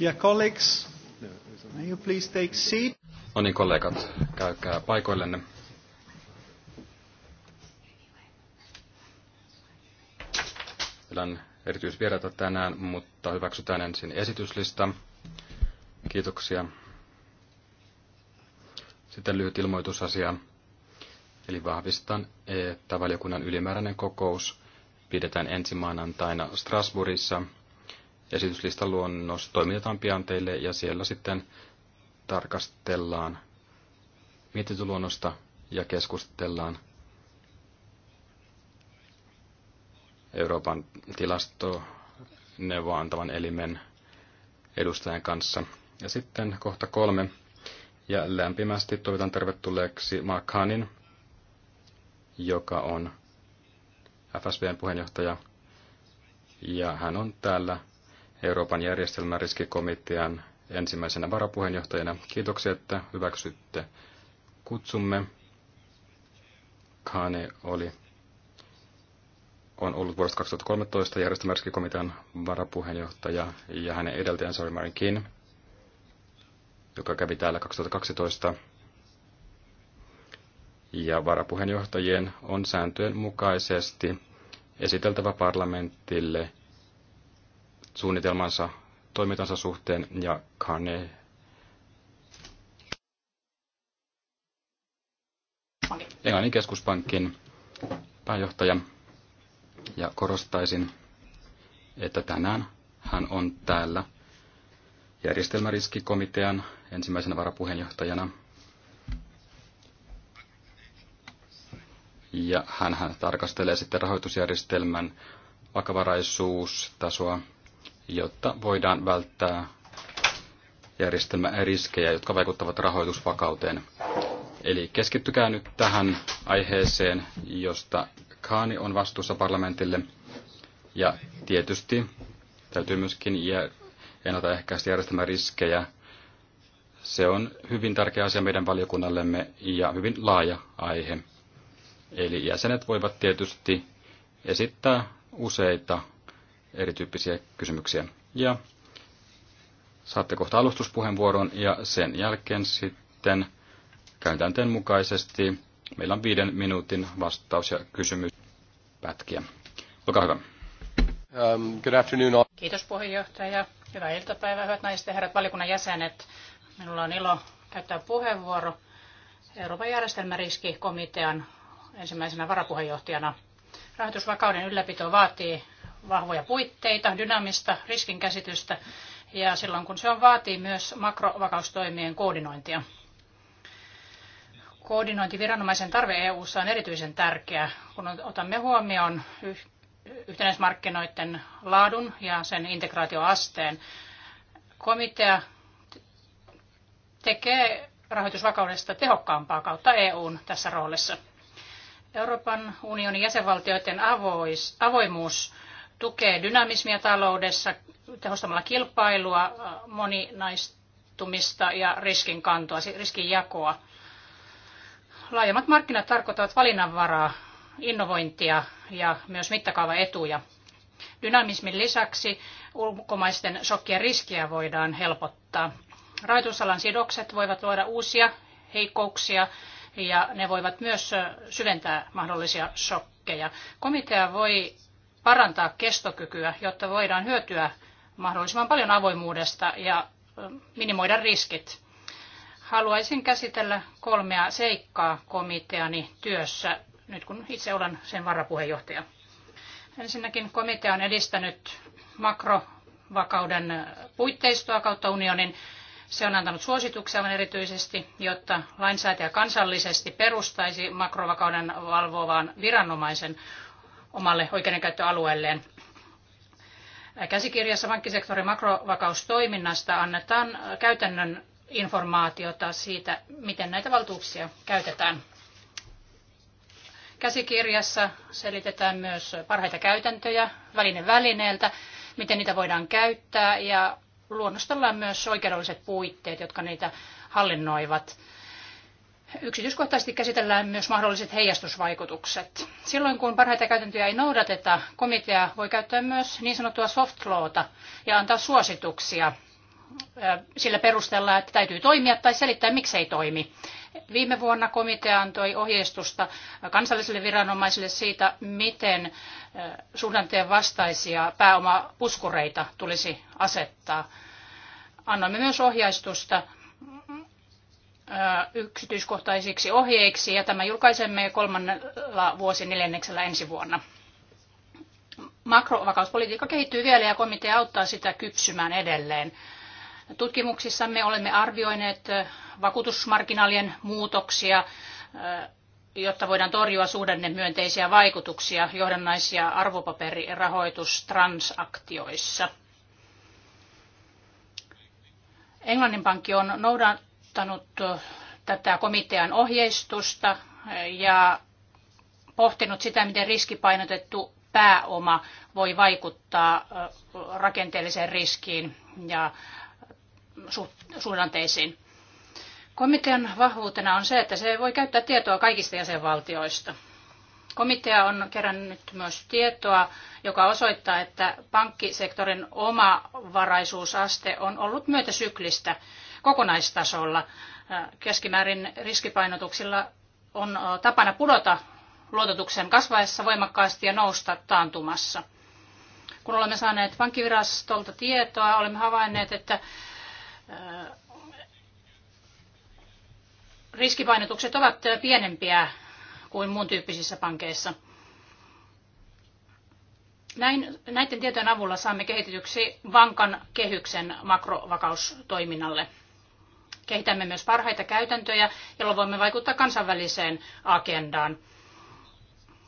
Dear colleagues, may you please take seat? No niin, kollegat, käykää paikoillenne. Meillä on erityisvieraita tänään, mutta hyväksytään ensin esityslista. Kiitoksia. Sitten lyhyt ilmoitusasia. Eli vahvistan, että valiokunnan ylimääräinen kokous pidetään ensi maanantaina Strasbourgissa – esityslistan luonnos toimitetaan pian teille ja siellä sitten tarkastellaan mietintöluonnosta ja keskustellaan Euroopan tilastoneuvoa antavan elimen edustajan kanssa. Ja sitten kohta kolme. Ja lämpimästi toivotan tervetulleeksi Mark Hanin, joka on FSBn puheenjohtaja. Ja hän on täällä Euroopan järjestelmäriskikomitean ensimmäisenä varapuheenjohtajana. Kiitoksia, että hyväksytte kutsumme. Kane oli, on ollut vuodesta 2013 järjestelmäriskikomitean varapuheenjohtaja ja hänen edeltäjänsä oli Marin joka kävi täällä 2012. Ja varapuheenjohtajien on sääntöjen mukaisesti esiteltävä parlamentille – suunnitelmansa toimintansa suhteen ja Kane Englannin keskuspankin pääjohtaja ja korostaisin, että tänään hän on täällä järjestelmäriskikomitean ensimmäisenä varapuheenjohtajana. Ja hän tarkastelee sitten rahoitusjärjestelmän vakavaraisuustasoa jotta voidaan välttää järjestelmän riskejä, jotka vaikuttavat rahoitusvakauteen. Eli keskittykää nyt tähän aiheeseen, josta Kaani on vastuussa parlamentille. Ja tietysti täytyy myöskin ennaltaehkäistä järjestelmän riskejä. Se on hyvin tärkeä asia meidän valiokunnallemme ja hyvin laaja aihe. Eli jäsenet voivat tietysti esittää useita erityyppisiä kysymyksiä. Ja saatte kohta alustuspuheenvuoron ja sen jälkeen sitten käytänteen mukaisesti meillä on viiden minuutin vastaus- ja kysymyspätkiä. Olkaa hyvä. Um, good afternoon. Kiitos puheenjohtaja. Hyvää iltapäivää, hyvät naiset ja herrat valiokunnan jäsenet. Minulla on ilo käyttää puheenvuoro Euroopan järjestelmäriskikomitean ensimmäisenä varapuheenjohtajana. Rahoitusvakauden ylläpito vaatii vahvoja puitteita, dynaamista riskinkäsitystä ja silloin kun se on vaatii myös makrovakaustoimien koordinointia. Koordinointiviranomaisen tarve EU:ssa on erityisen tärkeä, kun otamme huomioon yhtenäismarkkinoiden laadun ja sen integraatioasteen. Komitea tekee rahoitusvakaudesta tehokkaampaa kautta EUn tässä roolissa. Euroopan unionin jäsenvaltioiden avoimuus tukee dynamismia taloudessa tehostamalla kilpailua, äh, moninaistumista ja riskinkantoa, riskinjakoa. Laajemmat markkinat tarkoittavat valinnanvaraa, innovointia ja myös mittakaavaetuja. Dynamismin lisäksi ulkomaisten shokkien riskiä voidaan helpottaa. Rahoitusalan sidokset voivat luoda uusia heikkouksia ja ne voivat myös syventää mahdollisia shokkeja. Komitea voi parantaa kestokykyä, jotta voidaan hyötyä mahdollisimman paljon avoimuudesta ja minimoida riskit. Haluaisin käsitellä kolmea seikkaa komiteani työssä, nyt kun itse olen sen varapuheenjohtaja. Ensinnäkin komitea on edistänyt makrovakauden puitteistoa kautta unionin. Se on antanut suosituksia erityisesti, jotta lainsäätäjä kansallisesti perustaisi makrovakauden valvovaan viranomaisen omalle oikeudenkäyttöalueelleen. Käsikirjassa pankkisektorin makrovakaustoiminnasta annetaan käytännön informaatiota siitä, miten näitä valtuuksia käytetään. Käsikirjassa selitetään myös parhaita käytäntöjä väline välineeltä, miten niitä voidaan käyttää ja luonnostellaan myös oikeudelliset puitteet, jotka niitä hallinnoivat. Yksityiskohtaisesti käsitellään myös mahdolliset heijastusvaikutukset. Silloin kun parhaita käytäntöjä ei noudateta, komitea voi käyttää myös niin sanottua soft lawta ja antaa suosituksia sillä perusteella, että täytyy toimia tai selittää, miksi ei toimi. Viime vuonna komitea antoi ohjeistusta kansallisille viranomaisille siitä, miten suhdanteen vastaisia pääomapuskureita tulisi asettaa. Annoimme myös ohjeistusta yksityiskohtaisiksi ohjeiksi ja tämä julkaisemme kolmannella vuosineljänneksellä ensi vuonna. Makrovakauspolitiikka kehittyy vielä ja komitea auttaa sitä kypsymään edelleen. Tutkimuksissamme olemme arvioineet vakuutusmarginaalien muutoksia, jotta voidaan torjua suhdanne myönteisiä vaikutuksia johdannaisia arvopaperirahoitustransaktioissa. Englannin pankki on noudattanut tätä komitean ohjeistusta ja pohtinut sitä, miten riskipainotettu pääoma voi vaikuttaa rakenteelliseen riskiin ja suhdanteisiin. Komitean vahvuutena on se, että se voi käyttää tietoa kaikista jäsenvaltioista. Komitea on kerännyt myös tietoa, joka osoittaa, että pankkisektorin omavaraisuusaste on ollut myötäsyklistä syklistä kokonaistasolla. Keskimäärin riskipainotuksilla on tapana pudota luototuksen kasvaessa voimakkaasti ja nousta taantumassa. Kun olemme saaneet pankkivirastolta tietoa, olemme havainneet, että riskipainotukset ovat pienempiä kuin muun tyyppisissä pankeissa. Näin, näiden tietojen avulla saamme kehitetyksi vankan kehyksen makrovakaustoiminnalle kehitämme myös parhaita käytäntöjä, joilla voimme vaikuttaa kansainväliseen agendaan.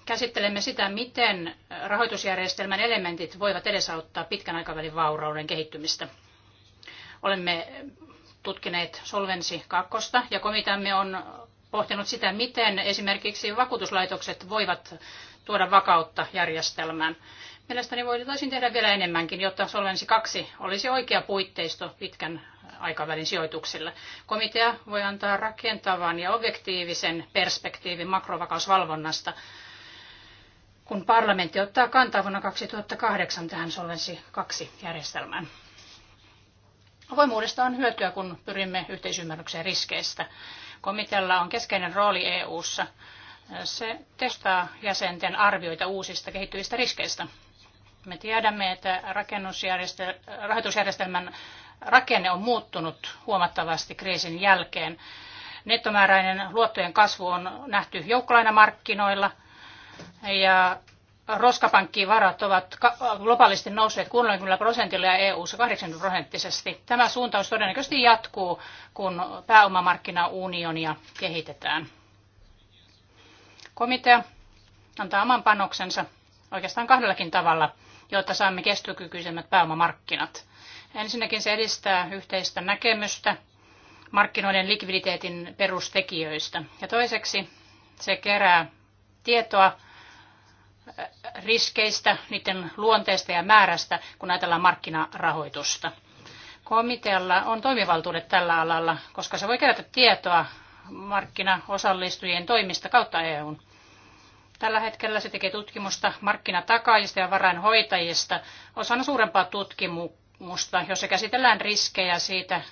Käsittelemme sitä, miten rahoitusjärjestelmän elementit voivat edesauttaa pitkän aikavälin vaurauden kehittymistä. Olemme tutkineet Solvensi 2 ja komitamme on pohtinut sitä, miten esimerkiksi vakuutuslaitokset voivat tuoda vakautta järjestelmään. Mielestäni voitaisiin tehdä vielä enemmänkin, jotta Solvensi 2 olisi oikea puitteisto pitkän aikavälin sijoituksille. Komitea voi antaa rakentavan ja objektiivisen perspektiivin makrovakausvalvonnasta, kun parlamentti ottaa kantaa vuonna 2008 tähän Solvenssi 2 järjestelmään. Avoimuudesta on hyötyä, kun pyrimme yhteisymmärrykseen riskeistä. Komitealla on keskeinen rooli EU:ssa. Se testaa jäsenten arvioita uusista kehittyvistä riskeistä. Me tiedämme, että rahoitusjärjestelmän rakenne on muuttunut huomattavasti kriisin jälkeen. Nettomääräinen luottojen kasvu on nähty joukkolainamarkkinoilla ja varat ovat globaalisti nousseet 60 prosentilla ja EU-ssa 80 prosenttisesti. Tämä suuntaus todennäköisesti jatkuu, kun pääomamarkkinaunionia kehitetään. Komitea antaa oman panoksensa oikeastaan kahdellakin tavalla, jotta saamme kestokykyisemmät pääomamarkkinat – Ensinnäkin se edistää yhteistä näkemystä markkinoiden likviditeetin perustekijöistä. Ja toiseksi se kerää tietoa äh, riskeistä, niiden luonteesta ja määrästä, kun ajatellaan markkinarahoitusta. Komitealla on toimivaltuudet tällä alalla, koska se voi kerätä tietoa markkinaosallistujien toimista kautta EUn. Tällä hetkellä se tekee tutkimusta markkinatakaajista ja varainhoitajista osana suurempaa tutkimusta jos jossa käsitellään riskejä siitä, äh,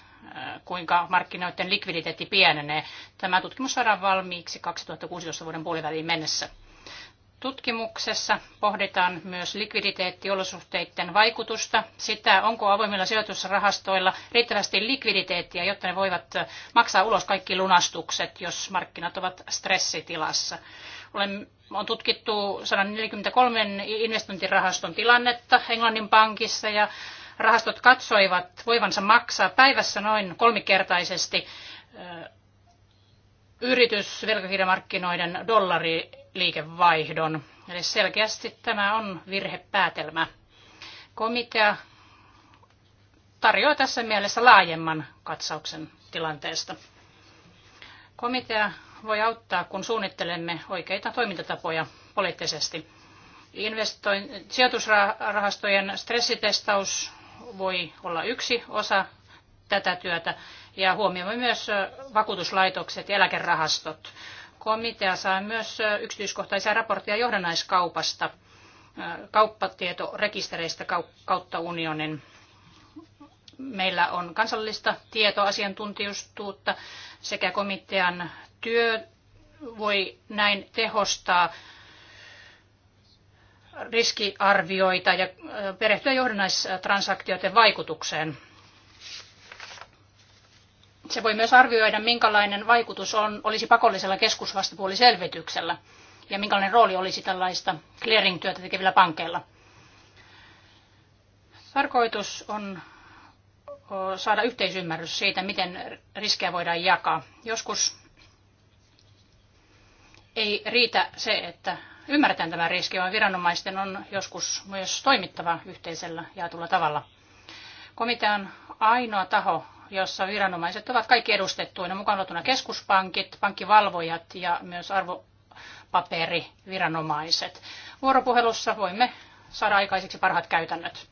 kuinka markkinoiden likviditeetti pienenee. Tämä tutkimus saadaan valmiiksi 2016 vuoden puoliväliin mennessä. Tutkimuksessa pohditaan myös likviditeettiolosuhteiden vaikutusta, sitä onko avoimilla sijoitusrahastoilla riittävästi likviditeettiä, jotta ne voivat äh, maksaa ulos kaikki lunastukset, jos markkinat ovat stressitilassa. Olen, on tutkittu 143 investointirahaston tilannetta Englannin pankissa ja rahastot katsoivat voivansa maksaa päivässä noin kolmikertaisesti yritysvelkakirjamarkkinoiden dollariliikevaihdon. Eli selkeästi tämä on virhepäätelmä. Komitea tarjoaa tässä mielessä laajemman katsauksen tilanteesta. Komitea voi auttaa, kun suunnittelemme oikeita toimintatapoja poliittisesti. Investoin, sijoitusrahastojen stressitestaus voi olla yksi osa tätä työtä ja huomioimme myös vakuutuslaitokset ja eläkerahastot. Komitea saa myös yksityiskohtaisia raportteja johdannaiskaupasta, kauppatietorekistereistä kautta unionin. Meillä on kansallista tietoasiantuntijuutta sekä komitean työ voi näin tehostaa riskiarvioita ja perehtyä johdannaistransaktioiden vaikutukseen. Se voi myös arvioida, minkälainen vaikutus on, olisi pakollisella keskusvastapuoliselvityksellä ja minkälainen rooli olisi tällaista clearing-työtä tekevillä pankeilla. Tarkoitus on saada yhteisymmärrys siitä, miten riskejä voidaan jakaa. Joskus ei riitä se, että ymmärretään tämä riski, vaan viranomaisten on joskus myös toimittava yhteisellä jaetulla tavalla. Komitea on ainoa taho, jossa viranomaiset ovat kaikki edustettuina, mukaan keskuspankit, pankkivalvojat ja myös arvopaperiviranomaiset. Vuoropuhelussa voimme saada aikaiseksi parhaat käytännöt.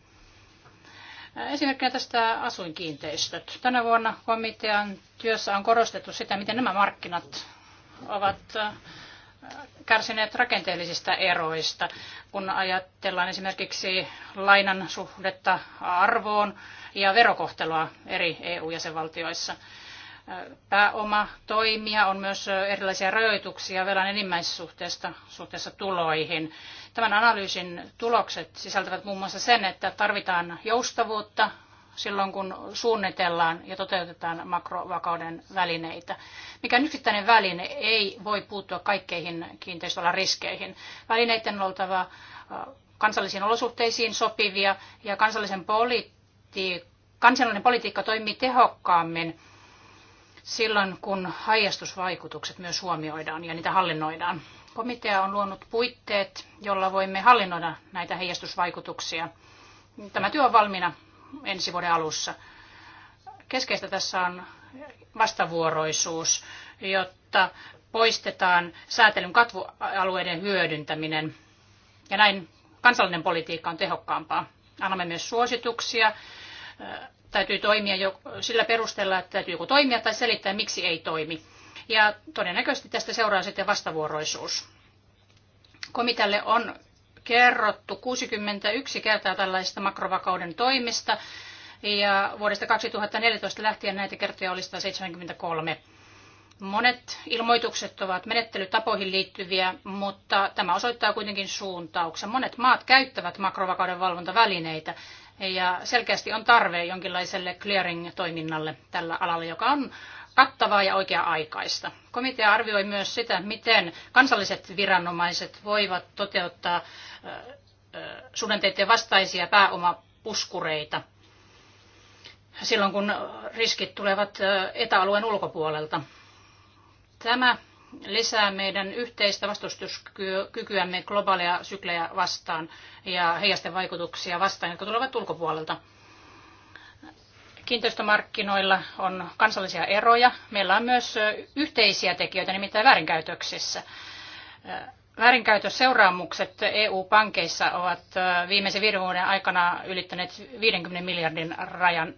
Esimerkkinä tästä asuinkiinteistöt. Tänä vuonna komitean työssä on korostettu sitä, miten nämä markkinat ovat kärsineet rakenteellisista eroista. Kun ajatellaan esimerkiksi lainan suhdetta arvoon ja verokohtelua eri EU-jäsenvaltioissa. Pääoma toimia on myös erilaisia rajoituksia velan enimmäissuhteesta suhteessa tuloihin. Tämän analyysin tulokset sisältävät muun muassa sen, että tarvitaan joustavuutta silloin, kun suunnitellaan ja toteutetaan makrovakauden välineitä. Mikään yksittäinen väline ei voi puuttua kaikkeihin kiinteistöalan riskeihin. Välineiden on oltava äh, kansallisiin olosuhteisiin sopivia ja kansallisen politi- kansallinen politiikka toimii tehokkaammin silloin, kun heijastusvaikutukset myös huomioidaan ja niitä hallinnoidaan. Komitea on luonut puitteet, jolla voimme hallinnoida näitä heijastusvaikutuksia. Tämä työ on valmiina ensi vuoden alussa. Keskeistä tässä on vastavuoroisuus, jotta poistetaan säätelyn katvualueiden hyödyntäminen. Ja näin kansallinen politiikka on tehokkaampaa. Annamme myös suosituksia. Äh, täytyy toimia jo sillä perusteella, että täytyy joku toimia tai selittää, miksi ei toimi. Ja todennäköisesti tästä seuraa sitten vastavuoroisuus. Komitealle on kerrottu 61 kertaa tällaista makrovakauden toimista ja vuodesta 2014 lähtien näitä kertoja oli 173. Monet ilmoitukset ovat menettelytapoihin liittyviä, mutta tämä osoittaa kuitenkin suuntauksen. Monet maat käyttävät makrovakauden valvontavälineitä ja selkeästi on tarve jonkinlaiselle clearing-toiminnalle tällä alalla, joka on kattavaa ja oikea-aikaista. Komitea arvioi myös sitä, miten kansalliset viranomaiset voivat toteuttaa sudenteiden vastaisia pääomapuskureita silloin, kun riskit tulevat etäalueen ulkopuolelta. Tämä lisää meidän yhteistä vastustuskykyämme globaaleja syklejä vastaan ja heijasten vaikutuksia vastaan, jotka tulevat ulkopuolelta kiinteistömarkkinoilla on kansallisia eroja. Meillä on myös yhteisiä tekijöitä, nimittäin väärinkäytöksissä. Väärinkäytösseuraamukset EU-pankeissa ovat viimeisen viiden vuoden aikana ylittäneet 50 miljardin rajan.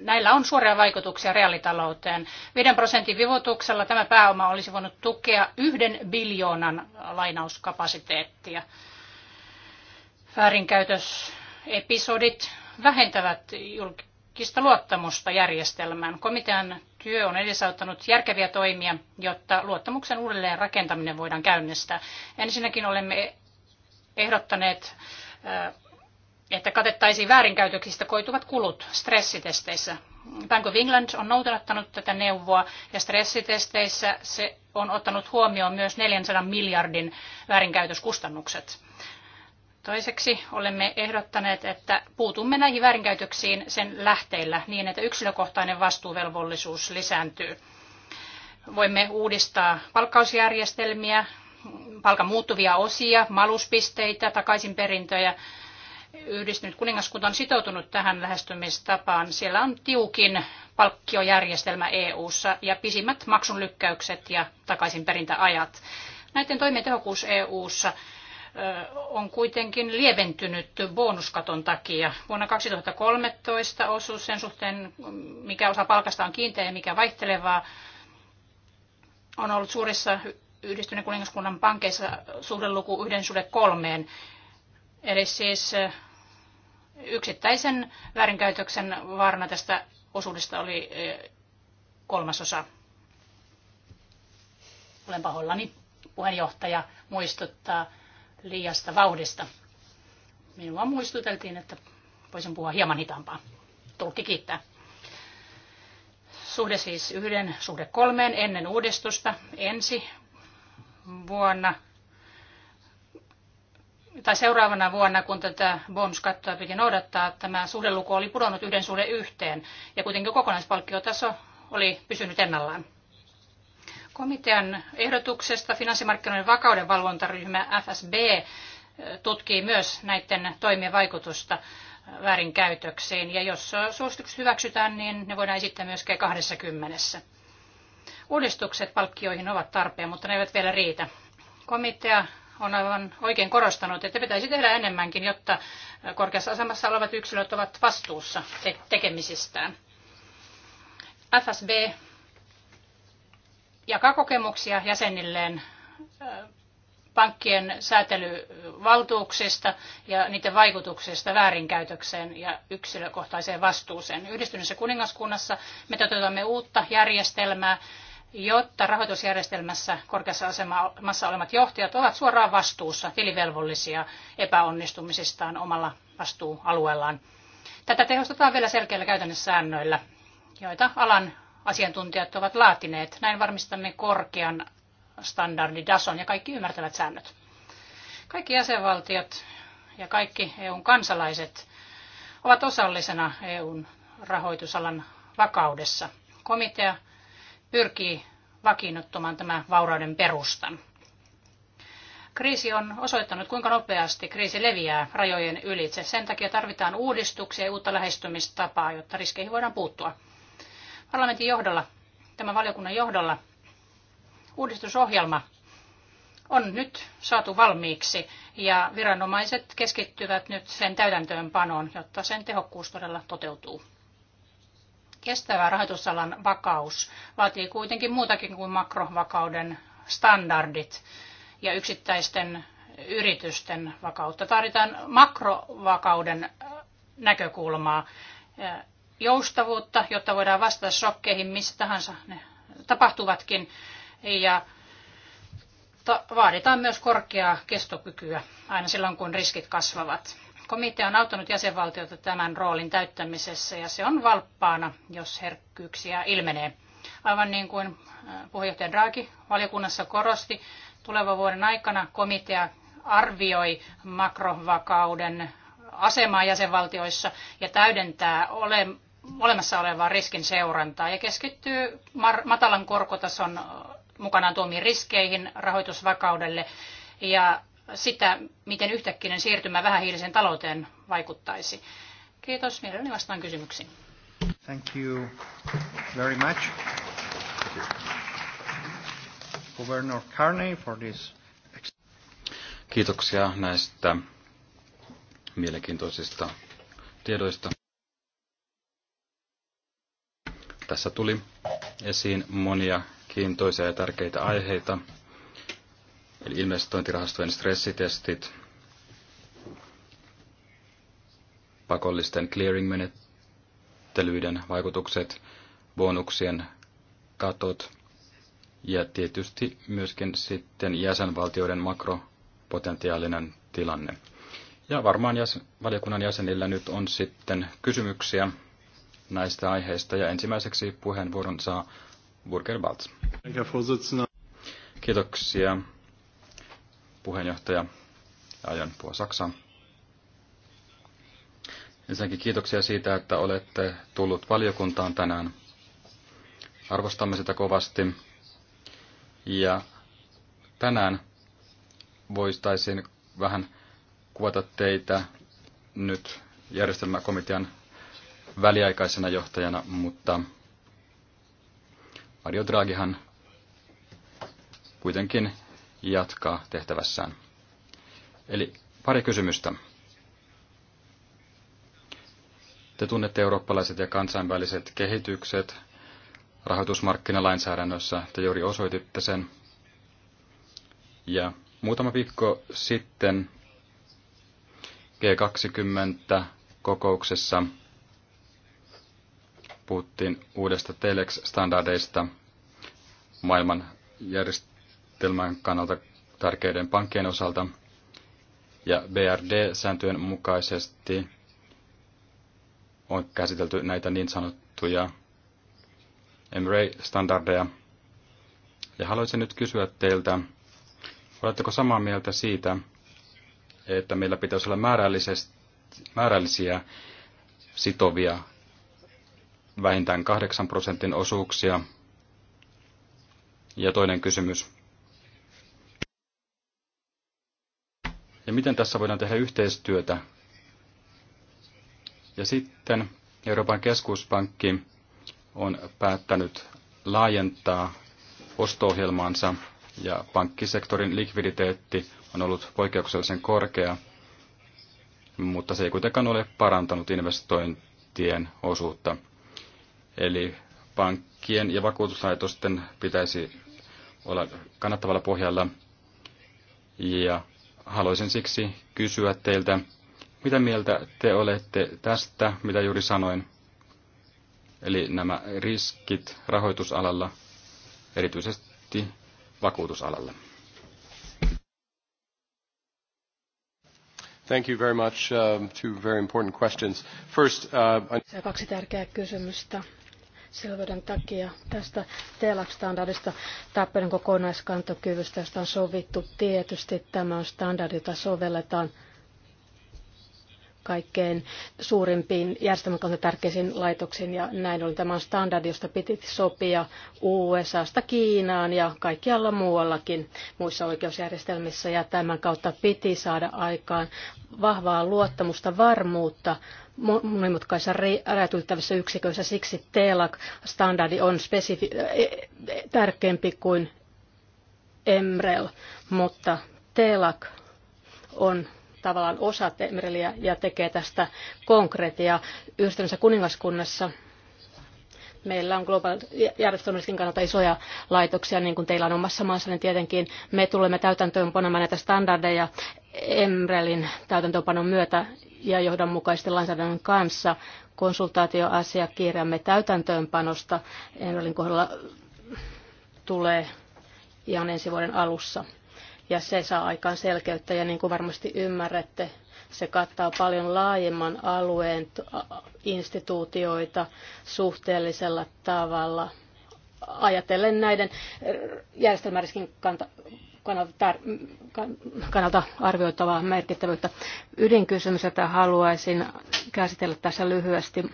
Näillä on suoria vaikutuksia reaalitalouteen. 5 prosentin vivutuksella tämä pääoma olisi voinut tukea yhden biljoonan lainauskapasiteettia. Väärinkäytösepisodit vähentävät julkista julkista luottamusta järjestelmään. Komitean työ on edesauttanut järkeviä toimia, jotta luottamuksen uudelleen rakentaminen voidaan käynnistää. Ensinnäkin olemme ehdottaneet, äh, että katettaisiin väärinkäytöksistä koituvat kulut stressitesteissä. Bank of England on noudattanut tätä neuvoa ja stressitesteissä se on ottanut huomioon myös 400 miljardin väärinkäytöskustannukset. Toiseksi olemme ehdottaneet, että puutumme näihin väärinkäytöksiin sen lähteillä niin, että yksilökohtainen vastuuvelvollisuus lisääntyy. Voimme uudistaa palkkausjärjestelmiä, palkan muuttuvia osia, maluspisteitä, takaisinperintöjä. Yhdistynyt kuningaskunta on sitoutunut tähän lähestymistapaan. Siellä on tiukin palkkiojärjestelmä EU-ssa ja pisimmät maksunlykkäykset ja takaisinperintäajat. Näiden toimien tehokkuus EU-ssa on kuitenkin lieventynyt bonuskaton takia. Vuonna 2013 osuus sen suhteen, mikä osa palkasta on kiinteä ja mikä vaihtelevaa, on ollut suurissa yhdistyneen kuningaskunnan pankeissa suhdeluku yhden suhde kolmeen. Eli siis yksittäisen väärinkäytöksen vaarana tästä osuudesta oli kolmasosa. Olen pahoillani. Puheenjohtaja muistuttaa liiasta vauhdista. Minua muistuteltiin, että voisin puhua hieman hitaampaa. Tulkki kiittää. Suhde siis yhden, suhde kolmeen ennen uudistusta ensi vuonna tai seuraavana vuonna, kun tätä bonuskattoa piti noudattaa, tämä suhdeluku oli pudonnut yhden suhde yhteen ja kuitenkin kokonaispalkkiotaso oli pysynyt ennallaan. Komitean ehdotuksesta finanssimarkkinoiden vakauden valvontaryhmä FSB eh, tutkii myös näiden toimien vaikutusta eh, väärinkäytöksiin. Ja jos suositukset hyväksytään, niin ne voidaan esittää myös G20. Uudistukset palkkioihin ovat tarpeen, mutta ne eivät vielä riitä. Komitea on aivan oikein korostanut, että pitäisi tehdä enemmänkin, jotta eh, korkeassa asemassa olevat yksilöt ovat vastuussa tekemisistään. FSB jakaa kokemuksia jäsenilleen pankkien säätelyvaltuuksista ja niiden vaikutuksista väärinkäytökseen ja yksilökohtaiseen vastuuseen. Yhdistyneessä kuningaskunnassa me toteutamme uutta järjestelmää, jotta rahoitusjärjestelmässä korkeassa asemassa olevat johtajat ovat suoraan vastuussa tilivelvollisia epäonnistumisistaan omalla vastuualueellaan. Tätä tehostetaan vielä selkeillä säännöillä, joita alan asiantuntijat ovat laatineet. Näin varmistamme korkean standarditason ja kaikki ymmärtävät säännöt. Kaikki jäsenvaltiot ja kaikki EUn kansalaiset ovat osallisena EUn rahoitusalan vakaudessa. Komitea pyrkii vakiinnuttamaan tämän vaurauden perustan. Kriisi on osoittanut, kuinka nopeasti kriisi leviää rajojen ylitse. Sen takia tarvitaan uudistuksia ja uutta lähestymistapaa, jotta riskeihin voidaan puuttua parlamentin johdolla, tämän valiokunnan johdolla, uudistusohjelma on nyt saatu valmiiksi ja viranomaiset keskittyvät nyt sen täytäntöönpanoon, jotta sen tehokkuus todella toteutuu. Kestävä rahoitusalan vakaus vaatii kuitenkin muutakin kuin makrovakauden standardit ja yksittäisten yritysten vakautta. Tarvitaan makrovakauden näkökulmaa joustavuutta, jotta voidaan vastata shokkeihin missä tahansa ne tapahtuvatkin. Ja vaaditaan myös korkeaa kestokykyä aina silloin, kun riskit kasvavat. Komitea on auttanut jäsenvaltiota tämän roolin täyttämisessä ja se on valppaana, jos herkkyyksiä ilmenee. Aivan niin kuin äh, puheenjohtaja Draghi valiokunnassa korosti, tulevan vuoden aikana komitea arvioi makrovakauden asemaa jäsenvaltioissa ja täydentää ole, olemassa olevaa riskin seurantaa ja keskittyy matalan korkotason mukanaan tuomiin riskeihin rahoitusvakaudelle ja sitä, miten yhtäkkiä siirtymä vähähiiliseen talouteen vaikuttaisi. Kiitos, mielelläni vastaan kysymyksiin. Thank you very much. Governor Carney for this. Kiitoksia näistä mielenkiintoisista tiedoista. Tässä tuli esiin monia kiintoisia ja tärkeitä aiheita, eli investointirahastojen stressitestit, pakollisten clearing-menettelyiden vaikutukset, bonuksien katot ja tietysti myöskin sitten jäsenvaltioiden makropotentiaalinen tilanne. Ja varmaan jäsen, valiokunnan jäsenillä nyt on sitten kysymyksiä näistä aiheista. Ja ensimmäiseksi puheenvuoron saa Burger Baltz. Kiitoksia puheenjohtaja. Aion puhua Saksaa. Ensinnäkin kiitoksia siitä, että olette tullut valiokuntaan tänään. Arvostamme sitä kovasti. Ja tänään voistaisin vähän kuvata teitä nyt järjestelmäkomitean väliaikaisena johtajana, mutta Mario Draghihan kuitenkin jatkaa tehtävässään. Eli pari kysymystä. Te tunnette eurooppalaiset ja kansainväliset kehitykset rahoitusmarkkinalainsäädännössä. Te juuri osoititte sen. Ja muutama viikko sitten G20-kokouksessa puhuttiin uudesta Telex-standardeista maailman järjestelmän kannalta tärkeiden pankkien osalta. Ja BRD-sääntöjen mukaisesti on käsitelty näitä niin sanottuja MRA-standardeja. Ja haluaisin nyt kysyä teiltä, oletteko samaa mieltä siitä, että meillä pitäisi olla määrällisiä sitovia vähintään 8 prosentin osuuksia? Ja toinen kysymys. Ja miten tässä voidaan tehdä yhteistyötä? Ja sitten Euroopan keskuspankki on päättänyt laajentaa osto ja pankkisektorin likviditeetti on ollut poikkeuksellisen korkea, mutta se ei kuitenkaan ole parantanut investointien osuutta. Eli pankkien ja vakuutuslaitosten pitäisi olla kannattavalla pohjalla. Ja haluaisin siksi kysyä teiltä, mitä mieltä te olette tästä, mitä juuri sanoin? Eli nämä riskit rahoitusalalla, erityisesti vakuutusalalla. Thank you very much. Uh, two very important questions. First, uh, Kaksi tärkeää kysymystä selvyyden takia tästä TELAC-standardista tappelun kokonaiskantokyvystä, josta on sovittu. Tietysti tämä on standardi, jota sovelletaan kaikkein suurimpiin järjestelmän kannalta tärkeisiin laitoksiin ja näin oli tämä standardi, josta piti sopia USAsta Kiinaan ja kaikkialla muuallakin muissa oikeusjärjestelmissä ja tämän kautta piti saada aikaan vahvaa luottamusta, varmuutta monimutkaisissa räätyltävissä yksiköissä. Siksi TELAC-standardi on spesifi- e-, e-, tärkeämpi kuin EMREL, mutta TELAC on tavallaan osa Temeriliä ja tekee tästä konkreettia yhdistyneessä kuningaskunnassa. Meillä on globaal järjestelmällisenkin kannalta isoja laitoksia, niin kuin teillä on omassa maassa, niin tietenkin me tulemme täytäntöönpanemaan näitä standardeja Emrelin täytäntöönpanon myötä ja johdonmukaisesti lainsäädännön kanssa konsultaatioasiakirjamme täytäntöönpanosta Emrelin kohdalla tulee ihan ensi vuoden alussa ja se saa aikaan selkeyttä ja niin kuin varmasti ymmärrätte, se kattaa paljon laajemman alueen instituutioita suhteellisella tavalla ajatellen näiden eh, järjestelmäriskin kanta, kannalta, kannalta arvioitavaa merkittävyyttä. Ydinkysymys, jota haluaisin käsitellä tässä lyhyesti,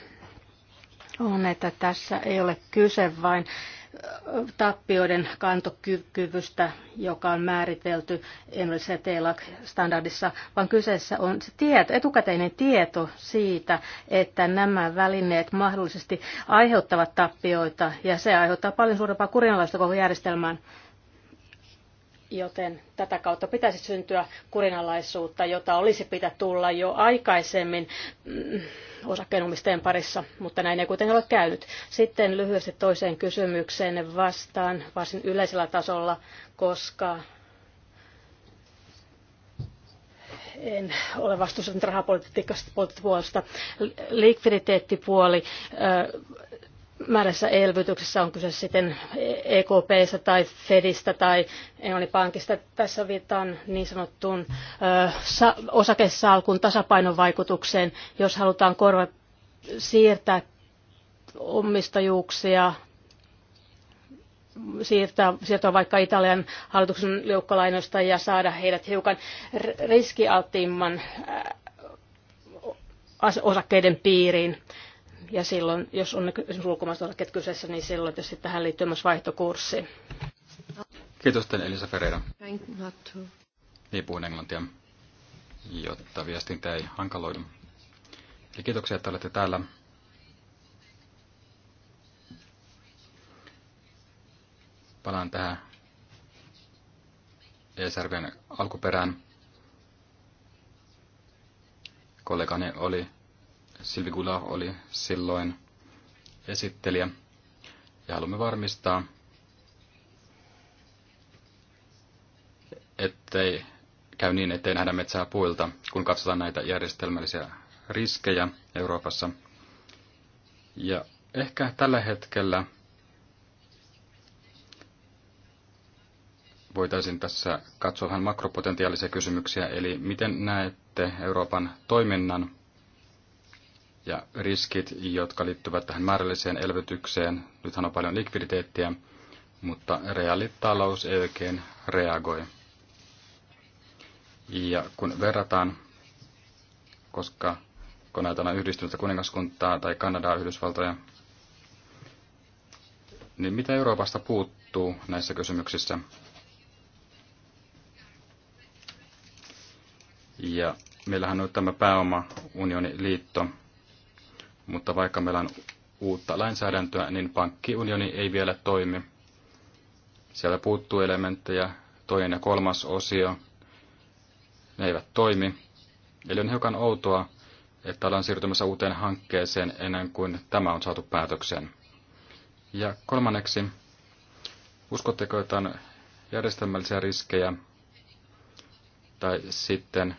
on, että tässä ei ole kyse vain tappioiden kantokyvystä, joka on määritelty Emrys TELAC-standardissa, vaan kyseessä on se tieto, etukäteinen tieto siitä, että nämä välineet mahdollisesti aiheuttavat tappioita, ja se aiheuttaa paljon suurempaa kurinalaista koko järjestelmään. Joten tätä kautta pitäisi syntyä kurinalaisuutta, jota olisi pitää tulla jo aikaisemmin osakkeenomistajien parissa, mutta näin ei kuitenkaan ole käynyt. Sitten lyhyesti toiseen kysymykseen vastaan varsin yleisellä tasolla, koska en ole vastuussa rahapolitiikasta puolesta. Likviditeettipuoli määrässä elvytyksessä on kyse sitten EKPstä tai Fedistä tai Englannin pankista. Tässä viittaan niin sanottuun osakesalkun tasapainon vaikutukseen, jos halutaan korva siirtää omistajuuksia siirtää, siirtää vaikka Italian hallituksen liukkalainoista ja saada heidät hiukan riskialtimman osakkeiden piiriin. Ja silloin, jos on esimerkiksi ulkomaista kyseessä, niin silloin tietysti tähän liittyy myös vaihtokurssi. Kiitos teille Elisa Ferreira. Niin puhun englantia, jotta viestintä ei hankaloidu. Eli kiitoksia, että olette täällä. Palaan tähän ESRVn alkuperään. Kollegani oli Silvi Gula oli silloin esittelijä. Ja haluamme varmistaa, ettei käy niin, ettei nähdä metsää puilta, kun katsotaan näitä järjestelmällisiä riskejä Euroopassa. Ja ehkä tällä hetkellä voitaisiin tässä katsoa vähän makropotentiaalisia kysymyksiä, eli miten näette Euroopan toiminnan ja riskit, jotka liittyvät tähän määrälliseen elvytykseen. Nythän on paljon likviditeettiä, mutta reaalitalous ei oikein reagoi. Ja kun verrataan, koska kun ajatellaan yhdistynyttä kuningaskuntaa tai Kanadaa, Yhdysvaltoja, niin mitä Euroopasta puuttuu näissä kysymyksissä? Ja meillähän on tämä pääomaunioni liitto, mutta vaikka meillä on uutta lainsäädäntöä, niin pankkiunioni ei vielä toimi. Siellä puuttuu elementtejä, toinen ja kolmas osio, ne eivät toimi. Eli on hiukan outoa, että ollaan siirtymässä uuteen hankkeeseen ennen kuin tämä on saatu päätökseen. Ja kolmanneksi, uskotteko, että on järjestelmällisiä riskejä tai sitten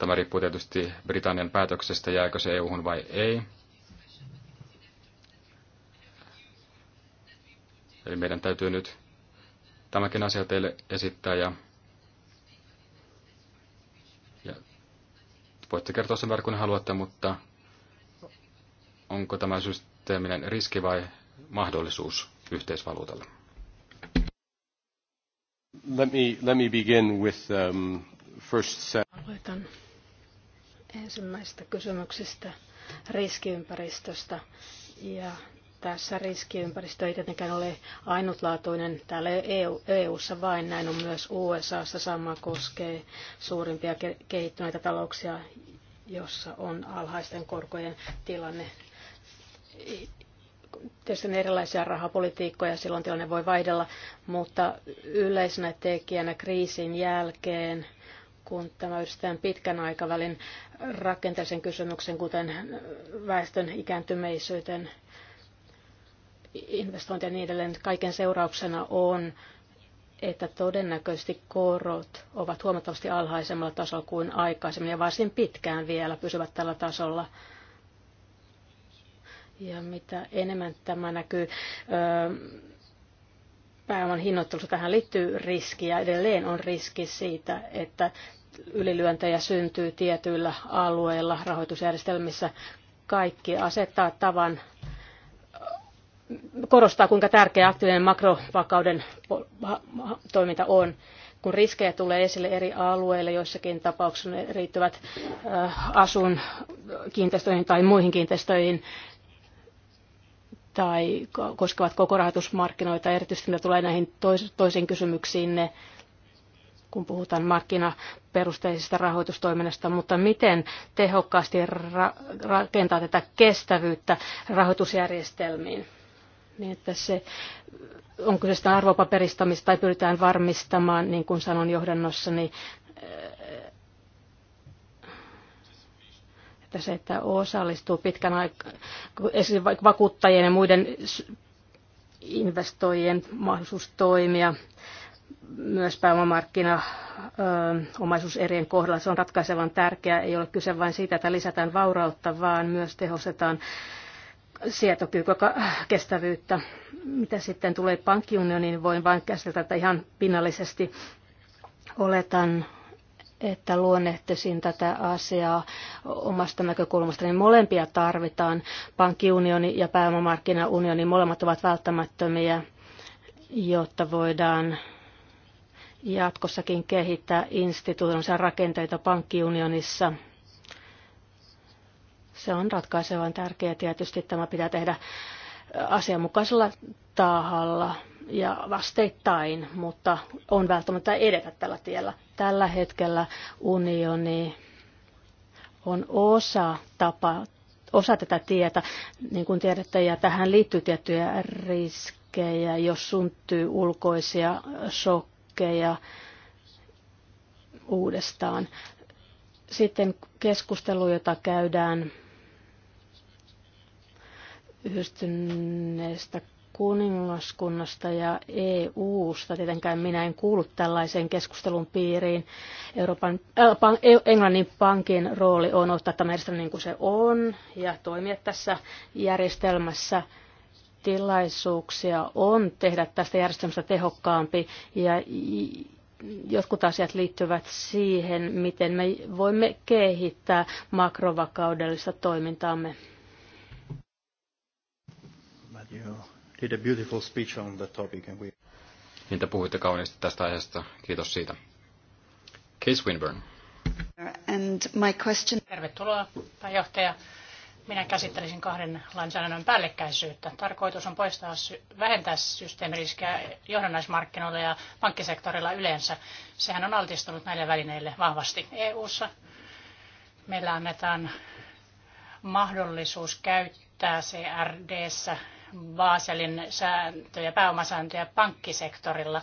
Tämä riippuu tietysti Britannian päätöksestä, jääkö se EU-hun vai ei. Eli meidän täytyy nyt tämäkin asia teille esittää ja, ja voitte kertoa sen verran kun haluatte, mutta onko tämä systeeminen riski vai mahdollisuus yhteisvaluutalle? Let me, let me begin with um, first set ensimmäisestä kysymyksestä riskiympäristöstä. Ja tässä riskiympäristö ei tietenkään ole ainutlaatuinen täällä EU, EU-ssa vain, näin on myös USAssa. Sama koskee suurimpia kehittyneitä talouksia, jossa on alhaisten korkojen tilanne. Tietysti on erilaisia rahapolitiikkoja, silloin tilanne voi vaihdella, mutta yleisenä tekijänä kriisin jälkeen – kun tämä yhdistetään pitkän aikavälin rakenteellisen kysymyksen, kuten väestön ikääntymisyyden investointi ja niin edelleen, kaiken seurauksena on, että todennäköisesti korot ovat huomattavasti alhaisemmalla tasolla kuin aikaisemmin ja varsin pitkään vielä pysyvät tällä tasolla. Ja mitä enemmän tämä näkyy öö, pääoman hinnoittelussa tähän liittyy riski ja edelleen on riski siitä, että ylilyöntejä syntyy tietyillä alueilla rahoitusjärjestelmissä. Kaikki asettaa tavan korostaa, kuinka tärkeä aktiivinen makrovakauden toiminta on. Kun riskejä tulee esille eri alueille, joissakin tapauksissa ne riittyvät asun kiinteistöihin tai muihin kiinteistöihin, tai koskevat koko rahoitusmarkkinoita, erityisesti mitä tulee näihin tois, toisiin kysymyksiin, ne, kun puhutaan markkinaperusteisesta rahoitustoiminnasta, mutta miten tehokkaasti ra- rakentaa tätä kestävyyttä rahoitusjärjestelmiin, niin että se, onko se sitä arvopaperistamista tai pyritään varmistamaan, niin kuin sanon niin että se, että osallistuu pitkän aikaa, vakuuttajien ja muiden investoijien mahdollisuus toimia, myös pääomamarkkina omaisuuserien kohdalla. Se on ratkaisevan tärkeää. Ei ole kyse vain siitä, että lisätään vaurautta, vaan myös tehostetaan sietokykyä, kestävyyttä. Mitä sitten tulee pankkiunioniin, voin vain käsitellä tätä ihan pinnallisesti. Oletan, että luonnehtisin tätä asiaa omasta näkökulmasta, niin molempia tarvitaan. Pankkiunioni ja pääomamarkkinaunioni, molemmat ovat välttämättömiä, jotta voidaan jatkossakin kehittää instituutioisia rakenteita pankkiunionissa. Se on ratkaisevan tärkeää. Tietysti tämä pitää tehdä asianmukaisella tahalla ja vasteittain, mutta on välttämättä edetä tällä tiellä. Tällä hetkellä unioni on osa tapa, osa tätä tietä, niin kuin tiedätte, ja tähän liittyy tiettyjä riskejä, jos syntyy ulkoisia shokkeja uudestaan. Sitten keskustelu, jota käydään yhdistyneestä kuningaskunnasta ja EU-sta. Tietenkään minä en kuulu tällaiseen keskustelun piiriin. Euroopan, äh, pan, e, Englannin pankin rooli on ottaa tämä järjestelmä niin kuin se on ja toimia tässä järjestelmässä. Tilaisuuksia on tehdä tästä järjestelmästä tehokkaampi ja jotkut asiat liittyvät siihen, miten me voimme kehittää makrovakaudellista toimintaamme. You did a beautiful speech on the topic and we... Niin te puhuitte kauniisti tästä aiheesta. Kiitos siitä. Case Winburn. And my question... Tervetuloa, pääjohtaja. Minä käsittelisin kahden lainsäädännön päällekkäisyyttä. Tarkoitus on poistaa, vähentää systeemiriskiä johdannaismarkkinoilla ja pankkisektorilla yleensä. Sehän on altistunut näille välineille vahvasti EU-ssa. Meillä annetaan mahdollisuus käyttää CRD-ssä Baselin sääntöjä, pääomasääntöjä pankkisektorilla.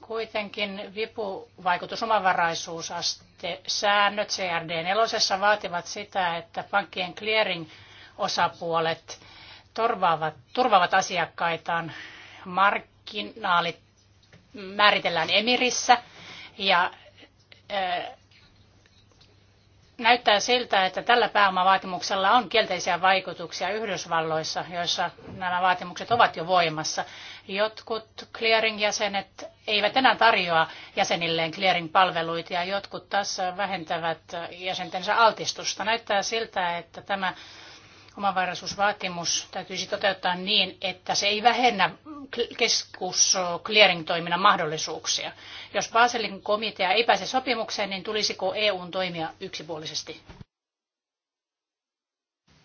Kuitenkin vipuvaikutus omavaraisuusaste säännöt CRD 4 vaativat sitä, että pankkien clearing-osapuolet turvaavat, turvaavat asiakkaitaan. Markkinaalit määritellään emirissä ja näyttää siltä, että tällä pääomavaatimuksella on kielteisiä vaikutuksia Yhdysvalloissa, joissa nämä vaatimukset ovat jo voimassa. Jotkut clearing-jäsenet eivät enää tarjoa jäsenilleen clearing-palveluita ja jotkut taas vähentävät jäsentensä altistusta. Näyttää siltä, että tämä omavaraisuusvaatimus täytyisi toteuttaa niin, että se ei vähennä keskus clearing-toiminnan mahdollisuuksia. Jos Baselin komitea ei pääse sopimukseen, niin tulisiko EUn toimia yksipuolisesti?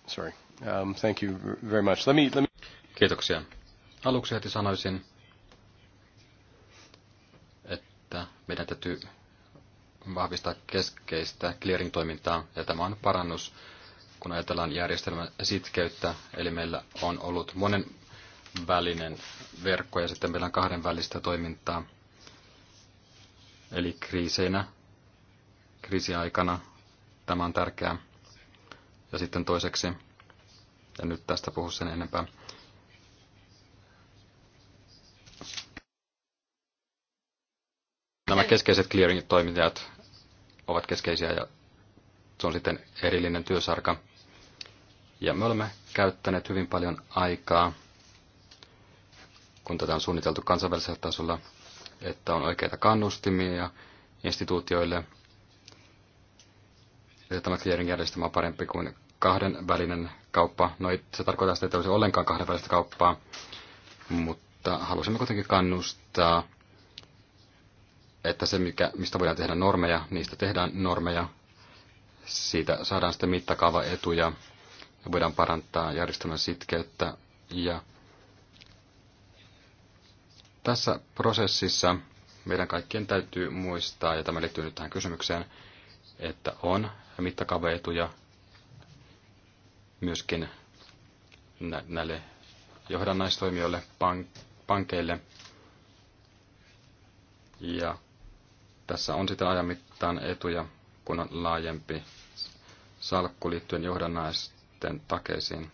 Sorry. Um, thank you very much. Let me, let me... Kiitoksia. Aluksi heti sanoisin, että meidän täytyy vahvistaa keskeistä clearing-toimintaa, ja tämä on parannus kun ajatellaan järjestelmän sitkeyttä, eli meillä on ollut monen välinen verkko ja sitten meillä on kahden välistä toimintaa. Eli kriiseinä, kriisiaikana tämä on tärkeää. Ja sitten toiseksi, ja nyt tästä puhu sen enempää, nämä keskeiset clearing-toimittajat ovat keskeisiä ja se on sitten erillinen työsarka. Ja me olemme käyttäneet hyvin paljon aikaa, kun tätä on suunniteltu kansainvälisellä tasolla, että on oikeita kannustimia instituutioille. että tämä clearing järjestelmä on parempi kuin kahdenvälinen kauppa. No ei se tarkoita sitä, että olisi ollenkaan kahdenvälistä kauppaa, mutta halusimme kuitenkin kannustaa, että se, mikä, mistä voidaan tehdä normeja, niistä tehdään normeja, siitä saadaan sitten mittakaavaetuja voidaan parantaa järjestelmän sitkeyttä ja tässä prosessissa meidän kaikkien täytyy muistaa, ja tämä liittyy nyt tähän kysymykseen, että on mittakaavaetuja myöskin nä- näille johdannaistoimijoille, pank- pankeille. Ja tässä on sitä ajan mittaan etuja, kun on laajempi salkku liittyen johdannaistoimijoille sitten takaisin.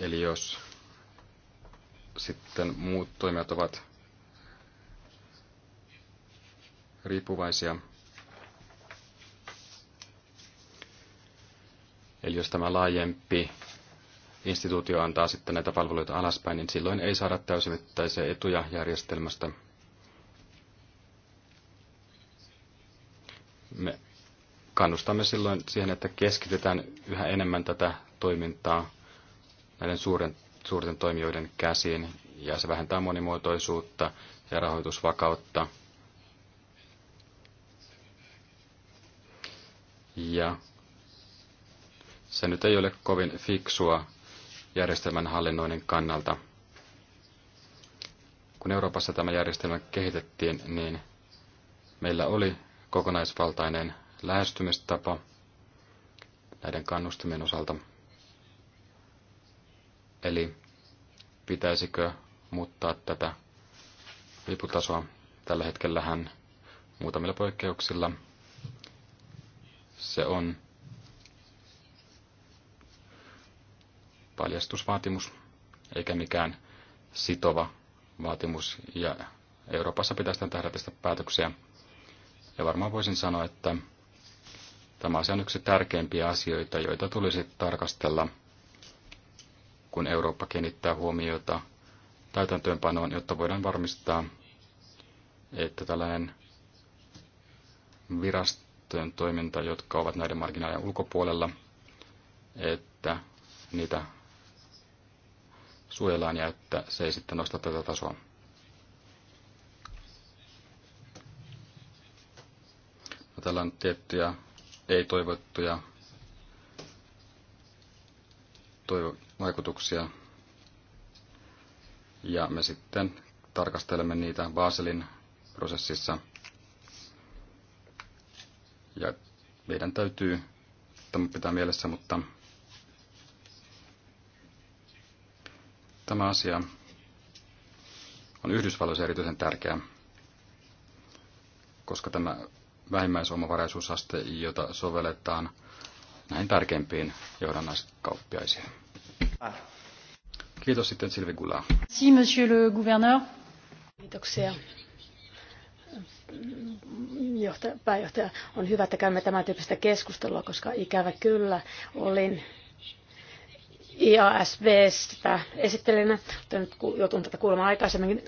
Eli jos sitten muut toimijat ovat riippuvaisia, eli jos tämä laajempi instituutio antaa sitten näitä palveluita alaspäin, niin silloin ei saada täysimittaisia etuja järjestelmästä. Me kannustamme silloin siihen, että keskitetään yhä enemmän tätä toimintaa näiden suuren, suurten toimijoiden käsiin, ja se vähentää monimuotoisuutta ja rahoitusvakautta. Ja se nyt ei ole kovin fiksua järjestelmän hallinnoinnin kannalta. Kun Euroopassa tämä järjestelmä kehitettiin, niin meillä oli kokonaisvaltainen lähestymistapa näiden kannustimien osalta. Eli pitäisikö muuttaa tätä viputasoa. Tällä hetkellähän muutamilla poikkeuksilla se on paljastusvaatimus eikä mikään sitova vaatimus. Ja Euroopassa pitäisi tehdä tästä päätöksiä. Ja varmaan voisin sanoa, että Tämä asia on yksi tärkeimpiä asioita, joita tulisi tarkastella, kun Eurooppa kiinnittää huomiota täytäntöönpanoon, jotta voidaan varmistaa, että tällainen virastojen toiminta, jotka ovat näiden marginaalien ulkopuolella, että niitä suojellaan ja että se ei sitten nosta tätä tasoa. No, täällä on tiettyjä ei-toivottuja toivo- vaikutuksia. Ja me sitten tarkastelemme niitä Baselin prosessissa. Ja meidän täytyy tämä pitää mielessä, mutta tämä asia on Yhdysvalloissa erityisen tärkeä, koska tämä vähimmäisomavaraisuusaste, jota sovelletaan näin tärkeimpiin johdannaiskauppiaisiin. Kiitos sitten Silvi Gula. Si, monsieur le gouverneur. Kiitoksia. Johtaja, pääjohtaja, on hyvä, että käymme tämän tyyppistä keskustelua, koska ikävä kyllä olin IASBstä nyt joutun tätä kuulemaan aikaisemmin.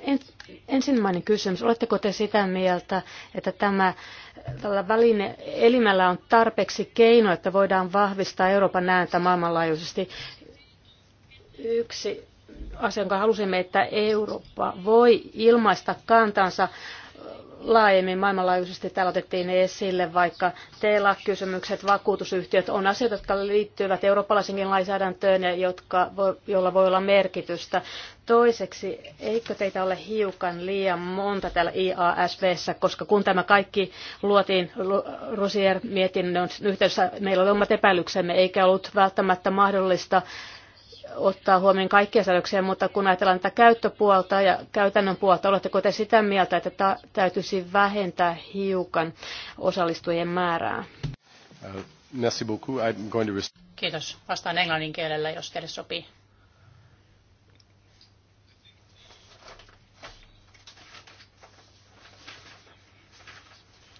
Ensimmäinen kysymys, oletteko te sitä mieltä, että tämä, tällä väline elimellä on tarpeeksi keino, että voidaan vahvistaa Euroopan ääntä maailmanlaajuisesti? Yksi asia, jonka halusimme, että Eurooppa voi ilmaista kantansa laajemmin maailmanlaajuisesti täällä otettiin esille, vaikka TELA-kysymykset, vakuutusyhtiöt on asioita, jotka liittyvät eurooppalaisenkin lainsäädäntöön ja jotka, jolla voi olla merkitystä. Toiseksi, eikö teitä ole hiukan liian monta täällä IASVssä, koska kun tämä kaikki luotiin Rosier-mietinnön yhteydessä, meillä oli omat epäilyksemme, eikä ollut välttämättä mahdollista ottaa huomioon kaikkia säädöksiä, mutta kun ajatellaan tätä käyttöpuolta ja käytännön puolta, oletteko te sitä mieltä, että ta- täytyisi vähentää hiukan osallistujien määrää? Uh, merci beaucoup. I'm going to... Kiitos. Vastaan englannin kielellä, jos teille sopii.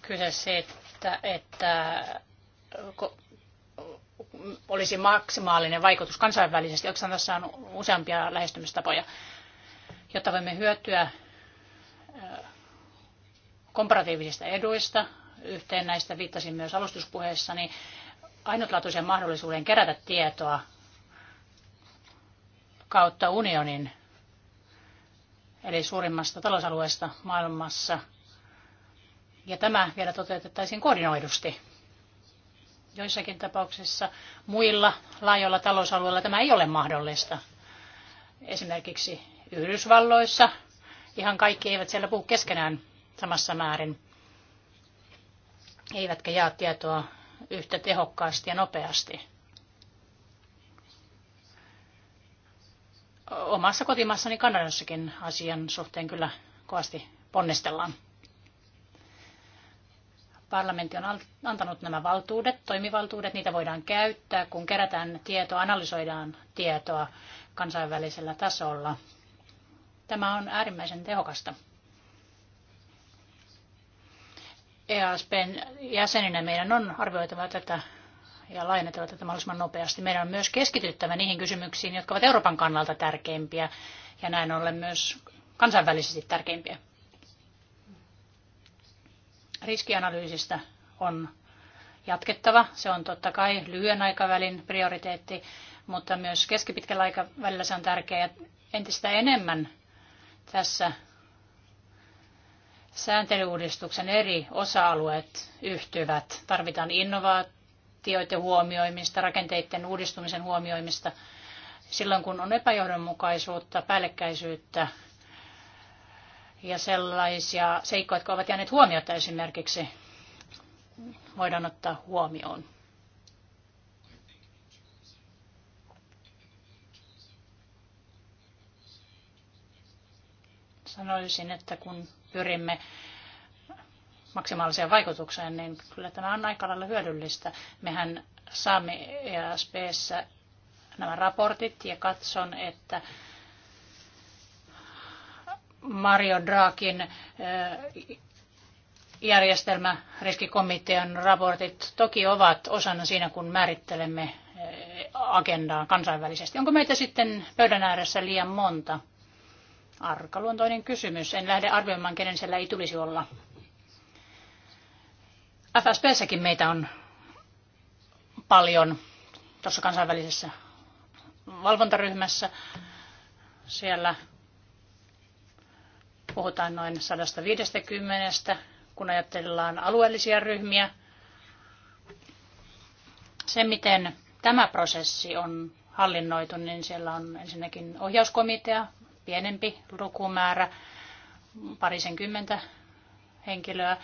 Kyse se, että, että olisi maksimaalinen vaikutus kansainvälisesti. oksan tässä on useampia lähestymistapoja, jotta voimme hyötyä äh, komparatiivisista eduista. Yhteen näistä viittasin myös niin ainutlaatuisen mahdollisuuden kerätä tietoa kautta unionin, eli suurimmasta talousalueesta maailmassa. Ja tämä vielä toteutettaisiin koordinoidusti. Joissakin tapauksissa muilla laajoilla talousalueilla tämä ei ole mahdollista. Esimerkiksi Yhdysvalloissa ihan kaikki eivät siellä puhu keskenään samassa määrin, eivätkä jaa tietoa yhtä tehokkaasti ja nopeasti. Omassa kotimassani Kanadassakin asian suhteen kyllä kovasti ponnistellaan. Parlamentti on antanut nämä valtuudet, toimivaltuudet, niitä voidaan käyttää, kun kerätään tietoa, analysoidaan tietoa kansainvälisellä tasolla. Tämä on äärimmäisen tehokasta. EASPn jäseninä meidän on arvioitava tätä ja laajennettava tätä mahdollisimman nopeasti. Meidän on myös keskityttävä niihin kysymyksiin, jotka ovat Euroopan kannalta tärkeimpiä ja näin ollen myös kansainvälisesti tärkeimpiä. Riskianalyysistä on jatkettava. Se on totta kai lyhyen aikavälin prioriteetti, mutta myös keskipitkällä aikavälillä se on tärkeää. Entistä enemmän tässä sääntelyuudistuksen eri osa-alueet yhtyvät. Tarvitaan innovaatioiden huomioimista, rakenteiden uudistumisen huomioimista. Silloin kun on epäjohdonmukaisuutta, päällekkäisyyttä, ja sellaisia seikkoja, jotka ovat jääneet huomiota esimerkiksi, voidaan ottaa huomioon. Sanoisin, että kun pyrimme maksimaaliseen vaikutukseen, niin kyllä tämä on aika lailla hyödyllistä. Mehän saamme ESPssä nämä raportit ja katson, että Mario Draakin eh, järjestelmäriskikomitean raportit toki ovat osana siinä, kun määrittelemme eh, agendaa kansainvälisesti. Onko meitä sitten pöydän ääressä liian monta? Arkaluontoinen kysymys. En lähde arvioimaan, kenen siellä ei tulisi olla. FSBssäkin meitä on paljon tuossa kansainvälisessä valvontaryhmässä. Siellä Puhutaan noin 150, kun ajatellaan alueellisia ryhmiä. Se, miten tämä prosessi on hallinnoitu, niin siellä on ensinnäkin ohjauskomitea, pienempi lukumäärä, parisenkymmentä henkilöä.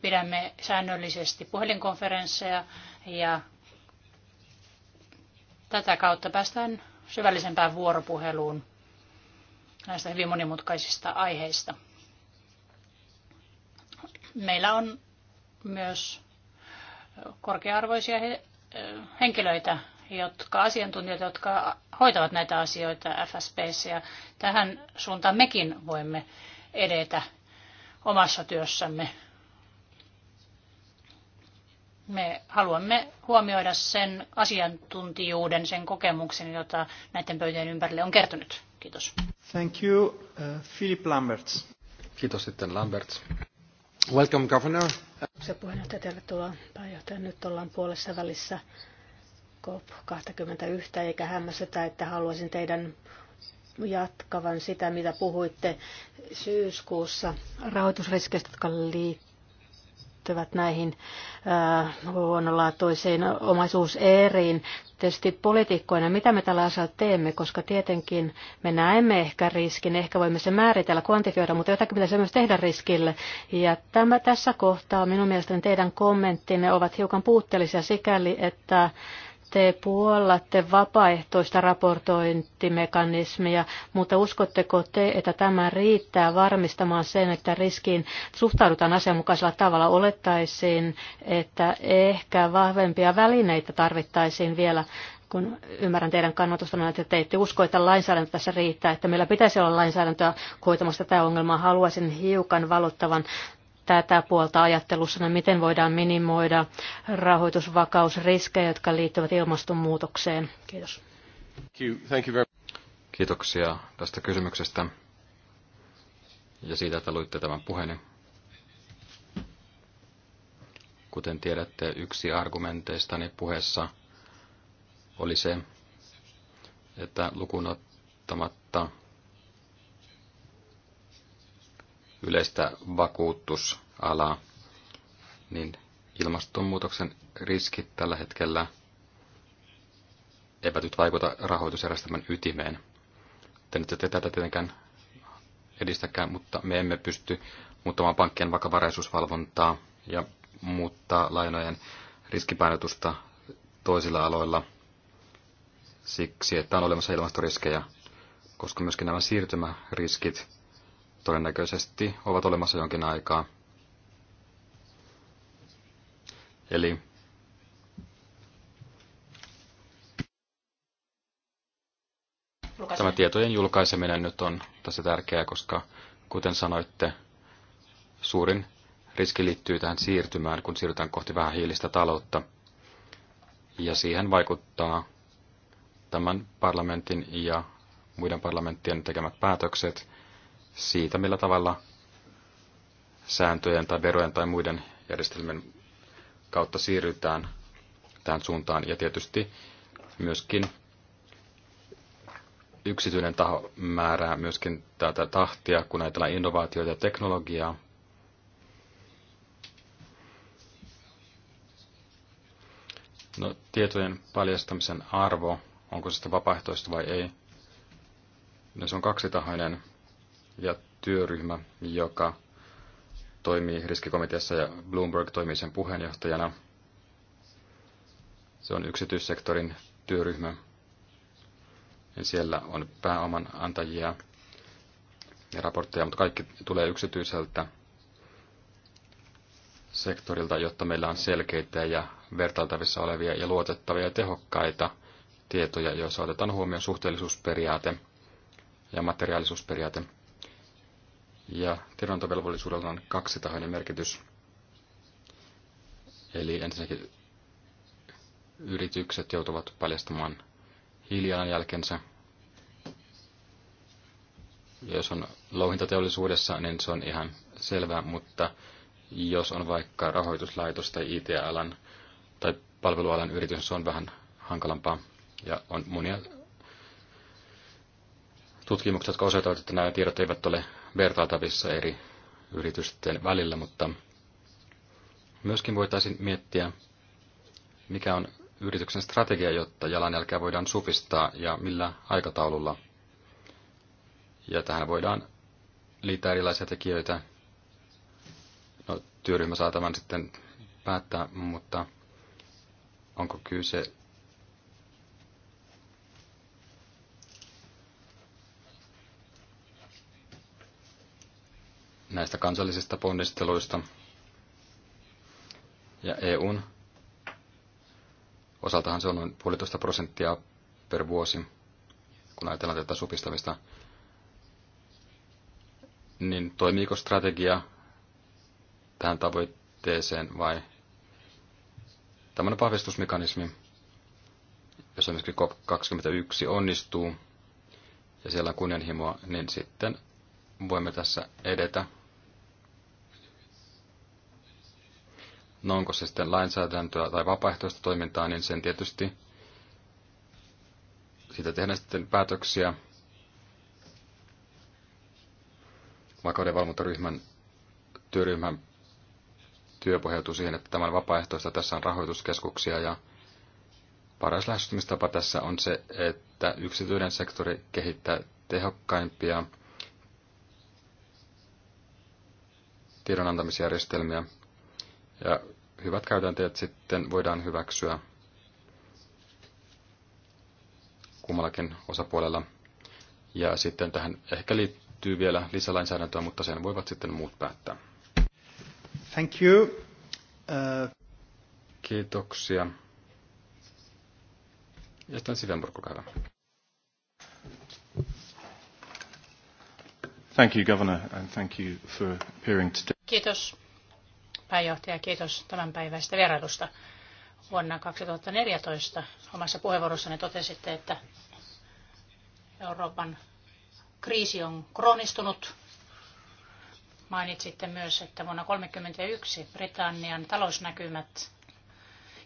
Pidämme säännöllisesti puhelinkonferensseja ja tätä kautta päästään syvällisempään vuoropuheluun näistä hyvin monimutkaisista aiheista. Meillä on myös korkearvoisia henkilöitä, jotka asiantuntijat, jotka hoitavat näitä asioita FSPssä ja tähän suuntaan mekin voimme edetä omassa työssämme. Me haluamme huomioida sen asiantuntijuuden, sen kokemuksen, jota näiden pöytien ympärille on kertynyt. Kiitos. Thank you, uh, Philip Lamberts. Kiitos sitten Lamberts. Welcome, Governor. Se puheenjohtaja, tervetuloa pääjohtaja. Nyt ollaan puolessa välissä COP21, eikä hämmästytä, että haluaisin teidän jatkavan sitä, mitä puhuitte syyskuussa rahoitusriskeistä, jotka liittyvät liittyvät näihin huonolaatuisiin äh, omaisuuseriin. Tietysti poliitikkoina, mitä me tällä asialla teemme, koska tietenkin me näemme ehkä riskin, ehkä voimme se määritellä, kvantifioida, mutta jotakin pitäisi myös tehdä riskille. Ja tämä, tässä kohtaa minun mielestäni teidän kommenttinne ovat hiukan puutteellisia sikäli, että te puollatte vapaaehtoista raportointimekanismia, mutta uskotteko te, että tämä riittää varmistamaan sen, että riskiin suhtaudutaan asianmukaisella tavalla? Olettaisiin, että ehkä vahvempia välineitä tarvittaisiin vielä kun ymmärrän teidän kannatustanne, että te ette usko, että lainsäädäntö tässä riittää, että meillä pitäisi olla lainsäädäntöä hoitamassa tätä ongelmaa. Haluaisin hiukan valottavan tätä puolta ajattelussa, miten voidaan minimoida rahoitusvakausriskejä, jotka liittyvät ilmastonmuutokseen? Kiitos. Kiitoksia tästä kysymyksestä ja siitä, että luitte tämän puheen. Kuten tiedätte, yksi argumenteistani puheessa oli se, että lukunottamatta yleistä vakuutusalaa, niin ilmastonmuutoksen riskit tällä hetkellä eivät nyt vaikuta rahoitusjärjestelmän ytimeen. Te nyt ette tätä tietenkään edistäkään, mutta me emme pysty muuttamaan pankkien vakavaraisuusvalvontaa ja muuttaa lainojen riskipainotusta toisilla aloilla siksi, että on olemassa ilmastoriskejä, koska myöskin nämä siirtymäriskit todennäköisesti ovat olemassa jonkin aikaa. Eli tämä tietojen julkaiseminen nyt on tässä tärkeää, koska kuten sanoitte, suurin riski liittyy tähän siirtymään, kun siirrytään kohti vähän hiilistä taloutta. Ja siihen vaikuttaa tämän parlamentin ja muiden parlamenttien tekemät päätökset siitä, millä tavalla sääntöjen tai verojen tai muiden järjestelmien kautta siirrytään tähän suuntaan. Ja tietysti myöskin yksityinen taho määrää myöskin tätä tahtia, kun ajatellaan innovaatioita ja teknologiaa. No, tietojen paljastamisen arvo, onko se sitä vapaaehtoista vai ei, no, se on kaksitahoinen ja työryhmä, joka toimii riskikomiteassa ja Bloomberg toimii sen puheenjohtajana. Se on yksityissektorin työryhmä. Ja siellä on pääoman antajia ja raportteja, mutta kaikki tulee yksityiseltä sektorilta, jotta meillä on selkeitä ja vertailtavissa olevia ja luotettavia ja tehokkaita tietoja, joissa otetaan huomioon suhteellisuusperiaate ja materiaalisuusperiaate ja tiedonantovelvollisuudella on kaksitahoinen merkitys. Eli ensinnäkin yritykset joutuvat paljastamaan hiilijalanjälkensä. jos on louhintateollisuudessa, niin se on ihan selvää, mutta jos on vaikka rahoituslaitos tai IT-alan tai palvelualan yritys, se on vähän hankalampaa. Ja on monia tutkimuksia jotka osoittavat, että nämä tiedot eivät ole vertailtavissa eri yritysten välillä, mutta myöskin voitaisiin miettiä, mikä on yrityksen strategia, jotta jalanjälkeä voidaan supistaa ja millä aikataululla. Ja tähän voidaan liittää erilaisia tekijöitä. No, työryhmä saa tämän sitten päättää, mutta onko kyse näistä kansallisista ponnisteluista ja EUn osaltahan se on noin puolitoista prosenttia per vuosi, kun ajatellaan tätä supistamista. Niin toimiiko strategia tähän tavoitteeseen vai tämmöinen vahvistusmekanismi, jos esimerkiksi COP21 onnistuu ja siellä on kunnianhimoa, niin sitten voimme tässä edetä No onko se sitten lainsäädäntöä tai vapaaehtoista toimintaa, niin sen tietysti siitä tehdään sitten päätöksiä vakauden valvontaryhmän työryhmän työ pohjautuu siihen, että tämän vapaaehtoista tässä on rahoituskeskuksia ja paras lähestymistapa tässä on se, että yksityinen sektori kehittää tehokkaimpia tiedonantamisjärjestelmiä ja hyvät käytänteet sitten voidaan hyväksyä kummallakin osapuolella. Ja sitten tähän ehkä liittyy vielä lisälainsäädäntöä, mutta sen voivat sitten muut päättää. Thank you. Uh... Kiitoksia. Ja sitten Sivenburg, Thank you, Governor, and thank you for appearing today. Kiitos pääjohtaja, kiitos tämän päivästä vierailusta. Vuonna 2014 omassa puheenvuorossanne totesitte, että Euroopan kriisi on kroonistunut. Mainitsitte myös, että vuonna 1931 Britannian talousnäkymät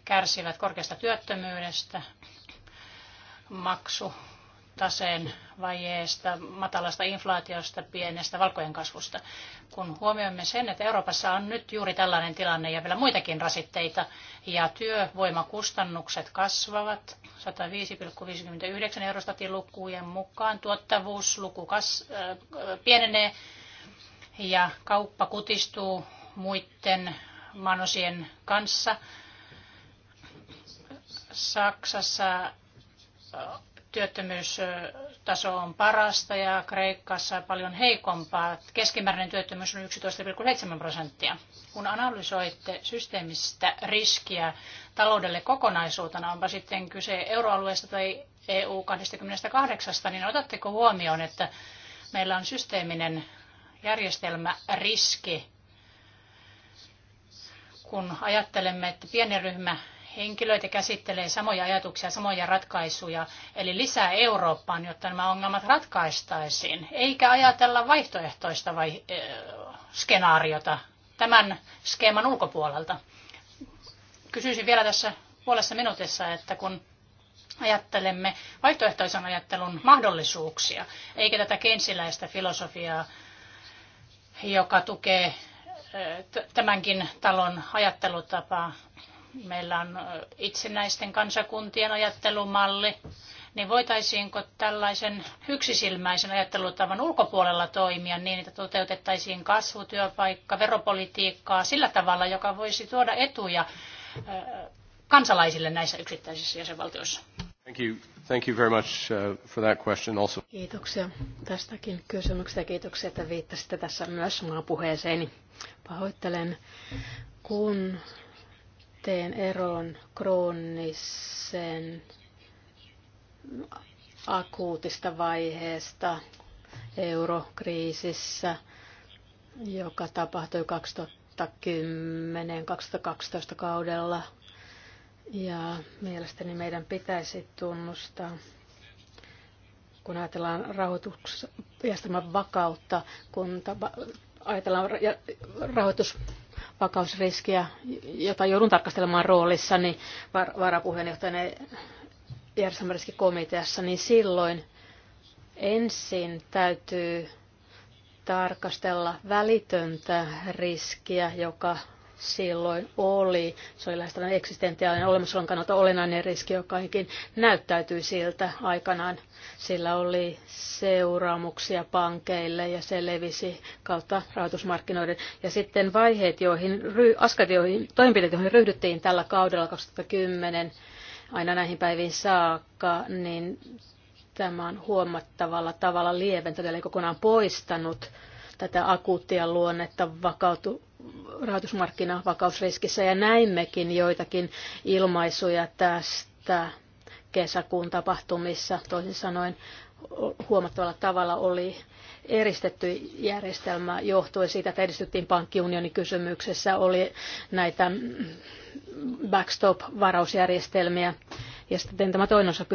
kärsivät korkeasta työttömyydestä, maksu taseen vajeesta, matalasta inflaatiosta, pienestä valkojen kasvusta. Kun huomioimme sen, että Euroopassa on nyt juuri tällainen tilanne ja vielä muitakin rasitteita, ja työvoimakustannukset kasvavat 105,59 eurostatin lukujen mukaan, tuottavuusluku kas, äh, pienenee ja kauppa kutistuu muiden maanosien kanssa. Saksassa työttömyystaso on parasta ja Kreikassa paljon heikompaa. Keskimääräinen työttömyys on 11,7 prosenttia. Kun analysoitte systeemistä riskiä taloudelle kokonaisuutena, onpa sitten kyse euroalueesta tai EU28, niin otatteko huomioon, että meillä on systeeminen järjestelmäriski, kun ajattelemme, että pieni ryhmä henkilöitä käsittelee samoja ajatuksia, samoja ratkaisuja, eli lisää Eurooppaan, jotta nämä ongelmat ratkaistaisiin, eikä ajatella vaihtoehtoista vai, äh, skenaariota tämän skeeman ulkopuolelta. Kysyisin vielä tässä puolessa minuutissa, että kun ajattelemme vaihtoehtoisen ajattelun mahdollisuuksia, eikä tätä kensiläistä filosofiaa, joka tukee tämänkin talon ajattelutapaa, meillä on itsenäisten kansakuntien ajattelumalli, niin voitaisiinko tällaisen yksisilmäisen ajattelutavan ulkopuolella toimia niin, että toteutettaisiin kasvutyöpaikka, veropolitiikkaa sillä tavalla, joka voisi tuoda etuja kansalaisille näissä yksittäisissä jäsenvaltioissa? Thank you. Thank you very much uh, for that question also. Kiitoksia tästäkin kysymyksestä ja kiitoksia, että viittasitte tässä myös omaan puheeseeni. Pahoittelen, kun teen eron kroonisen akuutista vaiheesta eurokriisissä, joka tapahtui 2010-2012 kaudella. Ja mielestäni meidän pitäisi tunnustaa, kun ajatellaan rahoitusjärjestelmän vakautta, kun ajatellaan rahoitus vakausriskiä, jota joudun tarkastelemaan roolissani niin varapuheenjohtajana järjestelmäriskikomiteassa, e niin silloin ensin täytyy tarkastella välitöntä riskiä, joka silloin oli. Se oli lähes tällainen eksistentiaalinen olemassaolon kannalta olennainen riski, joka ikin näyttäytyi siltä aikanaan. Sillä oli seuraamuksia pankeille ja se levisi kautta rahoitusmarkkinoiden. Ja sitten vaiheet, joihin, askat, joihin toimenpiteet, joihin ryhdyttiin tällä kaudella 2010 aina näihin päiviin saakka, niin tämä on huomattavalla tavalla lieventänyt, eli kokonaan poistanut tätä akuuttia luonnetta vakautu, rahoitusmarkkinavakausriskissä ja näimmekin joitakin ilmaisuja tästä kesäkuun tapahtumissa. Toisin sanoen huomattavalla tavalla oli eristetty järjestelmä johtuen siitä, että edistyttiin pankkiunionin kysymyksessä, oli näitä backstop-varausjärjestelmiä. Ja sitten tämä toinen osa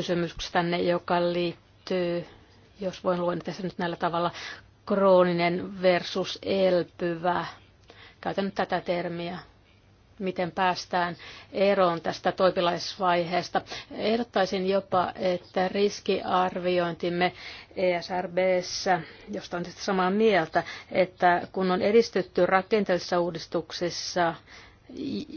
tänne, joka liittyy, jos voin luonnehtia tässä nyt näillä tavalla, krooninen versus elpyvä käytän nyt tätä termiä, miten päästään eroon tästä toipilaisvaiheesta. Ehdottaisin jopa, että riskiarviointimme ESRBssä, josta on tietysti samaa mieltä, että kun on edistytty rakenteellisissa uudistuksissa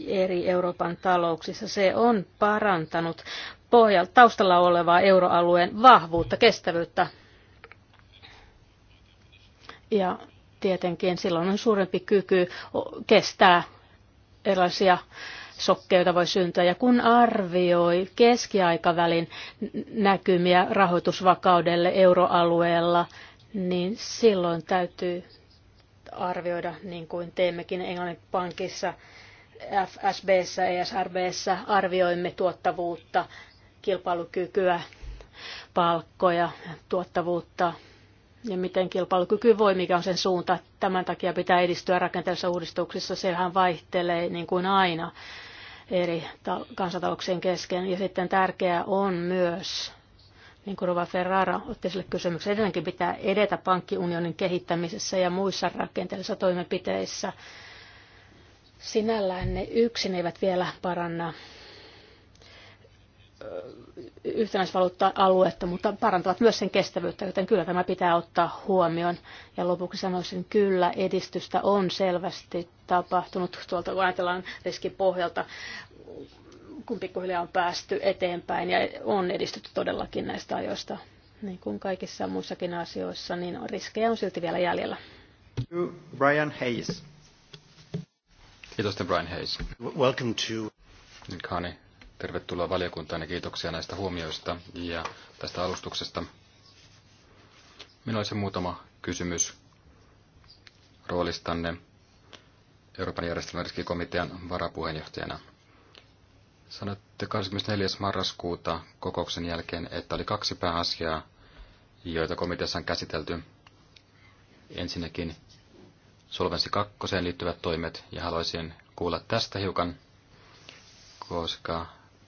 eri Euroopan talouksissa, se on parantanut pohjalta taustalla olevaa euroalueen vahvuutta, kestävyyttä. Ja tietenkin silloin on suurempi kyky kestää erilaisia sokkeita voi syntyä. Ja kun arvioi keskiaikavälin näkymiä rahoitusvakaudelle euroalueella, niin silloin täytyy arvioida, niin kuin teemmekin Englannin pankissa, FSBssä, ESRBssä, arvioimme tuottavuutta, kilpailukykyä, palkkoja, tuottavuutta, ja miten kilpailukyky voi, mikä on sen suunta. Tämän takia pitää edistyä rakenteellisissa uudistuksissa. Sehän vaihtelee niin kuin aina eri kansantalouksien kesken. Ja sitten tärkeää on myös, niin kuin Rova Ferrara otti sille kysymyksen, edelleenkin pitää edetä pankkiunionin kehittämisessä ja muissa rakenteellisissa toimenpiteissä. Sinällään ne yksin eivät vielä paranna yhtenäisvaluutta-aluetta, mutta parantavat myös sen kestävyyttä, joten kyllä tämä pitää ottaa huomioon. Ja lopuksi sanoisin, kyllä edistystä on selvästi tapahtunut tuolta, kun ajatellaan pohjalta, kun pikkuhiljaa on päästy eteenpäin ja on edistytty todellakin näistä ajoista. Niin kuin kaikissa muissakin asioissa, niin riskejä on silti vielä jäljellä. Brian Hayes. Kiitos, Brian Hayes. Welcome to... Connie. Niin, Tervetuloa valiokuntaan ja kiitoksia näistä huomioista ja tästä alustuksesta. Minulla olisi muutama kysymys roolistanne Euroopan järjestelmäriskikomitean varapuheenjohtajana. Sanoitte 24. marraskuuta kokouksen jälkeen, että oli kaksi pääasiaa, joita komiteassa on käsitelty. Ensinnäkin Solvensi kakkoseen liittyvät toimet ja haluaisin kuulla tästä hiukan, koska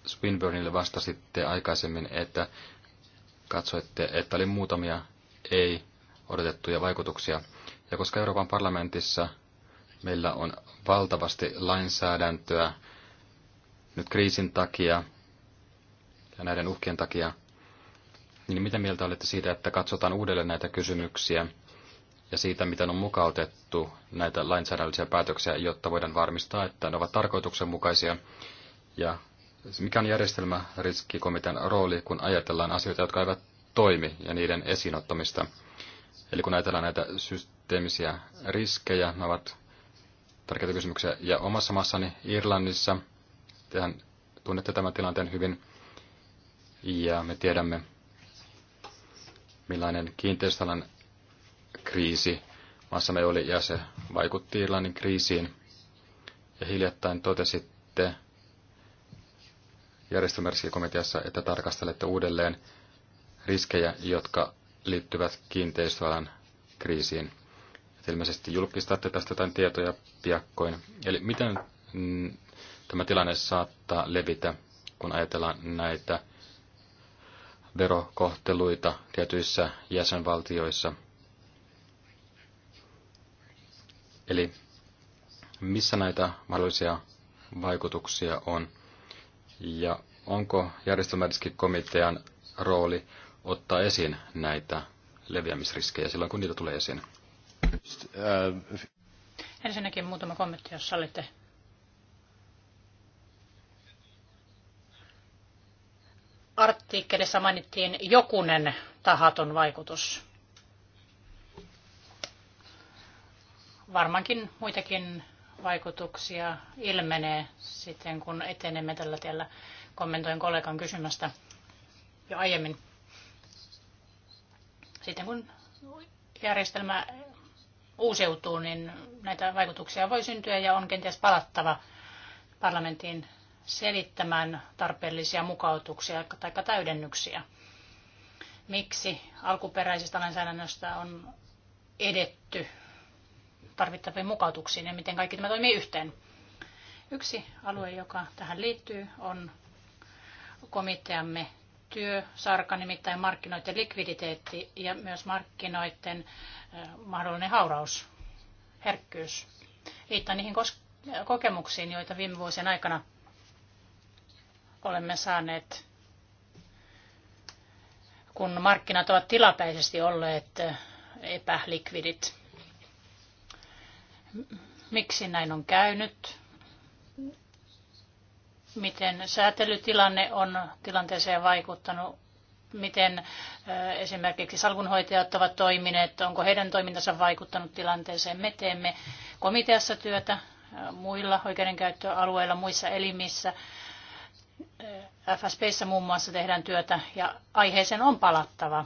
Swinburnille vastasitte aikaisemmin, että katsoitte, että oli muutamia ei odotettuja vaikutuksia. Ja koska Euroopan parlamentissa meillä on valtavasti lainsäädäntöä nyt kriisin takia ja näiden uhkien takia, niin mitä mieltä olette siitä, että katsotaan uudelleen näitä kysymyksiä ja siitä, miten on mukautettu näitä lainsäädännöllisiä päätöksiä, jotta voidaan varmistaa, että ne ovat tarkoituksenmukaisia ja mikä on järjestelmäriskikomitean rooli, kun ajatellaan asioita, jotka eivät toimi ja niiden esiinottamista. Eli kun ajatellaan näitä systeemisiä riskejä, ne ovat tärkeitä kysymyksiä. Ja omassa maassani Irlannissa, tehän tunnette tämän tilanteen hyvin, ja me tiedämme, millainen kiinteistöalan kriisi maassamme oli, ja se vaikutti Irlannin kriisiin. Ja hiljattain totesitte, järjestelmäriskikomiteassa, että tarkastelette uudelleen riskejä, jotka liittyvät kiinteistöalan kriisiin. Et ilmeisesti julkistatte tästä jotain tietoja piakkoin. Eli miten mm, tämä tilanne saattaa levitä, kun ajatellaan näitä verokohteluita tietyissä jäsenvaltioissa. Eli missä näitä mahdollisia vaikutuksia on? ja onko komitean rooli ottaa esiin näitä leviämisriskejä silloin, kun niitä tulee esiin? Ensinnäkin muutama kommentti, jos sallitte. Artikkelissa mainittiin jokunen tahaton vaikutus. Varmaankin muitakin vaikutuksia ilmenee sitten, kun etenemme tällä tiellä. Kommentoin kollegan kysymästä jo aiemmin. Sitten kun järjestelmä uusiutuu, niin näitä vaikutuksia voi syntyä ja on kenties palattava parlamenttiin selittämään tarpeellisia mukautuksia tai täydennyksiä. Miksi alkuperäisestä lainsäädännöstä on edetty tarvittaviin mukautuksiin ja miten kaikki tämä toimii yhteen. Yksi alue, joka tähän liittyy, on komiteamme työsarka, nimittäin markkinoiden likviditeetti ja myös markkinoiden mahdollinen hauraus, herkkyys. Viittaan niihin kokemuksiin, joita viime vuosien aikana olemme saaneet, kun markkinat ovat tilapäisesti olleet epälikvidit miksi näin on käynyt, miten säätelytilanne on tilanteeseen vaikuttanut, miten esimerkiksi salkunhoitajat ovat toimineet, onko heidän toimintansa vaikuttanut tilanteeseen. Me teemme komiteassa työtä muilla oikeudenkäyttöalueilla, muissa elimissä. FSPissä muun muassa tehdään työtä ja aiheeseen on palattava.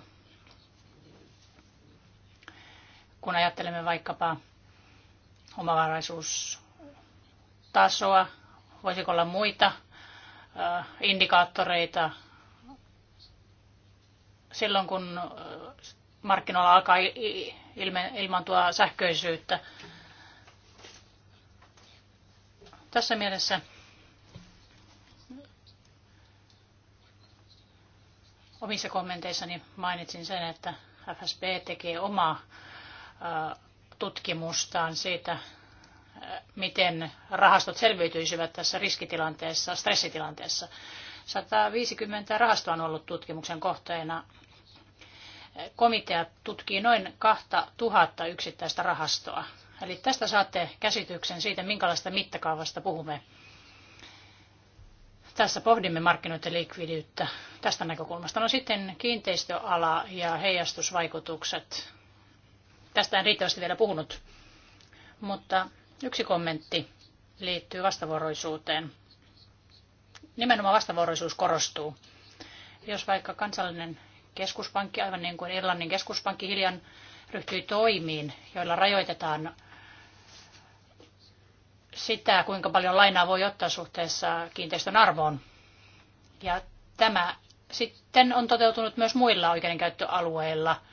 Kun ajattelemme vaikkapa omavaraisuustasoa, voisiko olla muita indikaattoreita silloin, kun markkinoilla alkaa ilmaantua sähköisyyttä. Tässä mielessä omissa kommenteissani mainitsin sen, että FSB tekee omaa tutkimustaan siitä, miten rahastot selviytyisivät tässä riskitilanteessa, stressitilanteessa. 150 rahastoa on ollut tutkimuksen kohteena. Komitea tutkii noin 2000 yksittäistä rahastoa. Eli tästä saatte käsityksen siitä, minkälaista mittakaavasta puhumme. Tässä pohdimme markkinoiden likvidiyttä tästä näkökulmasta. No sitten kiinteistöala ja heijastusvaikutukset Tästä en riittävästi vielä puhunut. Mutta yksi kommentti liittyy vastavuoroisuuteen. Nimenomaan vastavuoroisuus korostuu. Jos vaikka kansallinen keskuspankki, aivan niin kuin Irlannin keskuspankki hiljan ryhtyi toimiin, joilla rajoitetaan sitä, kuinka paljon lainaa voi ottaa suhteessa kiinteistön arvoon. Ja tämä sitten on toteutunut myös muilla oikeudenkäyttöalueilla –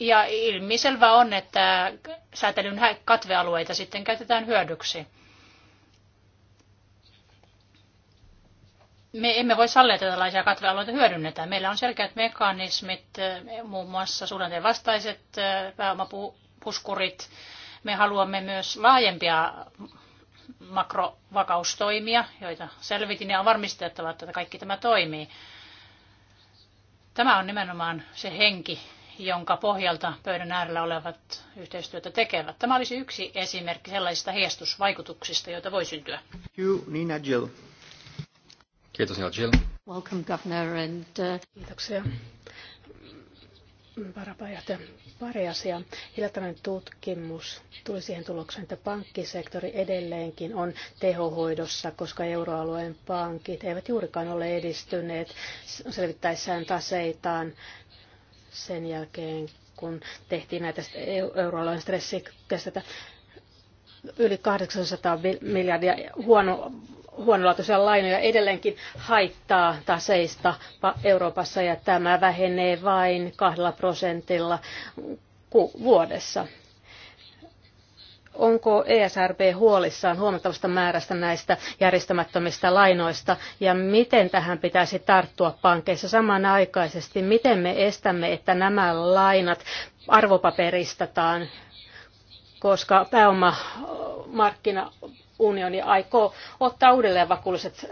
ja ilmiselvä on, että säätelyn katvealueita sitten käytetään hyödyksi. me emme voi sallia, että tällaisia katvealueita hyödynnetään. Meillä on selkeät mekanismit, eh, muun muassa suhdanteen vastaiset eh, pääomapuskurit. Me haluamme myös laajempia makrovakaustoimia, joita selvitin ja on varmistettava, että kaikki tämä toimii. Tämä on nimenomaan se henki, jonka pohjalta pöydän äärellä olevat yhteistyötä tekevät. Tämä olisi yksi esimerkki sellaisista heijastusvaikutuksista, joita voi syntyä. You, Nina Jill. Kiitos, Nina Jill. Welcome, Governor. And, uh... Kiitoksia. Varapäijohtaja, pari asiaa. Hiljattainen tutkimus tuli siihen tulokseen, että pankkisektori edelleenkin on tehohoidossa, koska euroalueen pankit eivät juurikaan ole edistyneet selvittäessään taseitaan sen jälkeen, kun tehtiin näitä euroalueen stressitesteitä yli 800 miljardia huono, huonolaatuisia lainoja edelleenkin haittaa taseista Euroopassa ja tämä vähenee vain kahdella prosentilla vuodessa. Onko ESRB huolissaan huomattavasta määrästä näistä järjestämättömistä lainoista ja miten tähän pitäisi tarttua pankeissa samanaikaisesti? Miten me estämme, että nämä lainat arvopaperistetaan, koska pääomamarkkinaunioni aikoo ottaa uudelleen vakuulliset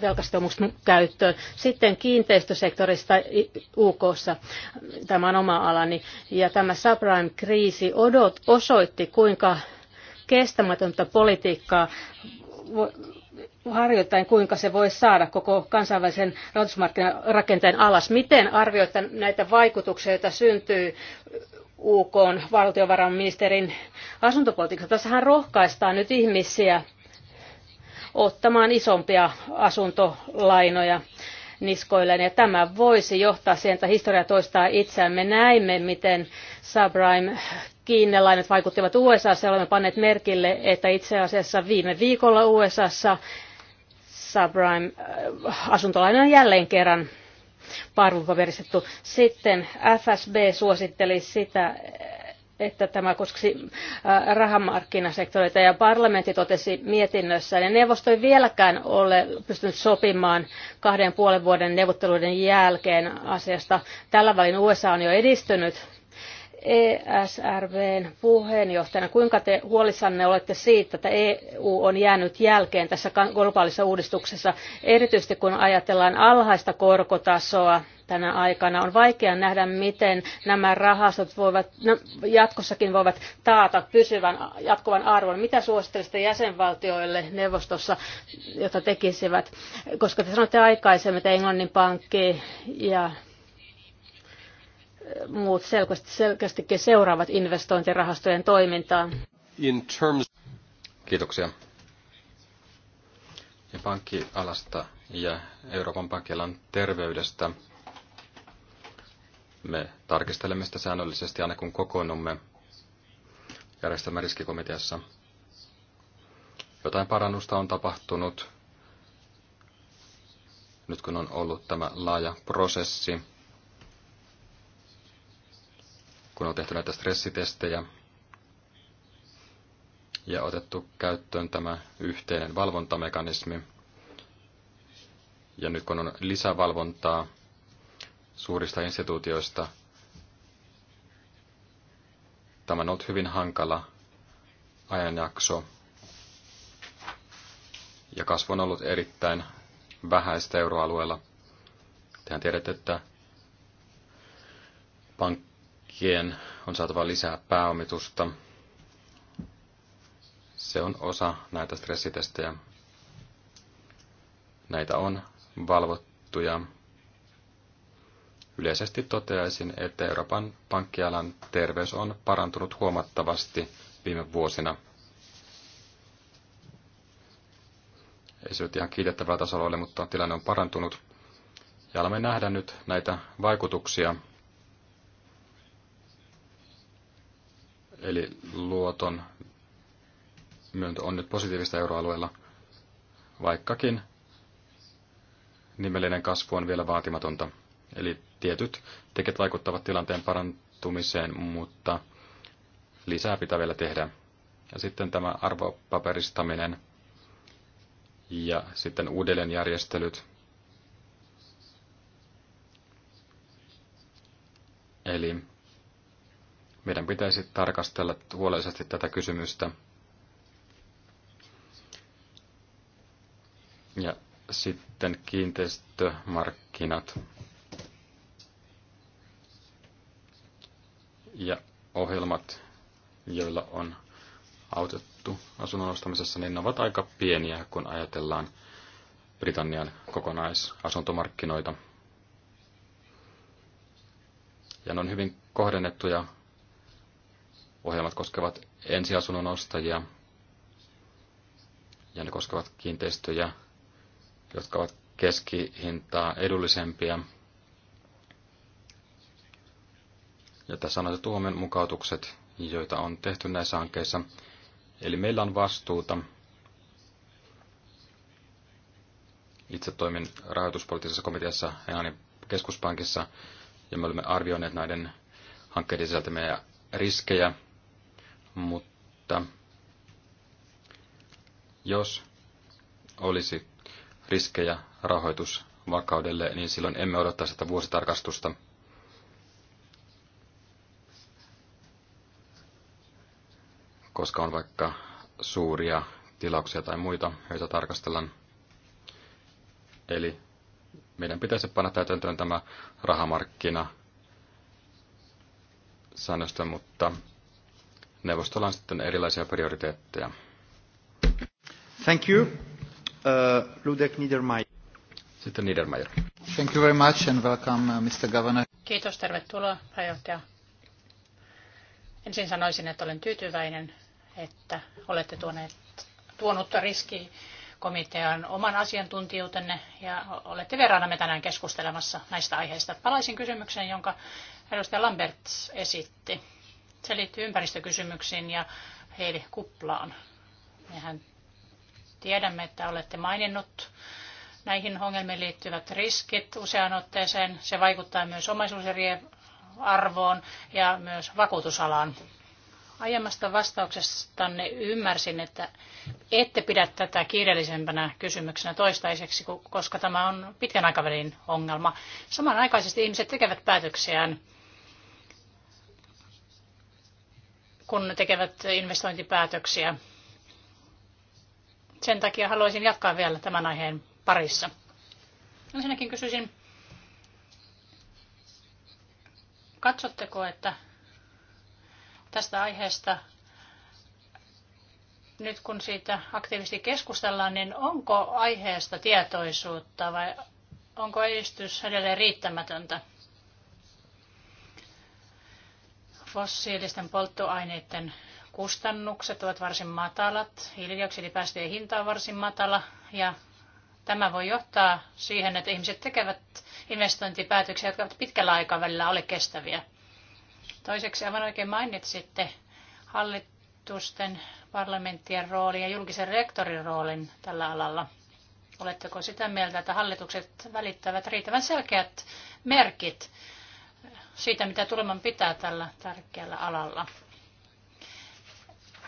velkasitoumuksen käyttöön. Sitten kiinteistösektorista UKssa, tämä on oma alani, ja tämä subprime-kriisi odot, osoitti, kuinka kestämätöntä politiikkaa harjoittain, kuinka se voi saada koko kansainvälisen rahoitusmarkkinarakenteen alas. Miten arvioitte näitä vaikutuksia, joita syntyy UK valtiovarainministerin asuntopolitiikasta? Tässähän rohkaistaan nyt ihmisiä ottamaan isompia asuntolainoja niskoilleen. Ja tämä voisi johtaa siihen, että historia toistaa itseään. Me näimme, miten subprime kiinnelainat vaikuttivat USAssa. Olemme panneet merkille, että itse asiassa viime viikolla USAssa subprime äh, asuntolaina on jälleen kerran parvupaperistettu. Sitten FSB suositteli sitä, että tämä koskisi rahamarkkinasektoreita ja parlamentti totesi mietinnössään, että neuvosto ei vieläkään ole pystynyt sopimaan kahden puolen vuoden neuvotteluiden jälkeen asiasta. Tällä välin USA on jo edistynyt ESRVn puheenjohtajana, kuinka te huolissanne olette siitä, että EU on jäänyt jälkeen tässä globaalissa uudistuksessa, erityisesti kun ajatellaan alhaista korkotasoa tänä aikana. On vaikea nähdä, miten nämä rahastot voivat, jatkossakin voivat taata pysyvän jatkuvan arvon. Mitä suosittelisitte jäsenvaltioille neuvostossa, jota tekisivät? Koska te sanoitte aikaisemmin, että Englannin pankki ja muut selkeästi, selkeästikin seuraavat investointirahastojen toimintaa. In terms... Kiitoksia. Ja pankkialasta ja Euroopan pankkialan terveydestä. Me tarkistelemme sitä säännöllisesti aina kun kokoonnumme riskikomiteassa Jotain parannusta on tapahtunut, nyt kun on ollut tämä laaja prosessi kun on tehty näitä stressitestejä ja otettu käyttöön tämä yhteinen valvontamekanismi. Ja nyt kun on lisävalvontaa suurista instituutioista, tämä on ollut hyvin hankala ajanjakso. Ja kasvu on ollut erittäin vähäistä euroalueella. Tehän tiedätte, että pankki pankkien on saatava lisää pääomitusta. Se on osa näitä stressitestejä. Näitä on valvottuja. Yleisesti toteaisin, että Euroopan pankkialan terveys on parantunut huomattavasti viime vuosina. Ei se nyt ihan kiitettävällä tasolla ole, mutta tilanne on parantunut. Ja alamme nähdä nyt näitä vaikutuksia – eli luoton myöntö on nyt positiivista euroalueella, vaikkakin nimellinen kasvu on vielä vaatimatonta. Eli tietyt tekijät vaikuttavat tilanteen parantumiseen, mutta lisää pitää vielä tehdä. Ja sitten tämä arvopaperistaminen ja sitten uudelleenjärjestelyt. Eli meidän pitäisi tarkastella huolellisesti tätä kysymystä. Ja sitten kiinteistömarkkinat. Ja ohjelmat, joilla on autettu asunnon ostamisessa, niin ne ovat aika pieniä, kun ajatellaan Britannian kokonaisasuntomarkkinoita. Ja ne on hyvin kohdennettuja Ohjelmat koskevat ensiasunnon ostajia ja ne koskevat kiinteistöjä, jotka ovat keskihintaa edullisempia. Ja tässä on näitä huomioon mukautukset, joita on tehty näissä hankkeissa. Eli meillä on vastuuta. Itse toimin rahoituspoliittisessa komiteassa Englannin keskuspankissa, ja me olemme arvioineet näiden hankkeiden sisältämiä riskejä mutta jos olisi riskejä rahoitusvakaudelle, niin silloin emme odottaisi sitä vuositarkastusta. koska on vaikka suuria tilauksia tai muita, joita tarkastellaan. Eli meidän pitäisi panna täytäntöön tämä rahamarkkina säännöstö, mutta neuvostolla on sitten erilaisia prioriteetteja. Thank you. Uh, Ludek Niedermayer. Sitten Niedermayer. Thank you very much and welcome, uh, Mr. Governor. Kiitos, tervetuloa, pääjohtaja. Ensin sanoisin, että olen tyytyväinen, että olette tuoneet, tuonut riskikomitean oman asiantuntijuutenne ja olette vieraanamme tänään keskustelemassa näistä aiheista. Palaisin kysymykseen, jonka edustaja Lambert esitti se liittyy ympäristökysymyksiin ja Heidi kuplaan. Mehän tiedämme, että olette maininnut näihin ongelmiin liittyvät riskit useaan otteeseen. Se vaikuttaa myös omaisuuserien arvoon ja myös vakuutusalaan. Aiemmasta vastauksestanne ymmärsin, että ette pidä tätä kiireellisempänä kysymyksenä toistaiseksi, koska tämä on pitkän aikavälin ongelma. Samanaikaisesti ihmiset tekevät päätöksiään kun tekevät investointipäätöksiä. Sen takia haluaisin jatkaa vielä tämän aiheen parissa. Ensinnäkin kysyisin, katsotteko, että tästä aiheesta nyt kun siitä aktiivisesti keskustellaan, niin onko aiheesta tietoisuutta vai onko edistys edelleen riittämätöntä? Fossiilisten polttoaineiden kustannukset ovat varsin matalat, hiilidioksidipäästöjen hinta on varsin matala ja tämä voi johtaa siihen, että ihmiset tekevät investointipäätöksiä, jotka ovat pitkällä aikavälillä ole kestäviä. Toiseksi aivan oikein mainitsitte hallitusten parlamenttien roolin ja julkisen rektorin roolin tällä alalla. Oletteko sitä mieltä, että hallitukset välittävät riittävän selkeät merkit siitä, mitä tuleman pitää tällä tärkeällä alalla.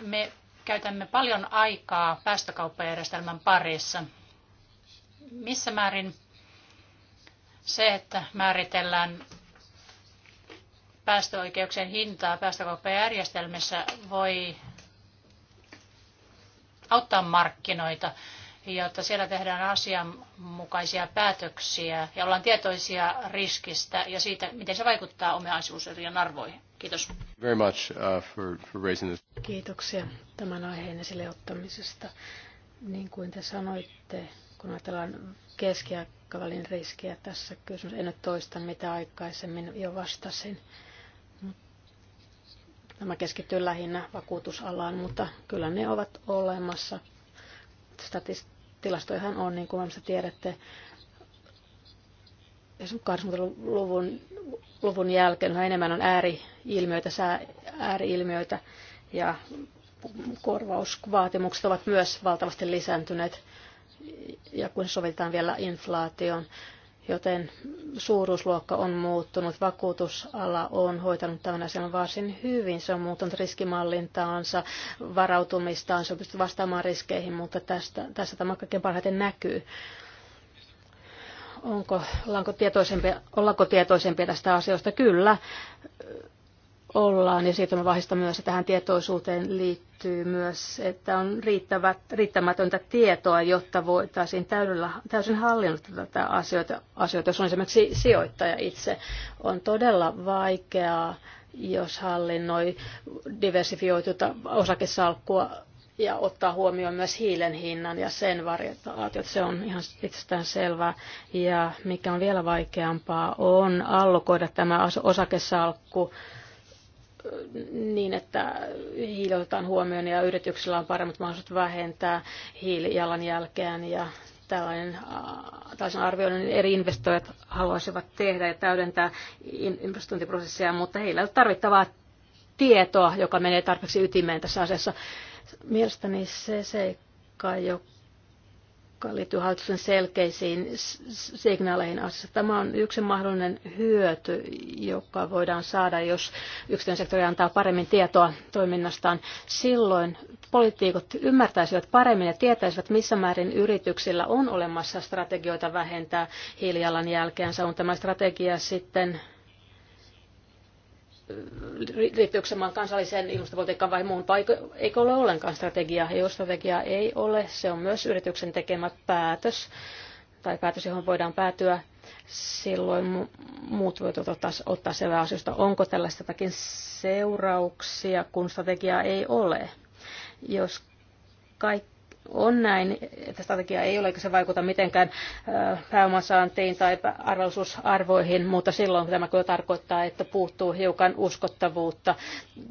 Me käytämme paljon aikaa päästökauppajärjestelmän parissa. Missä määrin se, että määritellään päästöoikeuksien hintaa päästökauppajärjestelmissä voi auttaa markkinoita jotta siellä tehdään asianmukaisia päätöksiä ja ollaan tietoisia riskistä ja siitä, miten se vaikuttaa omaisuuserien arvoihin. Kiitos. Very much, uh, for, for raising this. Kiitoksia tämän aiheen esille ottamisesta. Niin kuin te sanoitte, kun ajatellaan keskiaikavälin riskiä tässä kysymys, en nyt toista mitä aikaisemmin jo vastasin. Tämä keskittyy lähinnä vakuutusalaan, mutta kyllä ne ovat olemassa statist- Tilastoihan on, niin kuin varmasti tiedätte, 80-luvun luvun jälkeen yhä enemmän on ääriilmiöitä, sää, ääriilmiöitä ja korvausvaatimukset ovat myös valtavasti lisääntyneet. Ja kun sovitetaan vielä inflaation joten suuruusluokka on muuttunut, vakuutusala on hoitanut tämän asian varsin hyvin, se on muuttanut riskimallintaansa, varautumistaan, se on pystynyt vastaamaan riskeihin, mutta tästä, tässä tämä kaikkein parhaiten näkyy. Onko, ollaanko tietoisempia, ollaanko tietoisempia tästä asiasta? Kyllä ollaan. Ja siitä me vahvistamme myös, että tähän tietoisuuteen liittyy myös, että on riittävät, riittämätöntä tietoa, jotta voitaisiin täydellä, täysin hallinnoida tätä asioita, asioita. Jos on esimerkiksi sijoittaja itse, on todella vaikeaa, jos hallinnoi diversifioituta osakesalkkua ja ottaa huomioon myös hiilen hinnan ja sen variaatiot. Se on ihan itsestään selvää. Ja mikä on vielä vaikeampaa, on allokoida tämä osakesalkku niin, että hiili otetaan huomioon ja yrityksillä on paremmat mahdollisuudet vähentää hiilijalanjälkeään ja tällainen, tällaisen arvioinnin eri investoijat haluaisivat tehdä ja täydentää investointiprosessia, mutta heillä ei ole tarvittavaa tietoa, joka menee tarpeeksi ytimeen tässä asiassa. Mielestäni se seikka, joka jotka liittyvät hallituksen selkeisiin signaaleihin asiassa. Tämä on yksi mahdollinen hyöty, joka voidaan saada, jos yksityinen sektori antaa paremmin tietoa toiminnastaan. Silloin poliitikot ymmärtäisivät paremmin ja tietäisivät, missä määrin yrityksillä on olemassa strategioita vähentää hiilijalanjälkeänsä. On tämä strategia sitten liittyykö se maan kansalliseen ilmastopolitiikkaan vai muuhun, vai eikö ole ollenkaan strategiaa. Ja jos strategiaa ei ole, se on myös yrityksen tekemä päätös tai päätös, johon voidaan päätyä, silloin muut voivat ottaa, ottaa selvää asioista, onko tällaista jotakin seurauksia, kun strategiaa ei ole. Jos kaikki on näin, että strategia ei ole, eikä se vaikuta mitenkään pääomansaantiin tai arvollisuusarvoihin, mutta silloin tämä kyllä tarkoittaa, että puuttuu hiukan uskottavuutta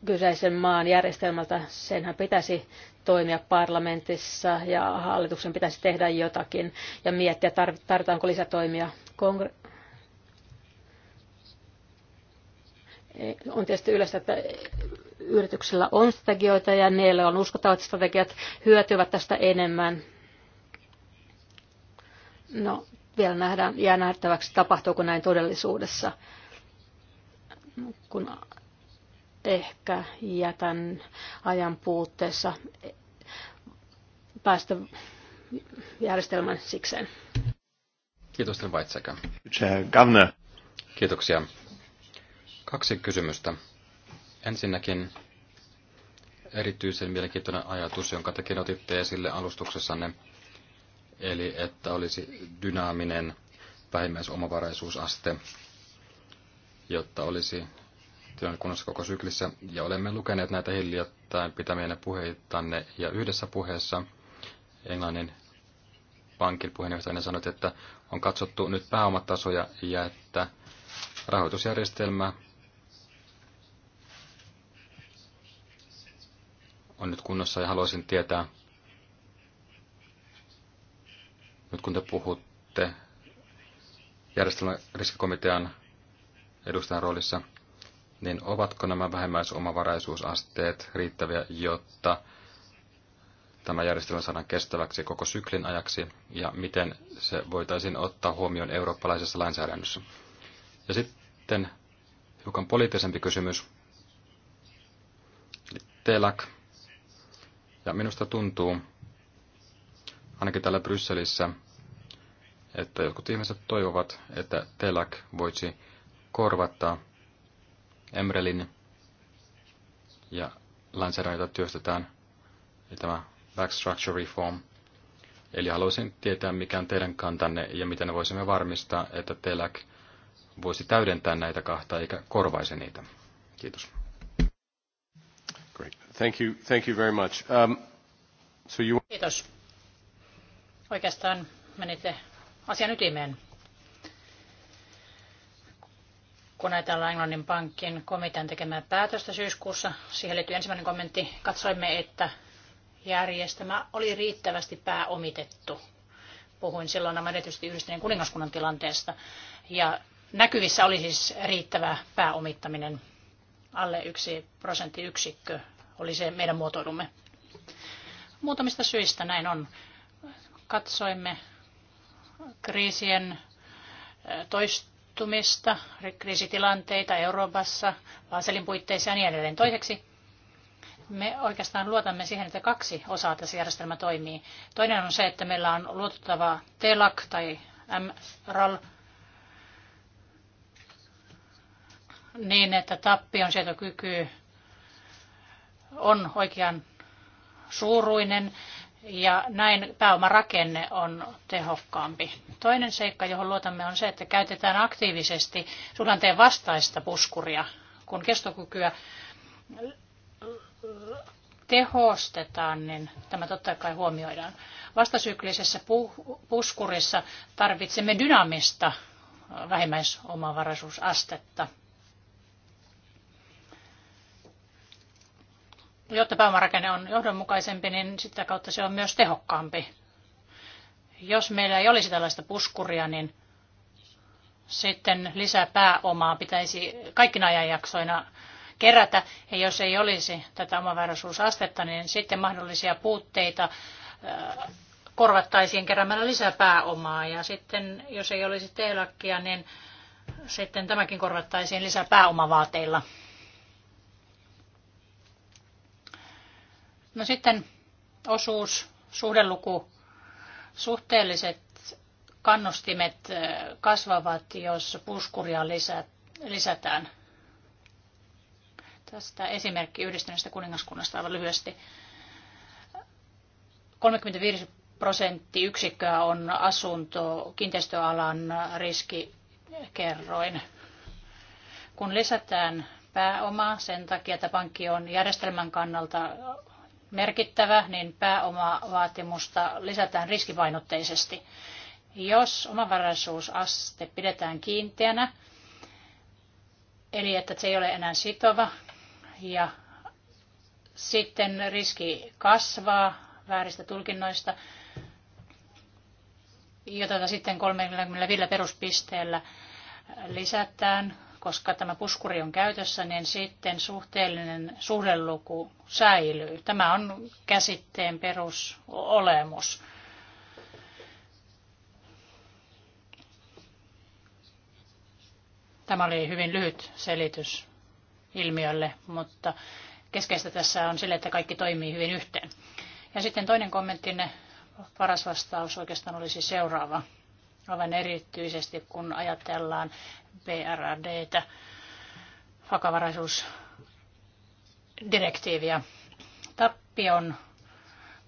kyseisen maan järjestelmältä. Senhän pitäisi toimia parlamentissa ja hallituksen pitäisi tehdä jotakin ja miettiä, tarvitaanko lisätoimia. Kongre- eh, on tietysti yleistä, että yrityksillä on strategioita ja niillä on uskottavat strategiat, hyötyvät tästä enemmän. No, vielä nähdään, jää nähtäväksi, tapahtuuko näin todellisuudessa. Kun ehkä jätän ajan puutteessa päästä järjestelmän sikseen. Kiitos, Tilvaitsekä. Kiitoksia. Kaksi kysymystä. Ensinnäkin erityisen mielenkiintoinen ajatus, jonka te otitte esille alustuksessanne, eli että olisi dynaaminen vähimmäisomavaraisuusaste, jotta olisi tilanne kunnossa koko syklissä. Ja olemme lukeneet näitä hiljattain pitämienne puheitanne, ja yhdessä puheessa Englannin pankin puheenjohtajana sanoi, että on katsottu nyt pääomatasoja ja että rahoitusjärjestelmä on nyt kunnossa ja haluaisin tietää, nyt kun te puhutte järjestelmän riskikomitean edustajan roolissa, niin ovatko nämä vähemmäisomavaraisuusasteet riittäviä, jotta tämä järjestelmä saadaan kestäväksi koko syklin ajaksi ja miten se voitaisiin ottaa huomioon eurooppalaisessa lainsäädännössä. Ja sitten hiukan poliittisempi kysymys. Telak ja minusta tuntuu, ainakin täällä Brysselissä, että jotkut ihmiset toivovat, että telak voisi korvata Emrelin ja jota työstetään, eli tämä backstructure Reform. Eli haluaisin tietää, mikä on teidän kantanne ja miten voisimme varmistaa, että telak voisi täydentää näitä kahta eikä korvaisi niitä. Kiitos. Um, Oikeastaan menitte asian ytimeen. kun ajatellaan Englannin pankin komitean tekemää päätöstä syyskuussa, siihen liittyy ensimmäinen kommentti, katsoimme, että järjestelmä oli riittävästi pääomitettu. Puhuin silloin nämä erityisesti yhdistyneen kuningaskunnan tilanteesta. Ja näkyvissä oli siis riittävä pääomittaminen alle yksi prosenttiyksikkö oli se meidän muotoilumme. Muutamista syistä näin on. Katsoimme kriisien toistumista, kriisitilanteita Euroopassa, Vaaselin puitteissa ja niin edelleen. Toiseksi me oikeastaan luotamme siihen, että kaksi osaa tässä järjestelmä toimii. Toinen on se, että meillä on luotettava TELAC tai MRAL, niin että tappion sietokyky on oikean suuruinen ja näin pääomarakenne on tehokkaampi. Toinen seikka, johon luotamme, on se, että käytetään aktiivisesti suhdanteen vastaista puskuria, kun kestokykyä tehostetaan, niin tämä totta kai huomioidaan. Vastasyklisessä puskurissa tarvitsemme dynaamista vähimmäisomavaraisuusastetta. jotta pääomarakenne on johdonmukaisempi, niin sitä kautta se on myös tehokkaampi. Jos meillä ei olisi tällaista puskuria, niin sitten lisää pääomaa pitäisi kaikkina ajanjaksoina kerätä. Ja jos ei olisi tätä omavaraisuusastetta, niin sitten mahdollisia puutteita äh, korvattaisiin keräämällä lisää pääomaa. Ja sitten jos ei olisi teelakkia, niin sitten tämäkin korvattaisiin lisää pääomavaateilla. No sitten osuus, suhdeluku, suhteelliset kannustimet kasvavat, jos puskuria lisätään. Tästä esimerkki yhdistyneestä kuningaskunnasta aivan lyhyesti. 35 prosenttiyksikköä on asunto kiinteistöalan riskikerroin. Kun lisätään pääomaa sen takia, että pankki on järjestelmän kannalta merkittävä, niin pääomavaatimusta lisätään riskipainotteisesti. Jos omavaraisuusaste pidetään kiinteänä, eli että se ei ole enää sitova, ja sitten riski kasvaa vääristä tulkinnoista, jota sitten 35 peruspisteellä lisätään koska tämä puskuri on käytössä, niin sitten suhteellinen suhdeluku säilyy. Tämä on käsitteen perusolemus. Tämä oli hyvin lyhyt selitys ilmiölle, mutta keskeistä tässä on sille, että kaikki toimii hyvin yhteen. Ja sitten toinen kommenttinne, paras vastaus oikeastaan olisi seuraava aivan erityisesti kun ajatellaan BRRDtä, vakavaraisuusdirektiiviä. Tappion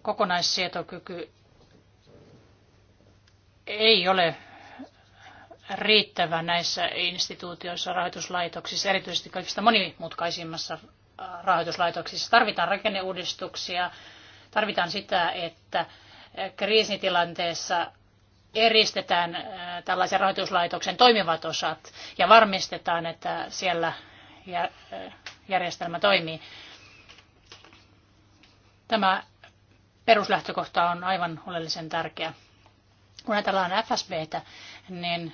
kokonaissietokyky ei ole riittävä näissä instituutioissa, rahoituslaitoksissa, erityisesti kaikista monimutkaisimmassa rahoituslaitoksissa. Tarvitaan rakenneuudistuksia, tarvitaan sitä, että kriisitilanteessa eristetään äh, tällaisen rahoituslaitoksen toimivat osat ja varmistetaan, että siellä äh, järjestelmä toimii. Tämä peruslähtökohta on aivan oleellisen tärkeä. Kun ajatellaan FSBtä, niin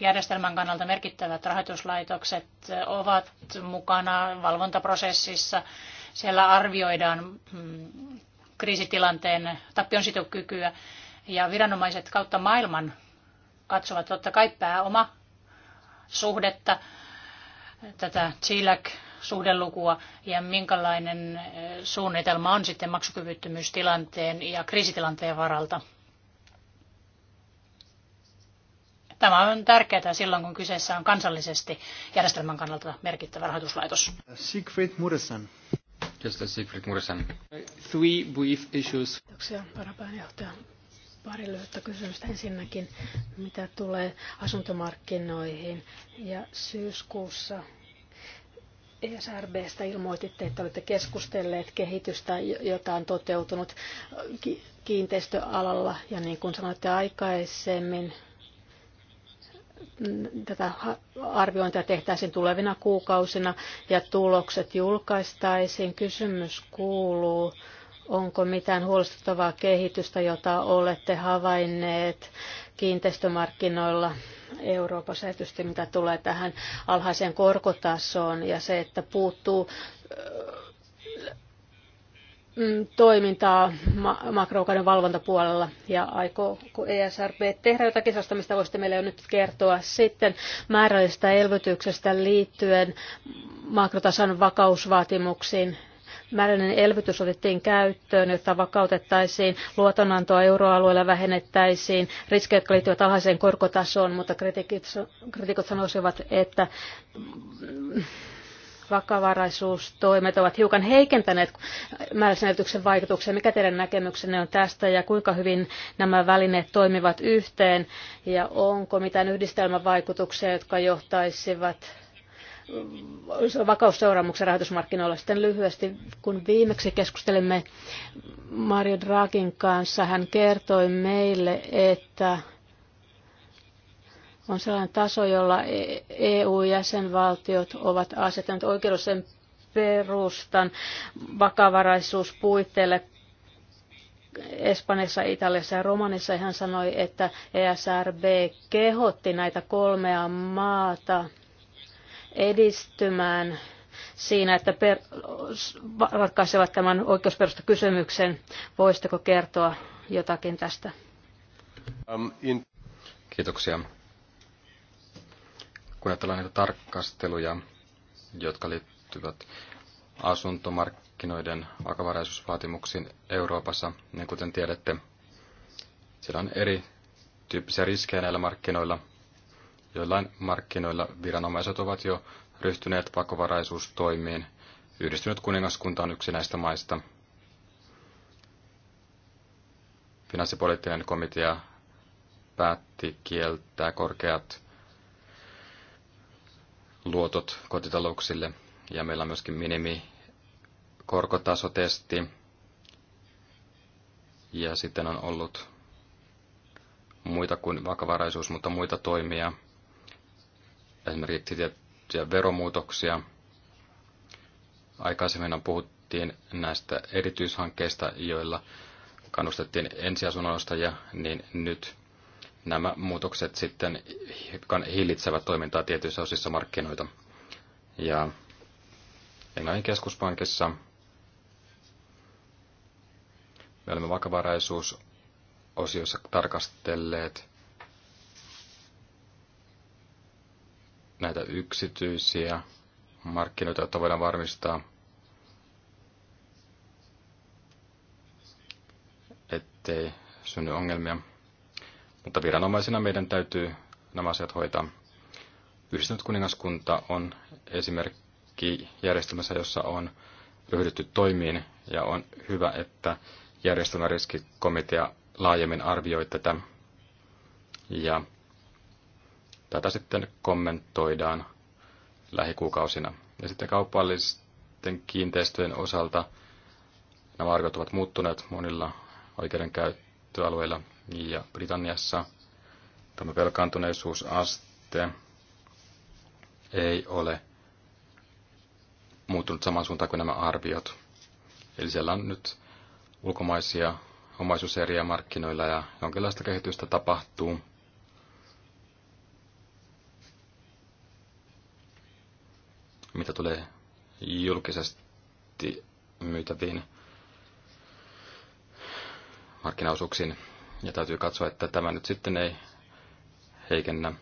järjestelmän kannalta merkittävät rahoituslaitokset ovat mukana valvontaprosessissa. Siellä arvioidaan mm, kriisitilanteen tappionsitokykyä ja viranomaiset kautta maailman katsovat totta kai pääoma suhdetta, tätä TILAC suhdelukua ja minkälainen eh, suunnitelma on sitten maksukyvyttömyystilanteen ja kriisitilanteen varalta. Tämä on tärkeää silloin, kun kyseessä on kansallisesti järjestelmän kannalta merkittävä rahoituslaitos. Siegfried Muresan. Just Siegfried Muresan. Three brief issues. Kiitoksia, varapäinjohtaja. Pari lyhyttä kysymystä ensinnäkin, mitä tulee asuntomarkkinoihin. Ja syyskuussa ESRBstä ilmoititte, että olette keskustelleet kehitystä, jota on toteutunut kiinteistöalalla. Ja niin kuin sanoitte aikaisemmin, tätä arviointia tehtäisiin tulevina kuukausina ja tulokset julkaistaisiin. Kysymys kuuluu, Onko mitään huolestuttavaa kehitystä, jota olette havainneet kiinteistömarkkinoilla Euroopassa, tietysti mitä tulee tähän alhaiseen korkotasoon ja se, että puuttuu äh, mm, toimintaa makrokauden valvontapuolella ja aikooko ESRB tehdä jotakin sellaista, mistä voisitte meille jo nyt kertoa sitten määrällisestä elvytyksestä liittyen makrotason vakausvaatimuksiin Määrällinen elvytys otettiin käyttöön, jotta vakautettaisiin, luotonantoa euroalueella vähennettäisiin, riskejä, jotka liittyvät alhaiseen korkotasoon, mutta kritikit, kritikot sanoisivat, että vakavaraisuustoimet ovat hiukan heikentäneet elvytyksen vaikutuksia. Mikä teidän näkemyksenne on tästä ja kuinka hyvin nämä välineet toimivat yhteen ja onko mitään yhdistelmävaikutuksia, jotka johtaisivat vakausseuraamuksen rahoitusmarkkinoilla. Sitten lyhyesti, kun viimeksi keskustelimme Mario Dragin kanssa, hän kertoi meille, että on sellainen taso, jolla EU-jäsenvaltiot e ovat asettaneet oikeudellisen perustan vakavaraisuuspuitteille Espanjassa, Italiassa ja Romanissa. Hän sanoi, että ESRB kehotti näitä kolmea maata edistymään siinä, että per, ratkaisevat tämän oikeusperustakysymyksen. Voisitteko kertoa jotakin tästä? Um, Kiitoksia. Kun ajatellaan näitä tarkasteluja, jotka liittyvät asuntomarkkinoiden vakavaraisuusvaatimuksiin Euroopassa, niin kuten tiedätte, siellä on eri tyyppisiä riskejä näillä markkinoilla – Joillain markkinoilla viranomaiset ovat jo ryhtyneet pakovaraisuustoimiin. Yhdistynyt kuningaskunta on yksi näistä maista. Finanssipoliittinen komitea päätti kieltää korkeat luotot kotitalouksille ja meillä on myöskin korkotasotesti ja sitten on ollut muita kuin vakavaraisuus, mutta muita toimia – esimerkiksi tiettyjä veromuutoksia. Aikaisemmin puhuttiin näistä erityishankkeista, joilla kannustettiin ensiasunnonostajia, niin nyt nämä muutokset sitten hillitsevät toimintaa tietyissä osissa markkinoita. Ja Englannin keskuspankissa me olemme vakavaraisuusosiossa tarkastelleet näitä yksityisiä markkinoita, jotta voidaan varmistaa, ettei synny ongelmia. Mutta viranomaisina meidän täytyy nämä asiat hoitaa. Yhdistynyt kuningaskunta on esimerkki järjestelmässä, jossa on ryhdytty toimiin, ja on hyvä, että järjestelmäriskikomitea laajemmin arvioi tätä, ja Tätä sitten kommentoidaan lähikuukausina. Ja sitten kaupallisten kiinteistöjen osalta nämä arviot ovat muuttuneet monilla oikeudenkäyttöalueilla ja Britanniassa tämä velkaantuneisuusaste ei ole muuttunut samaan suuntaan kuin nämä arviot. Eli siellä on nyt ulkomaisia omaisuuseriä markkinoilla ja jonkinlaista kehitystä tapahtuu. mitä tulee julkisesti myytäviin markkinaosuuksiin. Ja täytyy katsoa, että tämä nyt sitten ei heikennä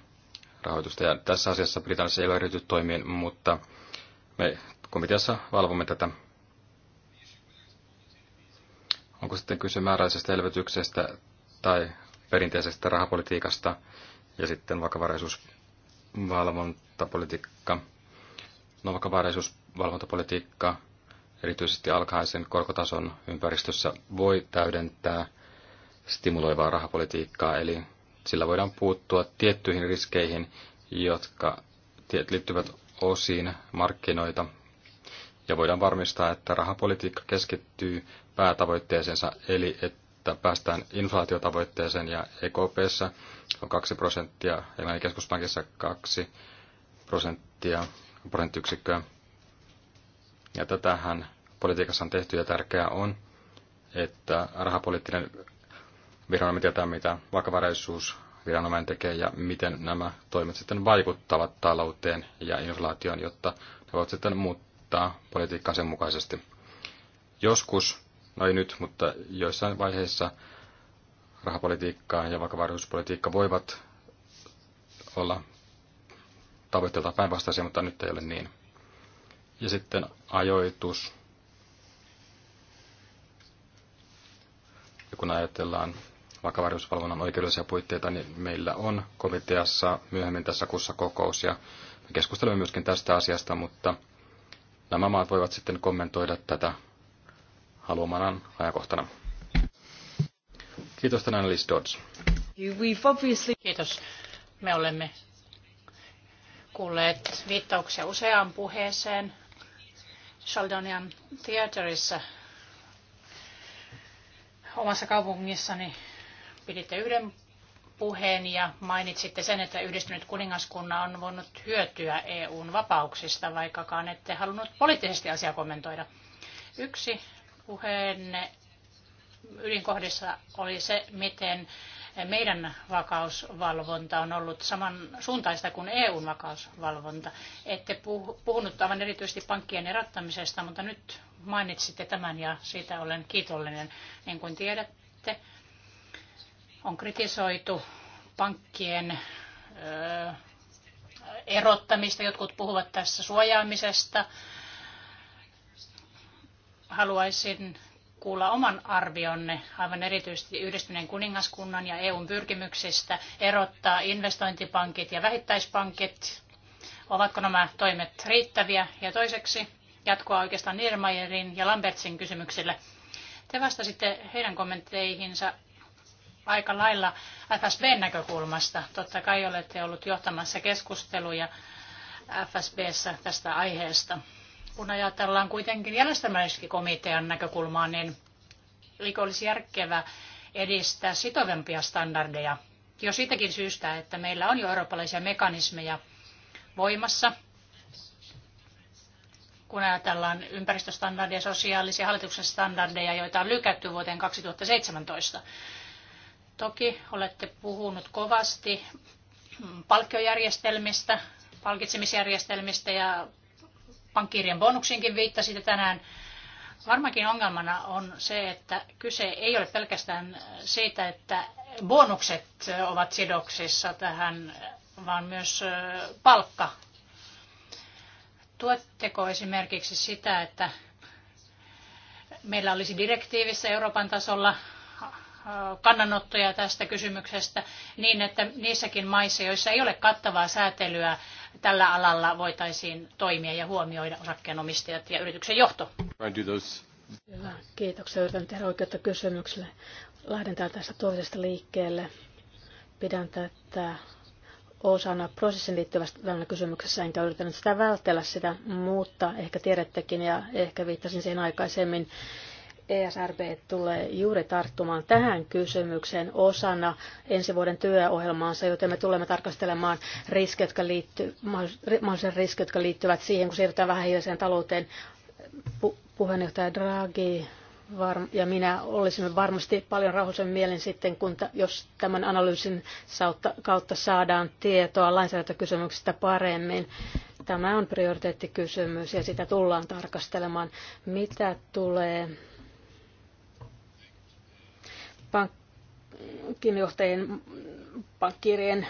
rahoitusta. Ja tässä asiassa Britannissa ei ole ryhdytty toimiin, mutta me komiteassa valvomme tätä. Onko sitten kyse määräisestä elvytyksestä tai perinteisestä rahapolitiikasta ja sitten vakavaraisuusvalvontapolitiikka – No vakavaraisuusvalvontapolitiikka erityisesti alkaisen korkotason ympäristössä voi täydentää stimuloivaa rahapolitiikkaa, eli sillä voidaan puuttua tiettyihin riskeihin, jotka liittyvät osiin markkinoita, ja voidaan varmistaa, että rahapolitiikka keskittyy päätavoitteeseensa, eli että päästään inflaatiotavoitteeseen, ja EKPssä on 2 prosenttia, ja keskuspankissa 2 prosenttia prosenttiyksikköä. Ja tätähän politiikassa on tehty ja tärkeää on, että rahapoliittinen viranomainen tietää, mitä vakavaraisuus viranomainen tekee ja miten nämä toimet sitten vaikuttavat talouteen ja inflaatioon, jotta ne voivat sitten muuttaa politiikkaa sen mukaisesti. Joskus, no ei nyt, mutta joissain vaiheissa rahapolitiikka ja vakavaraisuuspolitiikka voivat olla Tavoitteelta päinvastaisia, mutta nyt ei ole niin. Ja sitten ajoitus. Ja kun ajatellaan vakavaraisuusvalvonnan oikeudellisia puitteita, niin meillä on komiteassa myöhemmin tässä kuussa kokous ja me keskustelemme myöskin tästä asiasta, mutta nämä maat voivat sitten kommentoida tätä haluamanaan ajankohtana. Kiitos tänään Liz Dodds. Kiitos. Me olemme kuulleet viittauksia useaan puheeseen Sheldonian teaterissa omassa kaupungissani piditte yhden puheen ja mainitsitte sen, että yhdistynyt kuningaskunna on voinut hyötyä EUn vapauksista, vaikkakaan ette halunnut poliittisesti asiaa kommentoida. Yksi puheenne ydinkohdissa oli se, miten meidän vakausvalvonta on ollut samansuuntaista kuin EUn vakausvalvonta. Ette puhunut aivan erityisesti pankkien erottamisesta, mutta nyt mainitsitte tämän ja siitä olen kiitollinen. Niin kuin tiedätte, on kritisoitu pankkien erottamista, jotkut puhuvat tässä suojaamisesta. Haluaisin kuulla oman arvionne, aivan erityisesti yhdistyneen kuningaskunnan ja EUn pyrkimyksistä erottaa investointipankit ja vähittäispankit. Ovatko nämä toimet riittäviä? Ja toiseksi jatkoa oikeastaan Niermayerin ja Lambertsin kysymyksille. Te vastasitte heidän kommentteihinsa aika lailla FSBn näkökulmasta. Totta kai olette ollut johtamassa keskusteluja FSBssä tästä aiheesta kun ajatellaan kuitenkin komitean näkökulmaa, niin eikö olisi järkevää edistää sitovempia standardeja jo siitäkin syystä, että meillä on jo eurooppalaisia mekanismeja voimassa, kun ajatellaan ympäristöstandardeja, sosiaalisia hallituksen standardeja, joita on lykätty vuoteen 2017. Toki olette puhunut kovasti palkkiojärjestelmistä, palkitsemisjärjestelmistä ja pankkiirien bonuksiinkin viittasitte tänään. Varmaankin ongelmana on se, että kyse ei ole pelkästään siitä, että bonukset ovat sidoksissa tähän, vaan myös palkka. Tuetteko esimerkiksi sitä, että meillä olisi direktiivissä Euroopan tasolla kannanottoja tästä kysymyksestä niin, että niissäkin maissa, joissa ei ole kattavaa säätelyä, tällä alalla voitaisiin toimia ja huomioida osakkeenomistajat ja yrityksen johto. Hyvä, kiitoksia. Yritän tehdä oikeutta kysymykselle. Lähden tästä toisesta liikkeelle. Pidän tätä osana prosessin liittyvästä kysymyksessä, enkä yrittänyt sitä vältellä sitä, mutta ehkä tiedättekin ja ehkä viittasin siihen aikaisemmin ESRB tulee juuri tarttumaan tähän kysymykseen osana ensi vuoden työohjelmaansa, joten me tulemme tarkastelemaan riskejä, jotka liittyy, mahdolliset riskit, jotka liittyvät siihen, kun siirrytään vähähiiliseen talouteen. Pu- puheenjohtaja Draghi ja minä olisimme varmasti paljon rauhallisen mielen sitten, kun jos tämän analyysin kautta saadaan tietoa lainsäädäntökysymyksistä paremmin. Tämä on prioriteettikysymys ja sitä tullaan tarkastelemaan. Mitä tulee pankkinjohtajien pankkirien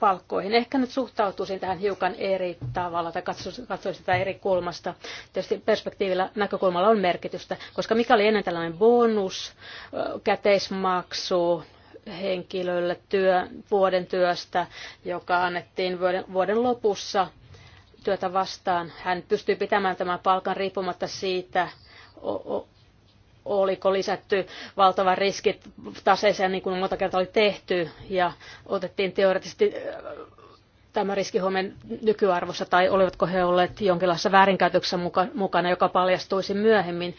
palkkoihin. Ehkä nyt suhtautuisin tähän hiukan eri tavalla tai katsoisin sitä eri kulmasta. Tietysti perspektiivillä näkökulmalla on merkitystä, koska mikä oli ennen tällainen bonus, käteismaksu henkilölle työ, vuoden työstä, joka annettiin vuoden, vuoden lopussa työtä vastaan. Hän pystyy pitämään tämän palkan riippumatta siitä, oliko lisätty valtavan riskit taseeseen, niin kuin monta kertaa oli tehty, ja otettiin teoreettisesti tämä riski huomioon nykyarvossa, tai olivatko he olleet jonkinlaisessa väärinkäytöksessä mukana, joka paljastuisi myöhemmin.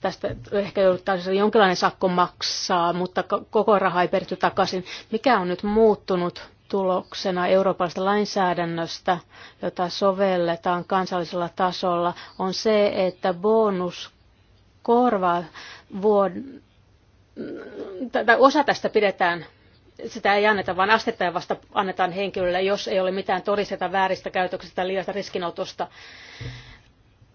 Tästä ehkä jouduttaisiin jonkinlainen sakko maksaa, mutta koko raha ei peritty takaisin. Mikä on nyt muuttunut tuloksena eurooppalaisesta lainsäädännöstä, jota sovelletaan kansallisella tasolla, on se, että bonus korvaa vuod- tai osa tästä pidetään sitä ei anneta, vaan asteittain vasta annetaan henkilölle, jos ei ole mitään todisteta vääristä käytöksistä tai liiasta riskinotosta.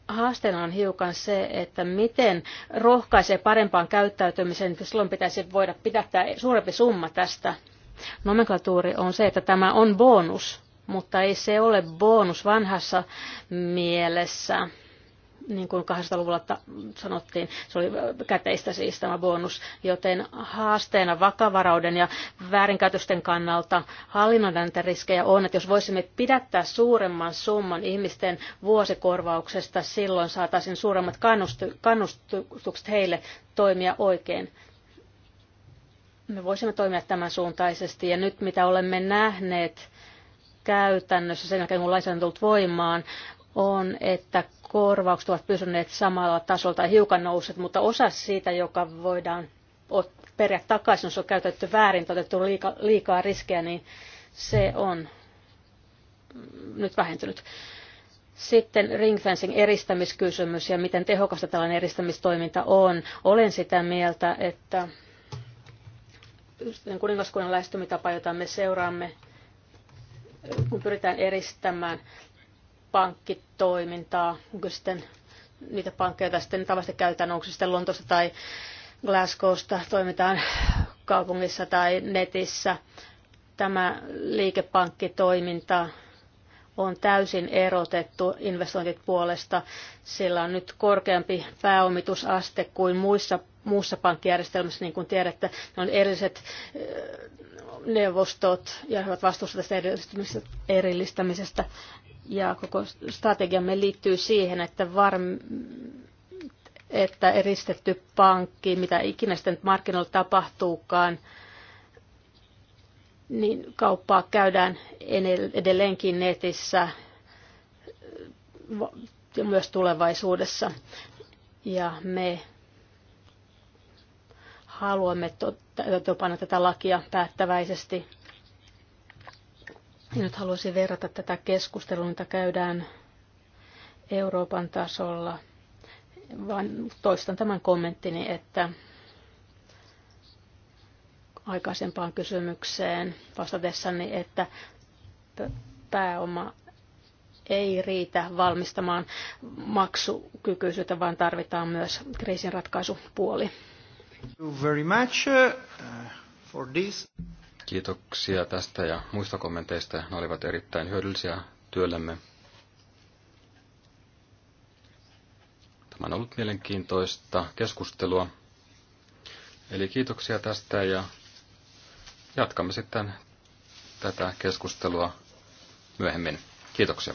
Haasteena on hiukan se, että miten rohkaisee parempaan käyttäytymiseen, että silloin pitäisi voida pidättää suurempi summa tästä. Nomenklatuuri on se, että tämä on bonus, mutta ei se ole bonus vanhassa mielessä niin kuin 200-luvulla sanottiin, se oli käteistä siis tämä bonus, joten haasteena vakavarauden ja väärinkäytösten kannalta hallinnoida näitä riskejä on, että jos voisimme pidättää suuremman summan ihmisten vuosikorvauksesta, silloin saataisiin suuremmat kannustukset heille toimia oikein me voisimme toimia tämän suuntaisesti. Ja nyt mitä olemme nähneet käytännössä sen jälkeen, kun lainsäädäntö on tullut voimaan, on, että korvaukset ovat pysyneet samalla tasolla tai hiukan nousseet, mutta osa siitä, joka voidaan periä takaisin, jos on käytetty väärin, otettu liika, liikaa riskejä, niin se on nyt vähentynyt. Sitten ringfencing eristämiskysymys ja miten tehokasta tällainen eristämistoiminta on. Olen sitä mieltä, että kuningaskunnan lähestymitapa, jota me seuraamme, kun pyritään eristämään pankkitoimintaa, onko sitten niitä pankkeja, joita sitten tavasti käytetään, onko sitten Lontosta tai Glasgowsta, toimitaan kaupungissa tai netissä. Tämä liikepankkitoiminta on täysin erotettu investointit puolesta. Sillä on nyt korkeampi pääomitusaste kuin muissa, muussa pankkijärjestelmissä, niin kuin tiedätte. Ne on erilliset eh, neuvostot ja he ovat vastuussa tästä erillistämisestä. Ja koko strategiamme liittyy siihen, että, varm, että eristetty pankki, mitä ikinä sitten markkinoilla tapahtuukaan, niin kauppaa käydään edelleenkin netissä ja myös tulevaisuudessa. Ja me haluamme toteuttaa tätä lakia päättäväisesti nyt haluaisin verrata tätä keskustelua, mitä käydään Euroopan tasolla. Vaan toistan tämän kommenttini, että aikaisempaan kysymykseen vastatessani, että pääoma ei riitä valmistamaan maksukykyisyyttä, vaan tarvitaan myös kriisinratkaisupuoli. Thank you very much uh, for this. Kiitoksia tästä ja muista kommenteista. Ne olivat erittäin hyödyllisiä työllemme. Tämä on ollut mielenkiintoista keskustelua. Eli kiitoksia tästä ja jatkamme sitten tätä keskustelua myöhemmin. Kiitoksia.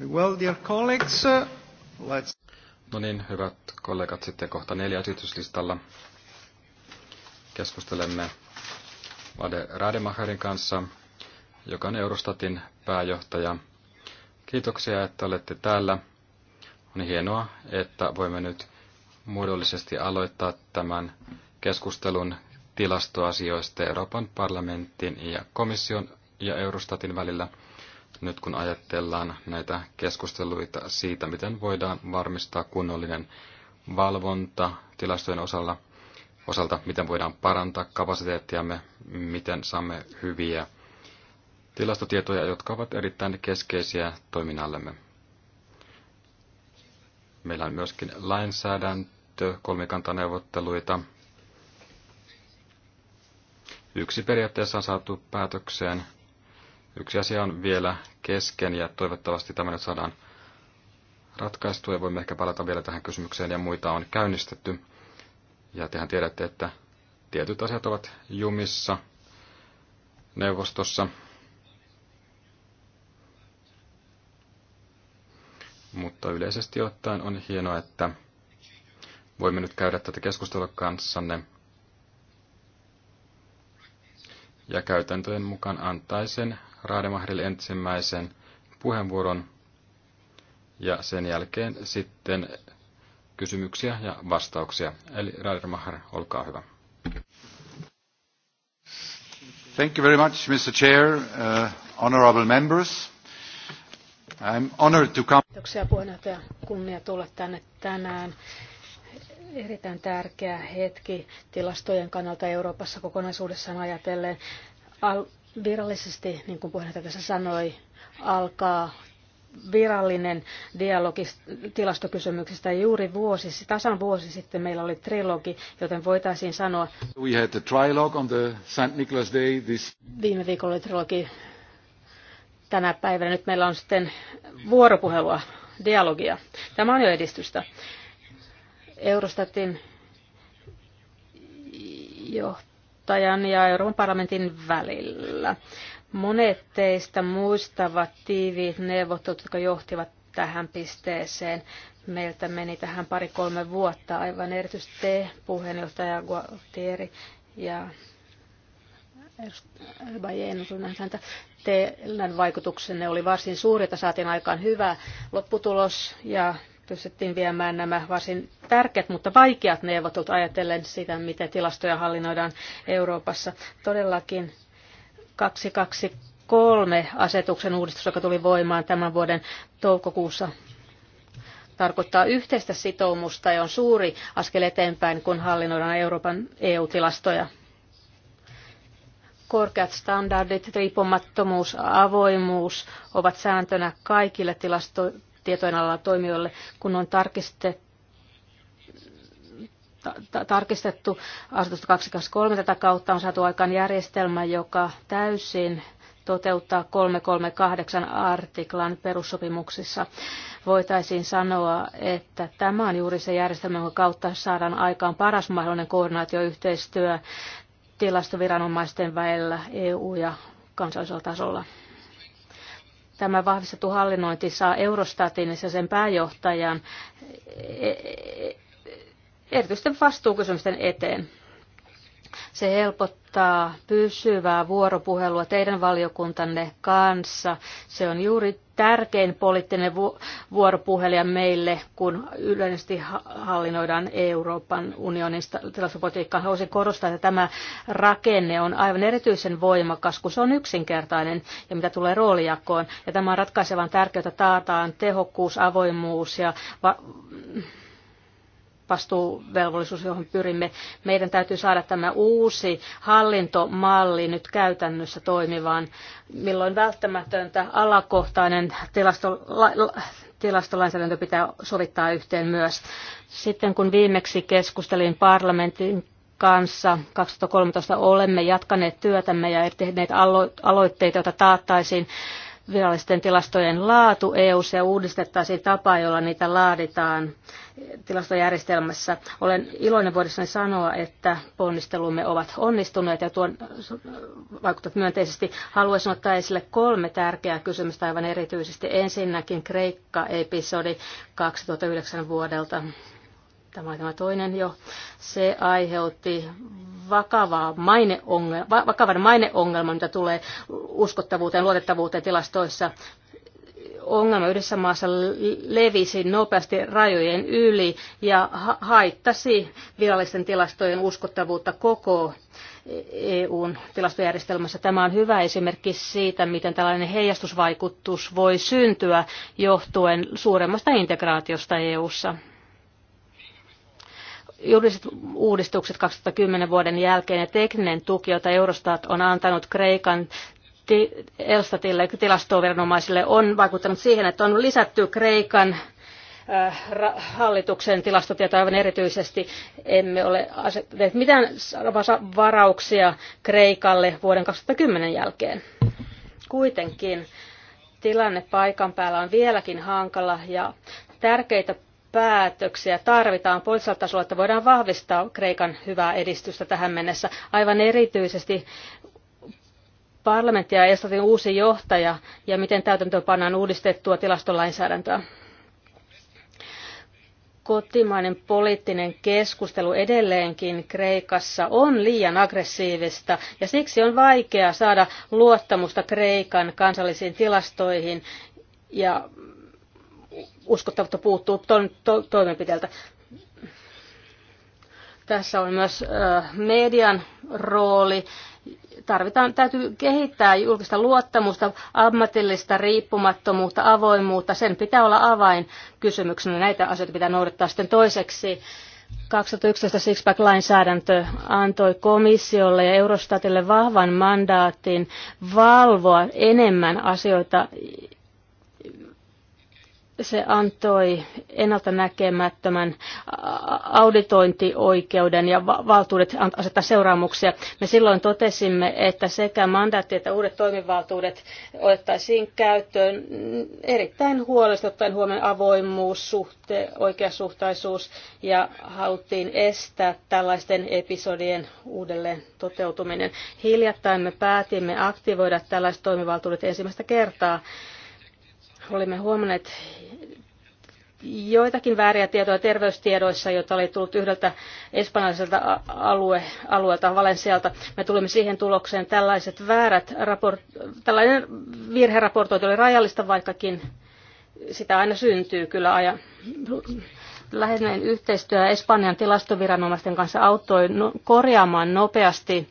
Very well, dear colleagues. Uh, let's... No niin, hyvät kollegat, sitten kohta neljä esityslistalla. Keskustelemme Vade Rademacherin kanssa, joka on Eurostatin pääjohtaja. Kiitoksia, että olette täällä. On hienoa, että voimme nyt muodollisesti aloittaa tämän keskustelun tilastoasioista Euroopan parlamentin ja komission ja Eurostatin välillä – nyt kun ajatellaan näitä keskusteluita siitä, miten voidaan varmistaa kunnollinen valvonta tilastojen osalla, osalta, miten voidaan parantaa kapasiteettiamme, miten saamme hyviä tilastotietoja, jotka ovat erittäin keskeisiä toiminnallemme. Meillä on myöskin lainsäädäntö, kolmikantaneuvotteluita. Yksi periaatteessa on saatu päätökseen Yksi asia on vielä kesken ja toivottavasti tämä nyt saadaan ratkaistua ja voimme ehkä palata vielä tähän kysymykseen ja muita on käynnistetty. Ja tehän tiedätte, että tietyt asiat ovat jumissa neuvostossa. Mutta yleisesti ottaen on hienoa, että voimme nyt käydä tätä keskustelua kanssanne. Ja käytäntöjen mukaan antaisen Raademahdille ensimmäisen puheenvuoron ja sen jälkeen sitten kysymyksiä ja vastauksia. Eli Raademahar, olkaa hyvä. Thank you very much, Mr. Chair, uh, honorable members. I'm honored to come. Kiitoksia puheenjohtaja. Kunnia tulla tänne tänään erittäin tärkeä hetki tilastojen kannalta Euroopassa kokonaisuudessaan ajatellen. Al- Virallisesti, niin kuin puheenjohtaja tässä sanoi, alkaa virallinen dialogi tilastokysymyksistä. Juuri vuosi, tasan vuosi sitten meillä oli trilogi, joten voitaisiin sanoa... We had the trilogue on the St. Nicholas Day. This... Viime viikolla oli trilogi tänä päivänä. Nyt meillä on sitten vuoropuhelua, dialogia. Tämä on jo edistystä. Eurostatin johtaja puheenjohtajan ja Euroopan parlamentin välillä. Monet teistä muistavat tiiviit neuvottelut, jotka johtivat tähän pisteeseen. Meiltä meni tähän pari-kolme vuotta, aivan erityisesti te, puheenjohtaja Gualtieri ja Bajen, häntä, teidän vaikutuksenne oli varsin suuri, että saatiin aikaan hyvä lopputulos ja pystyttiin viemään nämä varsin tärkeät, mutta vaikeat neuvotut ajatellen sitä, miten tilastoja hallinnoidaan Euroopassa. Todellakin 223 asetuksen uudistus, joka tuli voimaan tämän vuoden toukokuussa, tarkoittaa yhteistä sitoumusta ja on suuri askel eteenpäin, kun hallinnoidaan Euroopan EU-tilastoja korkeat standardit, riippumattomuus, avoimuus ovat sääntönä kaikille tilasto- tietojen alalla toimijoille, kun on tarkistettu tarkistettu asetusta 23 tätä kautta on saatu aikaan järjestelmä, joka täysin toteuttaa 338 artiklan perussopimuksissa. Voitaisiin sanoa, että tämä on juuri se järjestelmä, jonka kautta saadaan aikaan paras mahdollinen koordinaatioyhteistyö tilastoviranomaisten välillä EU- ja kansallisella tasolla. Tämä vahvistettu hallinnointi saa Eurostatin ja sen pääjohtajan e, e, erityisten vastuukysymysten eteen. Se helpottaa pysyvää vuoropuhelua teidän valiokuntanne kanssa. Se on juuri tärkein poliittinen vuoropuhelija meille, kun yleisesti hallinnoidaan Euroopan unionin tilastopolitiikkaa. Haluaisin korostaa, että tämä rakenne on aivan erityisen voimakas, kun se on yksinkertainen ja mitä tulee roolijakoon. Ja tämä on ratkaisevan tärkeää, että taataan tehokkuus, avoimuus ja vastuuvelvollisuus, johon pyrimme. Meidän täytyy saada tämä uusi hallintomalli nyt käytännössä toimivaan, milloin välttämätöntä alakohtainen tilasto, la, la, tilastolainsäädäntö pitää sovittaa yhteen myös. Sitten kun viimeksi keskustelin parlamentin kanssa 2013 olemme jatkaneet työtämme ja tehneet aloitteita, joita taattaisiin virallisten tilastojen laatu EU:ssa ja uudistettaisiin tapa, jolla niitä laaditaan tilastojärjestelmässä. Olen iloinen voidessani sanoa, että ponnistelumme ovat onnistuneet ja tuon vaikuttavat myönteisesti. Haluaisin ottaa esille kolme tärkeää kysymystä aivan erityisesti. Ensinnäkin Kreikka-episodi 2009 vuodelta tämä oli tämä toinen jo, se aiheutti vakavaa maineongelma, vakavan maineongelman, mitä tulee uskottavuuteen, luotettavuuteen tilastoissa. Ongelma yhdessä maassa levisi nopeasti rajojen yli ja haittasi virallisten tilastojen uskottavuutta koko EUn tilastojärjestelmässä. Tämä on hyvä esimerkki siitä, miten tällainen heijastusvaikutus voi syntyä johtuen suuremmasta integraatiosta EUssa juridiset uudistukset 2010 vuoden jälkeen ja tekninen tuki, jota Eurostat on antanut Kreikan Elstatille tilastoviranomaisille, on vaikuttanut siihen, että on lisätty Kreikan äh, hallituksen tilastotietoa aivan erityisesti. Emme ole asettaneet mitään varauksia Kreikalle vuoden 2010 jälkeen. Kuitenkin tilanne paikan päällä on vieläkin hankala ja tärkeitä päätöksiä tarvitaan poliittisella tasolla, että voidaan vahvistaa Kreikan hyvää edistystä tähän mennessä. Aivan erityisesti parlamentti ja Estatin uusi johtaja ja miten täytäntöön pannaan uudistettua tilastolainsäädäntöä. Kotimainen poliittinen keskustelu edelleenkin Kreikassa on liian aggressiivista ja siksi on vaikea saada luottamusta Kreikan kansallisiin tilastoihin ja uskottavuutta puuttuu to, to, toimenpiteeltä. Tässä on myös median rooli. Tarvitaan, täytyy kehittää julkista luottamusta, ammatillista riippumattomuutta, avoimuutta. Sen pitää olla avain kysymyksenä. Näitä asioita pitää noudattaa sitten toiseksi. 2011 Sixpack-lainsäädäntö antoi komissiolle ja Eurostatille vahvan mandaatin valvoa enemmän asioita, se antoi ennalta näkemättömän auditointioikeuden ja valtuudet asettaa seuraamuksia. Me silloin totesimme, että sekä mandaatti että uudet toimivaltuudet otettaisiin käyttöön erittäin huolellisesti ottaen huomioon avoimuus, suhte, oikeasuhtaisuus ja haluttiin estää tällaisten episodien uudelleen toteutuminen. Hiljattain me päätimme aktivoida tällaiset toimivaltuudet ensimmäistä kertaa olimme huomanneet joitakin vääriä tietoja terveystiedoissa, joita oli tullut yhdeltä espanjalaiselta alue, alueelta Valensialta. Me tulimme siihen tulokseen, että tällaiset väärät raport, tällainen virheraportointi oli rajallista, vaikkakin sitä aina syntyy kyllä ajan. Läheinen yhteistyö Espanjan tilastoviranomaisten kanssa auttoi no, korjaamaan nopeasti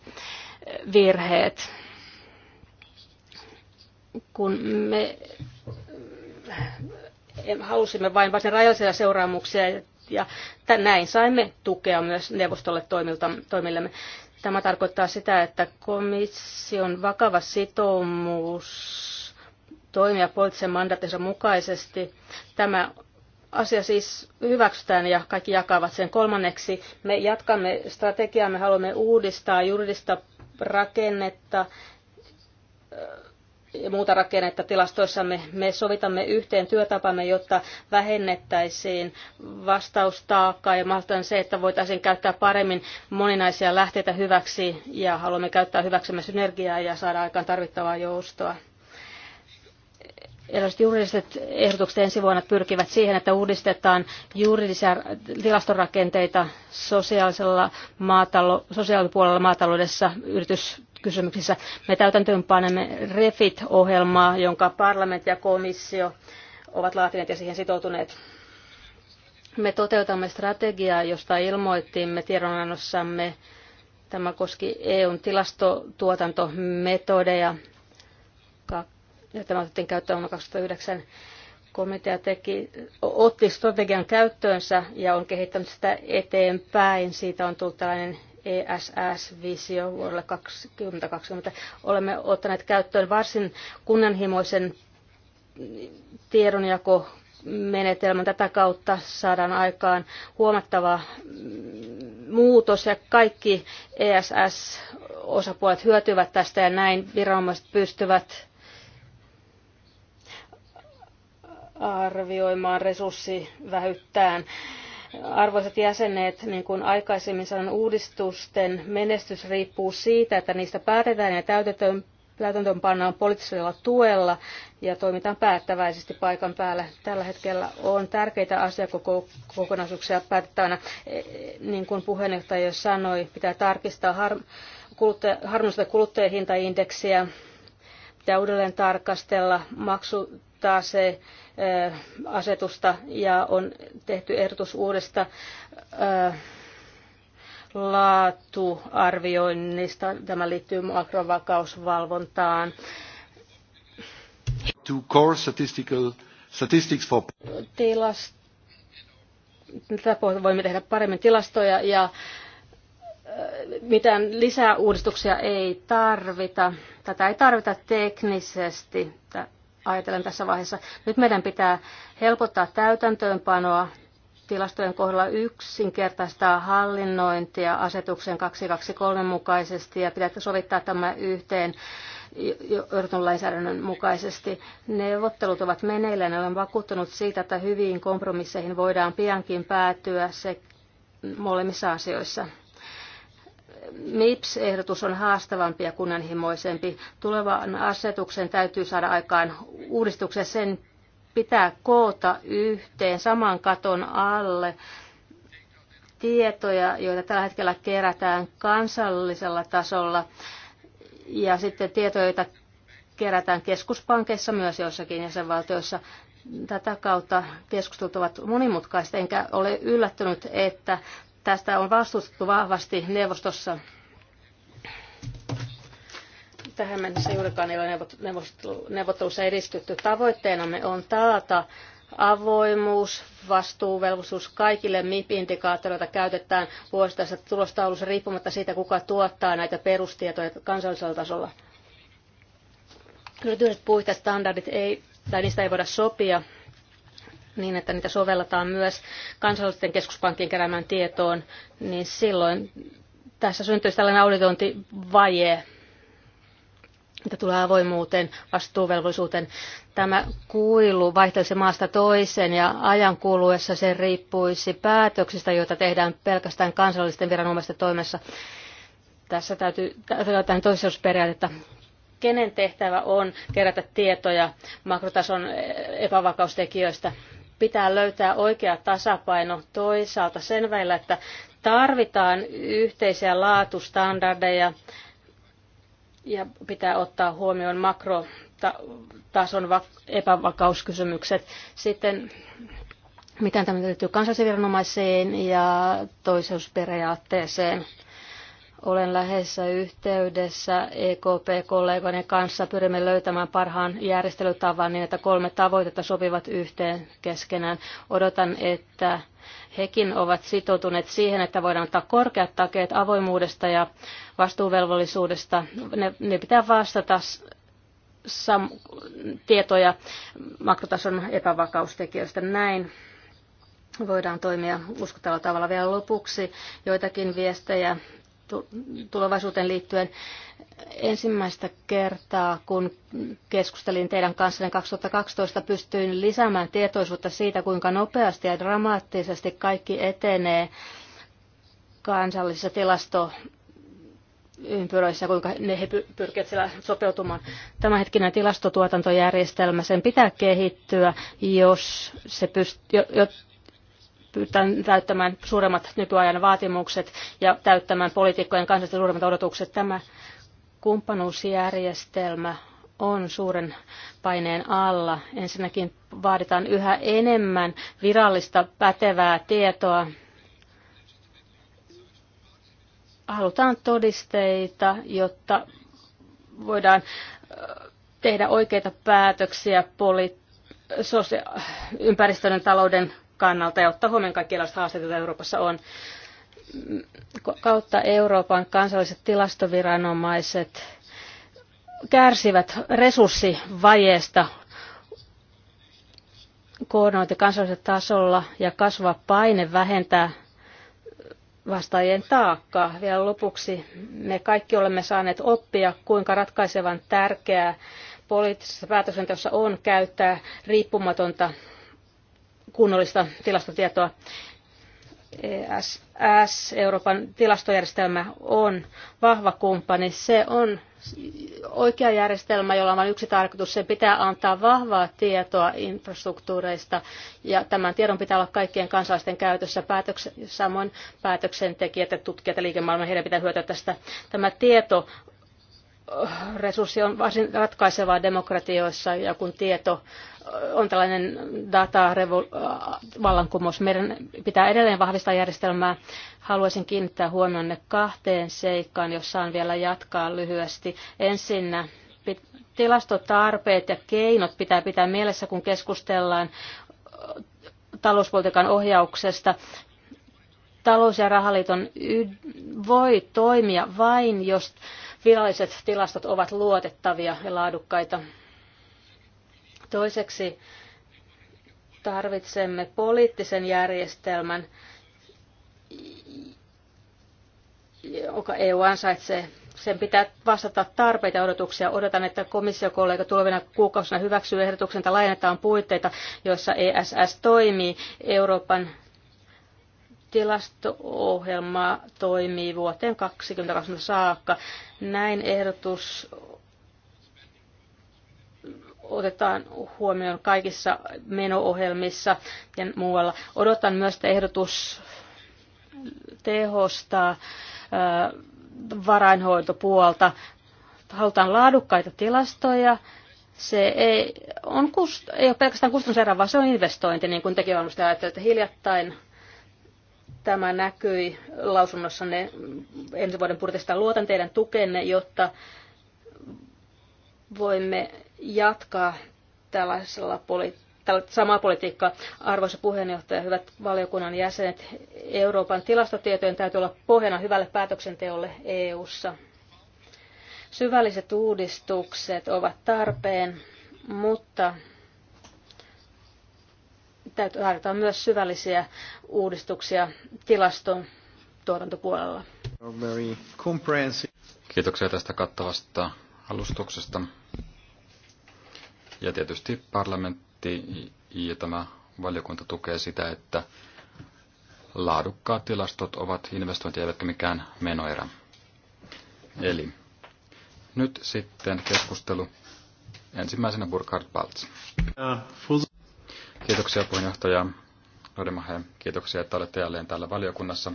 virheet. Kun me halusimme vain varsin rajallisia seuraamuksia ja näin saimme tukea myös neuvostolle toimillemme. Tämä tarkoittaa sitä, että komission vakava sitoumus toimia poliittisen mandaattinsa mukaisesti. Tämä asia siis hyväksytään ja kaikki jakavat sen kolmanneksi. Me jatkamme strategiaa, me haluamme uudistaa juridista rakennetta muuta rakennetta tilastoissamme. Me sovitamme yhteen työtapamme, jotta vähennettäisiin vastaustaakkaa ja mahdollistetaan se, että voitaisiin käyttää paremmin moninaisia lähteitä hyväksi ja haluamme käyttää hyväksemme synergiaa ja saada aikaan tarvittavaa joustoa. Erilaiset juridiset ehdotukset ensi vuonna pyrkivät siihen, että uudistetaan juridisia tilastorakenteita sosiaalisella maatalo, sosiaalipuolella maataloudessa yrityskysymyksissä. Me täytäntöönpanemme REFIT-ohjelmaa, jonka parlamentti ja komissio ovat laatineet ja siihen sitoutuneet. Me toteutamme strategiaa, josta ilmoitimme tiedonannossamme. Tämä koski EUn tilastotuotantometodeja tämä otettiin käyttöön vuonna 2009, komitea teki, otti strategian käyttöönsä ja on kehittänyt sitä eteenpäin. Siitä on tullut tällainen ESS-visio vuodelle 2020. Olemme ottaneet käyttöön varsin kunnianhimoisen tiedonjako menetelmän. Tätä kautta saadaan aikaan huomattava muutos ja kaikki ESS-osapuolet hyötyvät tästä ja näin viranomaiset pystyvät arvioimaan resurssivähyttään. Arvoisat jäsenet, niin kuin aikaisemmin sanoin, uudistusten menestys riippuu siitä, että niistä päätetään ja täytetään täytäntöön poliittisella tuella ja toimitaan päättäväisesti paikan päällä. Tällä hetkellä on tärkeitä asiakokonaisuuksia päätettävänä. E, niin kuin puheenjohtaja jo sanoi, pitää tarkistaa har- kuluttaja, harmonista kuluttajahintaindeksiä, pitää uudelleen tarkastella maksu- se asetusta ja on tehty ehdotus uudesta laatuarvioinnista. Tämä liittyy makrovakausvalvontaan. To core statistical, statistics for... Tilast... Tätä voimme tehdä paremmin tilastoja ja mitään lisää uudistuksia ei tarvita. Tätä ei tarvita teknisesti ajatellen tässä vaiheessa. Nyt meidän pitää helpottaa täytäntöönpanoa tilastojen kohdalla yksinkertaistaa hallinnointia asetuksen 223 mukaisesti ja pitää sovittaa tämä yhteen Euroopan lainsäädännön mukaisesti. Neuvottelut ovat meneillään ja olen vakuuttunut siitä, että hyviin kompromisseihin voidaan piankin päätyä se molemmissa asioissa. MIPS-ehdotus on haastavampi ja kunnianhimoisempi. Tulevan asetuksen täytyy saada aikaan uudistuksen sen pitää koota yhteen saman katon alle tietoja, joita tällä hetkellä kerätään kansallisella tasolla ja sitten tietoja, joita kerätään keskuspankeissa myös joissakin jäsenvaltioissa. Tätä kautta keskustelut ovat monimutkaista, enkä ole yllättynyt, että Tästä on vastustettu vahvasti neuvostossa. Tähän mennessä juurikaan ei ole neuvottelussa edistytty. Tavoitteenamme on taata avoimuus, vastuuvelvollisuus kaikille MIP-indikaattoreita käytetään vuosittaisessa tulostaulussa riippumatta siitä, kuka tuottaa näitä perustietoja kansallisella tasolla. Yritykset puitteet standardit ei, tai niistä ei voida sopia niin, että niitä sovelletaan myös kansallisten keskuspankin keräämään tietoon, niin silloin tässä syntyisi tällainen auditointivaje, että tulee avoimuuteen, vastuuvelvollisuuteen. Tämä kuilu vaihtaisi maasta toiseen ja ajan kuluessa se riippuisi päätöksistä, joita tehdään pelkästään kansallisten viranomaisten toimessa. Tässä täytyy tähän toisellisuusperiaatetta. Kenen tehtävä on kerätä tietoja makrotason epävakaustekijöistä? pitää löytää oikea tasapaino toisaalta sen välillä, että tarvitaan yhteisiä laatustandardeja ja pitää ottaa huomioon makrotason epävakauskysymykset. Sitten miten tämä liittyy viranomaiseen ja toiseusperiaatteeseen. Olen läheisessä yhteydessä EKP-kollegoiden kanssa. Pyrimme löytämään parhaan järjestelytavan niin, että kolme tavoitetta sopivat yhteen keskenään. Odotan, että hekin ovat sitoutuneet siihen, että voidaan ottaa korkeat takeet avoimuudesta ja vastuuvelvollisuudesta. Ne, ne pitää vastata sam- tietoja makrotason epävakaustekijöistä. Näin voidaan toimia uskottavalla tavalla vielä lopuksi. Joitakin viestejä tulevaisuuteen liittyen. Ensimmäistä kertaa, kun keskustelin teidän kanssanne 2012, pystyin lisäämään tietoisuutta siitä, kuinka nopeasti ja dramaattisesti kaikki etenee kansallisissa tilasto ympyröissä, kuinka ne he pyrkivät siellä sopeutumaan. Tämänhetkinen tilastotuotantojärjestelmä, sen pitää kehittyä, jos se pyst- pyytään täyttämään suuremmat nykyajan vaatimukset ja täyttämään poliitikkojen kansallisesti suuremmat odotukset. Tämä kumppanuusjärjestelmä on suuren paineen alla. Ensinnäkin vaaditaan yhä enemmän virallista pätevää tietoa. Halutaan todisteita, jotta voidaan tehdä oikeita päätöksiä poli- sosia- ympäristön talouden kannalta ja ottaa huomioon kaikki erilaiset haasteet, joita Euroopassa on. Kautta Euroopan kansalliset tilastoviranomaiset kärsivät resurssivajeesta koordinointi kansallisella tasolla ja kasva paine vähentää vastaajien taakkaa. Vielä lopuksi me kaikki olemme saaneet oppia, kuinka ratkaisevan tärkeää poliittisessa päätöksenteossa on käyttää riippumatonta kunnollista tilastotietoa. ESS, Euroopan tilastojärjestelmä, on vahva kumppani. Se on oikea järjestelmä, jolla on vain yksi tarkoitus. Se pitää antaa vahvaa tietoa infrastruktuureista ja tämän tiedon pitää olla kaikkien kansalaisten käytössä. Päätöks, samoin päätöksentekijät ja tutkijat ja liikemaailman, heidän pitää hyötyä tästä. Tämä tieto resurssi on varsin ratkaisevaa demokratioissa ja kun tieto on tällainen äh, vallankumous. Meidän pitää edelleen vahvistaa järjestelmää. Haluaisin kiinnittää huomionne kahteen seikkaan, jos saan vielä jatkaa lyhyesti. Ensinnä tilastotarpeet ja keinot pitää pitää mielessä, kun keskustellaan äh, talouspolitiikan ohjauksesta talous- ja rahaliiton voi toimia vain, jos viralliset tilastot ovat luotettavia ja laadukkaita. Toiseksi tarvitsemme poliittisen järjestelmän, joka EU ansaitsee. Sen pitää vastata tarpeita ja odotuksia. Odotan, että komissiokollega tulevina kuukausina hyväksyy ehdotuksen, että laajennetaan puitteita, joissa ESS toimii. Euroopan tilasto-ohjelma toimii vuoteen 2020 saakka. Näin ehdotus otetaan huomioon kaikissa menoohjelmissa ja muualla. Odotan myös, että ehdotus tehostaa äh, varainhoitopuolta. Halutaan laadukkaita tilastoja. Se ei, on kust, ei ole pelkästään kustannuserä, vaan se on investointi, niin kuin tekin varmasti ajattelette. Hiljattain tämä näkyi lausunnossanne ensi vuoden purtista. Luotan teidän tukenne, jotta voimme jatkaa tällaisella poliittisella samaa politiikkaa. Arvoisa puheenjohtaja, hyvät valiokunnan jäsenet, Euroopan tilastotietojen täytyy olla pohjana hyvälle päätöksenteolle EU-ssa. Syvälliset uudistukset ovat tarpeen, mutta täytyy tarvitaan myös syvällisiä uudistuksia tilaston tuotantopuolella. Kiitoksia tästä kattavasta alustuksesta. Ja tietysti parlamentti ja tämä valiokunta tukee sitä, että laadukkaat tilastot ovat investointi eivätkä mikään menoerä. Eli nyt sitten keskustelu. Ensimmäisenä Burkhard Baltz. Kiitoksia puheenjohtaja Nodemahe. Kiitoksia, että olette jälleen täällä valiokunnassa.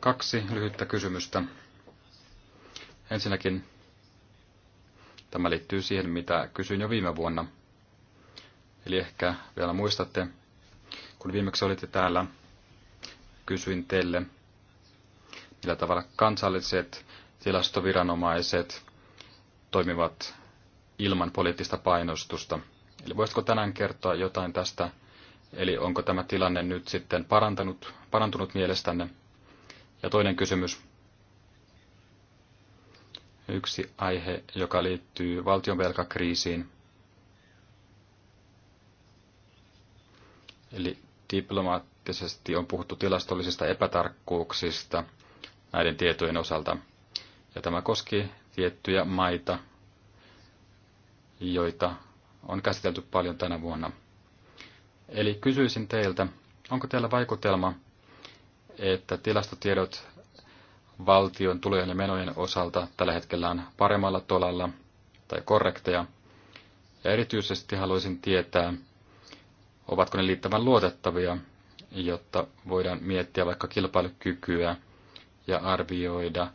Kaksi lyhyttä kysymystä. Ensinnäkin Tämä liittyy siihen, mitä kysyin jo viime vuonna. Eli ehkä vielä muistatte, kun viimeksi olitte täällä, kysyin teille, millä tavalla kansalliset tilastoviranomaiset toimivat ilman poliittista painostusta. Eli voisitko tänään kertoa jotain tästä, eli onko tämä tilanne nyt sitten parantanut, parantunut mielestänne? Ja toinen kysymys, yksi aihe, joka liittyy valtionvelkakriisiin. Eli diplomaattisesti on puhuttu tilastollisista epätarkkuuksista näiden tietojen osalta. Ja tämä koski tiettyjä maita, joita on käsitelty paljon tänä vuonna. Eli kysyisin teiltä, onko teillä vaikutelma, että tilastotiedot valtion tulojen ja menojen osalta tällä hetkellä on paremmalla tolalla tai korrekteja. Ja erityisesti haluaisin tietää, ovatko ne liittävän luotettavia, jotta voidaan miettiä vaikka kilpailukykyä ja arvioida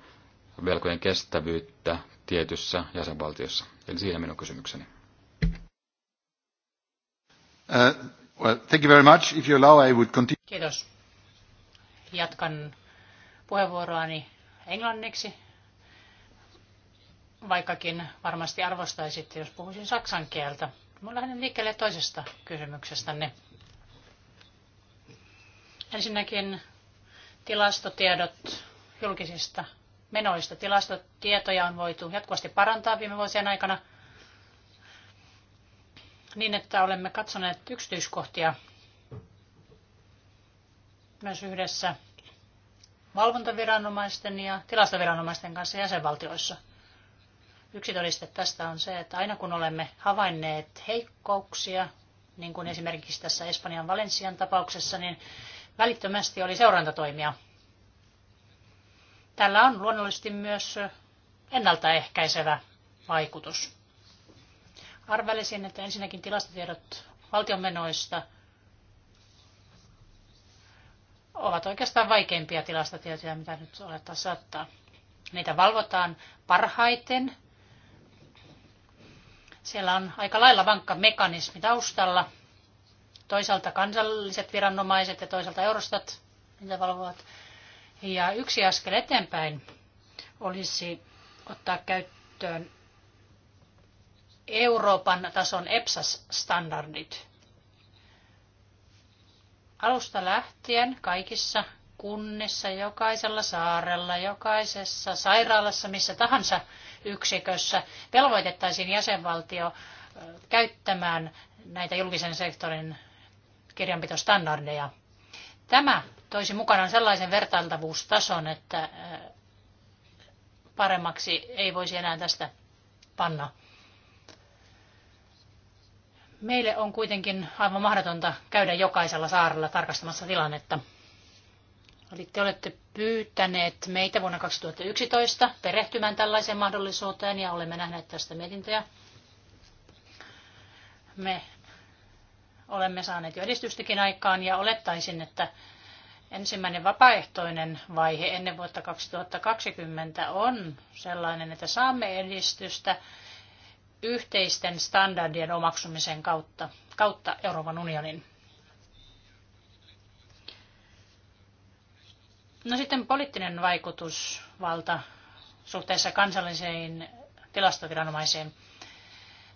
velkojen kestävyyttä tietyssä jäsenvaltiossa. Eli siinä minun kysymykseni. Uh, well, thank you very much. If you allow, I would continue. Kiitos. Jatkan puheenvuoroani englanniksi, vaikkakin varmasti arvostaisitte, jos puhuisin saksan kieltä. Mä lähden liikkeelle toisesta kysymyksestänne. Ensinnäkin tilastotiedot julkisista menoista. Tilastotietoja on voitu jatkuvasti parantaa viime vuosien aikana niin, että olemme katsoneet yksityiskohtia myös yhdessä valvontaviranomaisten ja tilastoviranomaisten kanssa jäsenvaltioissa. Yksi todiste tästä on se, että aina kun olemme havainneet heikkouksia, niin kuin esimerkiksi tässä Espanjan Valensian tapauksessa, niin välittömästi oli seurantatoimia. Tällä on luonnollisesti myös ennaltaehkäisevä vaikutus. Arvelisin, että ensinnäkin tilastotiedot valtion menoista – ovat oikeastaan vaikeimpia tilastotietoja, mitä nyt olettaa saattaa. Niitä valvotaan parhaiten. Siellä on aika lailla vankka mekanismi taustalla. Toisaalta kansalliset viranomaiset ja toisaalta Eurostat mitä valvovat. Ja yksi askel eteenpäin olisi ottaa käyttöön Euroopan tason EPSAS-standardit. Alusta lähtien kaikissa kunnissa, jokaisella saarella, jokaisessa sairaalassa, missä tahansa yksikössä velvoitettaisiin jäsenvaltio käyttämään näitä julkisen sektorin kirjanpitostandardeja. Tämä toisi mukanaan sellaisen vertailtavuustason, että paremmaksi ei voisi enää tästä panna. Meille on kuitenkin aivan mahdotonta käydä jokaisella saarella tarkastamassa tilannetta. Eli te olette pyytäneet meitä vuonna 2011 perehtymään tällaiseen mahdollisuuteen ja olemme nähneet tästä mietintöjä. Me olemme saaneet jo edistystäkin aikaan ja olettaisin, että ensimmäinen vapaaehtoinen vaihe ennen vuotta 2020 on sellainen, että saamme edistystä yhteisten standardien omaksumisen kautta, kautta Euroopan unionin. No sitten poliittinen vaikutusvalta suhteessa kansalliseen tilastoviranomaiseen.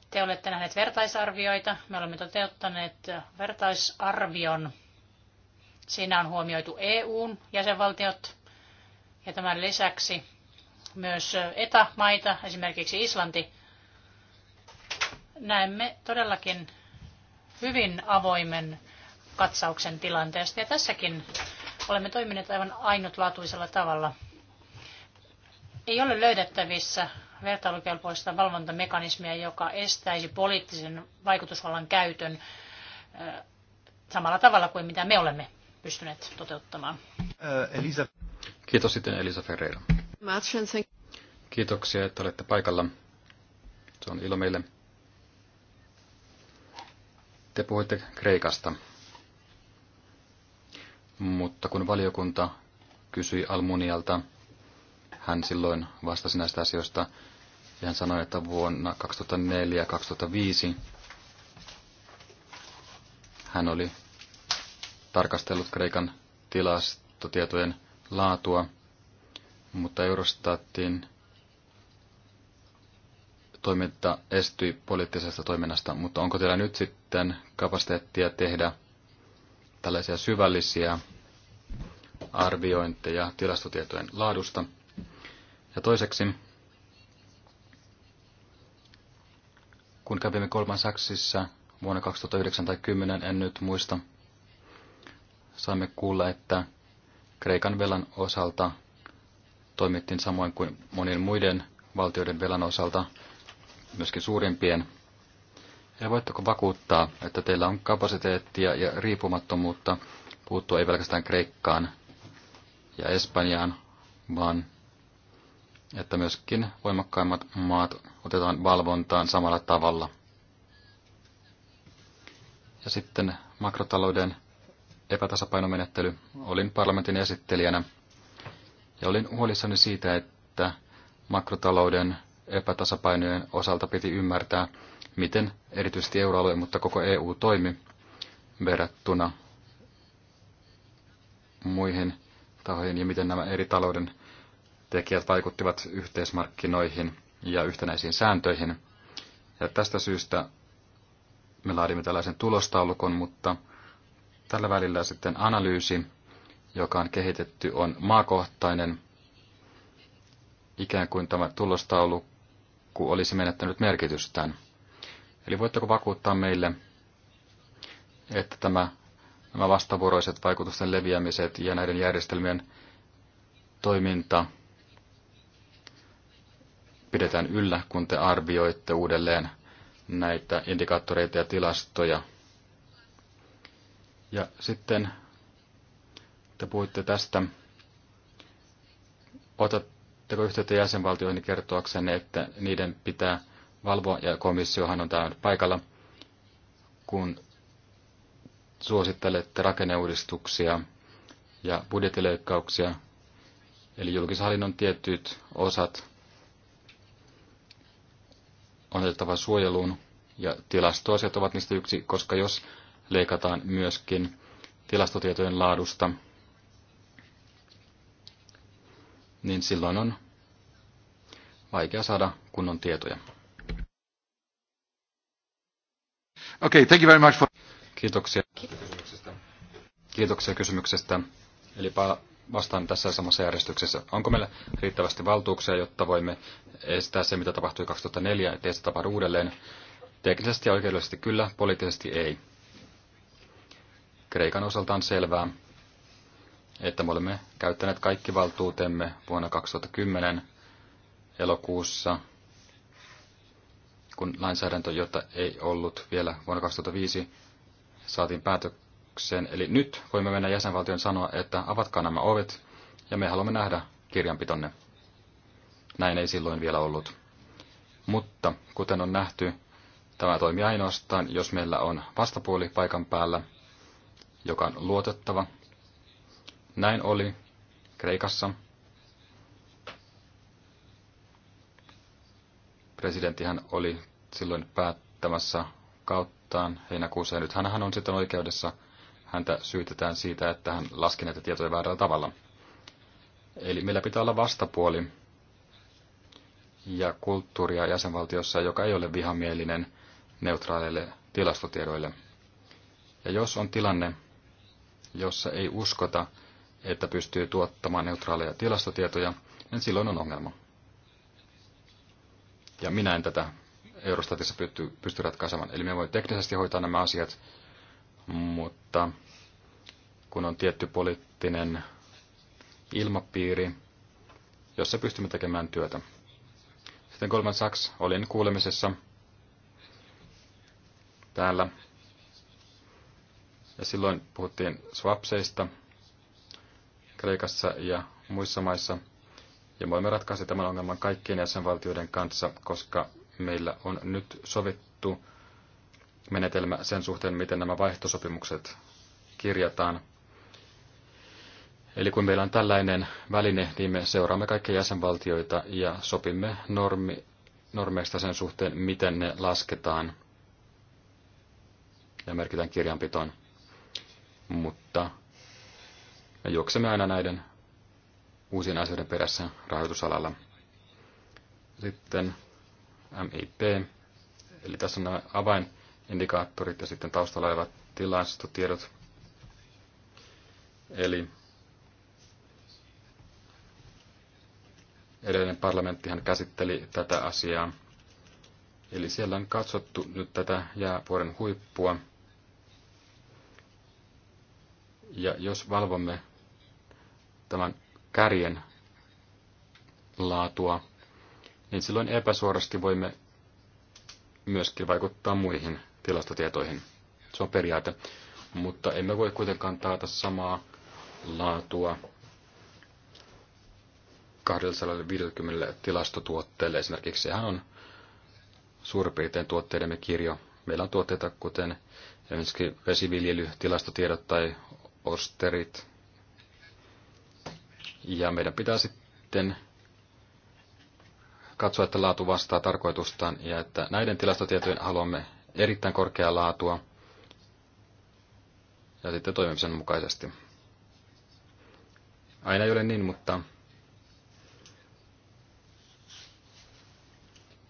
Te olette nähneet vertaisarvioita. Me olemme toteuttaneet vertaisarvion. Siinä on huomioitu EUn jäsenvaltiot ja tämän lisäksi myös etämaita, esimerkiksi Islanti, näemme todellakin hyvin avoimen katsauksen tilanteesta. Ja tässäkin olemme toimineet aivan ainutlaatuisella tavalla. Ei ole löydettävissä vertailukelpoista valvontamekanismia, joka estäisi poliittisen vaikutusvallan käytön eh, samalla tavalla kuin mitä me olemme pystyneet toteuttamaan. Äh, Elisa. Kiitos sitten Elisa Ferreira. Kiitoksia, että olette paikalla. Se on ilo meille. Te puhuitte Kreikasta, mutta kun valiokunta kysyi Almunialta, hän silloin vastasi näistä asioista ja hän sanoi, että vuonna 2004-2005 hän oli tarkastellut Kreikan tilastotietojen laatua, mutta Eurostatin toiminta estyi poliittisesta toiminnasta, mutta onko teillä nyt sitten kapasiteettia tehdä tällaisia syvällisiä arviointeja tilastotietojen laadusta? Ja toiseksi, kun kävimme kolman saksissa vuonna 2009 tai 2010, en nyt muista, saimme kuulla, että Kreikan velan osalta toimittiin samoin kuin monien muiden valtioiden velan osalta, myöskin suurimpien. Ja voitteko vakuuttaa, että teillä on kapasiteettia ja riippumattomuutta puuttua ei pelkästään Kreikkaan ja Espanjaan, vaan että myöskin voimakkaimmat maat otetaan valvontaan samalla tavalla. Ja sitten makrotalouden epätasapainomenettely. Olin parlamentin esittelijänä ja olin huolissani siitä, että makrotalouden epätasapainojen osalta piti ymmärtää, miten erityisesti euroalue, mutta koko EU toimi verrattuna muihin tahoihin ja miten nämä eri talouden tekijät vaikuttivat yhteismarkkinoihin ja yhtenäisiin sääntöihin. Ja tästä syystä me laadimme tällaisen tulostaulukon, mutta tällä välillä sitten analyysi, joka on kehitetty, on maakohtainen. Ikään kuin tämä tulostaulukko akku olisi menettänyt merkitystään. Eli voitteko vakuuttaa meille, että tämä, nämä vastavuoroiset vaikutusten leviämiset ja näiden järjestelmien toiminta pidetään yllä, kun te arvioitte uudelleen näitä indikaattoreita ja tilastoja. Ja sitten te puhuitte tästä, otat, Otatteko yhteyttä jäsenvaltioihin kertoaksenne, että niiden pitää valvoa, ja komissiohan on täällä paikalla, kun suosittelette rakenneuudistuksia ja budjettileikkauksia, eli julkishallinnon tietyt osat on otettava suojeluun, ja tilastoasiat ovat niistä yksi, koska jos leikataan myöskin tilastotietojen laadusta, niin silloin on vaikea saada kunnon tietoja. Okay, thank you very much for... Kiitoksia kysymyksestä. Kiitoksia kysymyksestä. Eli vastaan tässä samassa järjestyksessä. Onko meillä riittävästi valtuuksia, jotta voimme estää se, mitä tapahtui 2004, ettei se tapahdu uudelleen? Teknisesti ja oikeudellisesti kyllä, poliittisesti ei. Kreikan osalta on selvää, että me olemme käyttäneet kaikki valtuutemme vuonna 2010 elokuussa, kun lainsäädäntö, jota ei ollut vielä vuonna 2005, saatiin päätökseen. Eli nyt voimme mennä jäsenvaltion sanoa, että avatkaa nämä ovet ja me haluamme nähdä kirjanpitonne. Näin ei silloin vielä ollut. Mutta kuten on nähty, tämä toimii ainoastaan, jos meillä on vastapuoli paikan päällä, joka on luotettava. Näin oli Kreikassa Presidenttihän oli silloin päättämässä kauttaan heinäkuussa, ja nyt hän on sitten oikeudessa. Häntä syytetään siitä, että hän laski näitä tietoja väärällä tavalla. Eli meillä pitää olla vastapuoli ja kulttuuria jäsenvaltiossa, joka ei ole vihamielinen neutraaleille tilastotiedoille. Ja jos on tilanne, jossa ei uskota, että pystyy tuottamaan neutraaleja tilastotietoja, niin silloin on ongelma. Ja minä en tätä Eurostatissa pysty, pysty ratkaisemaan. Eli me voi teknisesti hoitaa nämä asiat, mutta kun on tietty poliittinen ilmapiiri, jossa pystymme tekemään työtä. Sitten Goldman Sachs, olin kuulemisessa täällä. Ja silloin puhuttiin swapseista Kreikassa ja muissa maissa – ja voimme ratkaista tämän ongelman kaikkien jäsenvaltioiden kanssa, koska meillä on nyt sovittu menetelmä sen suhteen, miten nämä vaihtosopimukset kirjataan. Eli kun meillä on tällainen väline, niin me seuraamme kaikkia jäsenvaltioita ja sopimme normi, normeista sen suhteen, miten ne lasketaan ja merkitään kirjanpitoon. Mutta me juoksemme aina näiden uusien asioiden perässä rahoitusalalla. Sitten MIP, eli tässä on nämä avainindikaattorit ja sitten taustalla olevat tilastotiedot. Eli edellinen parlamenttihan käsitteli tätä asiaa. Eli siellä on katsottu nyt tätä jäävuoren huippua. Ja jos valvomme tämän kärjen laatua, niin silloin epäsuorasti voimme myöskin vaikuttaa muihin tilastotietoihin. Se on periaate, mutta emme voi kuitenkaan taata samaa laatua 250 tilastotuotteelle. Esimerkiksi sehän on suurin piirtein tuotteidemme kirjo. Meillä on tuotteita kuten esimerkiksi vesiviljely, tilastotiedot tai osterit, ja meidän pitää sitten katsoa, että laatu vastaa tarkoitustaan ja että näiden tilastotietojen haluamme erittäin korkeaa laatua ja sitten toimimisen mukaisesti. Aina ei ole niin, mutta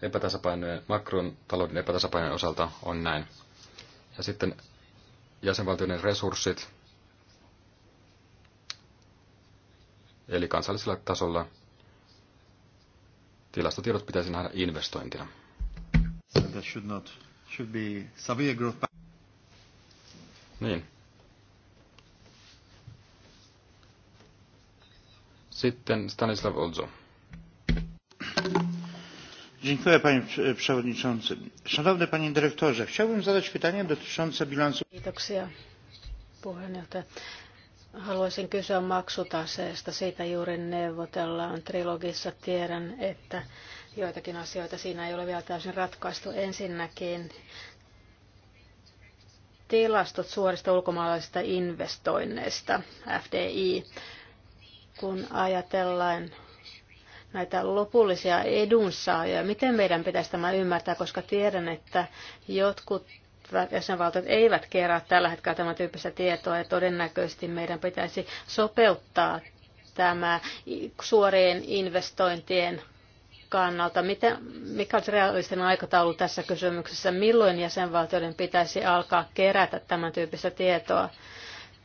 epätasapainojen, makron talouden epätasapainojen osalta on näin. Ja sitten jäsenvaltioiden resurssit. Eli kansallisella tasolla tilastotiedot pitäisi nähdä investointina. niin. Sitten Stanislav Olzo. Dziękuję panie przewodniczący. Szanowny panie dyrektorze, chciałbym zadać pytanie dotyczące bilansu. Kiitoksia puheenjohtaja. Haluaisin kysyä maksutaseesta. Siitä juuri neuvotellaan trilogissa. Tiedän, että joitakin asioita siinä ei ole vielä täysin ratkaistu. Ensinnäkin tilastot suorista ulkomaalaisista investoinneista, FDI, kun ajatellaan näitä lopullisia edunsaajia. Miten meidän pitäisi tämä ymmärtää, koska tiedän, että jotkut jäsenvaltiot eivät kerää tällä hetkellä tämän tyyppistä tietoa ja todennäköisesti meidän pitäisi sopeuttaa tämä suorien investointien kannalta. Mitä, mikä olisi realistinen aikataulu tässä kysymyksessä? Milloin jäsenvaltioiden pitäisi alkaa kerätä tämän tyyppistä tietoa?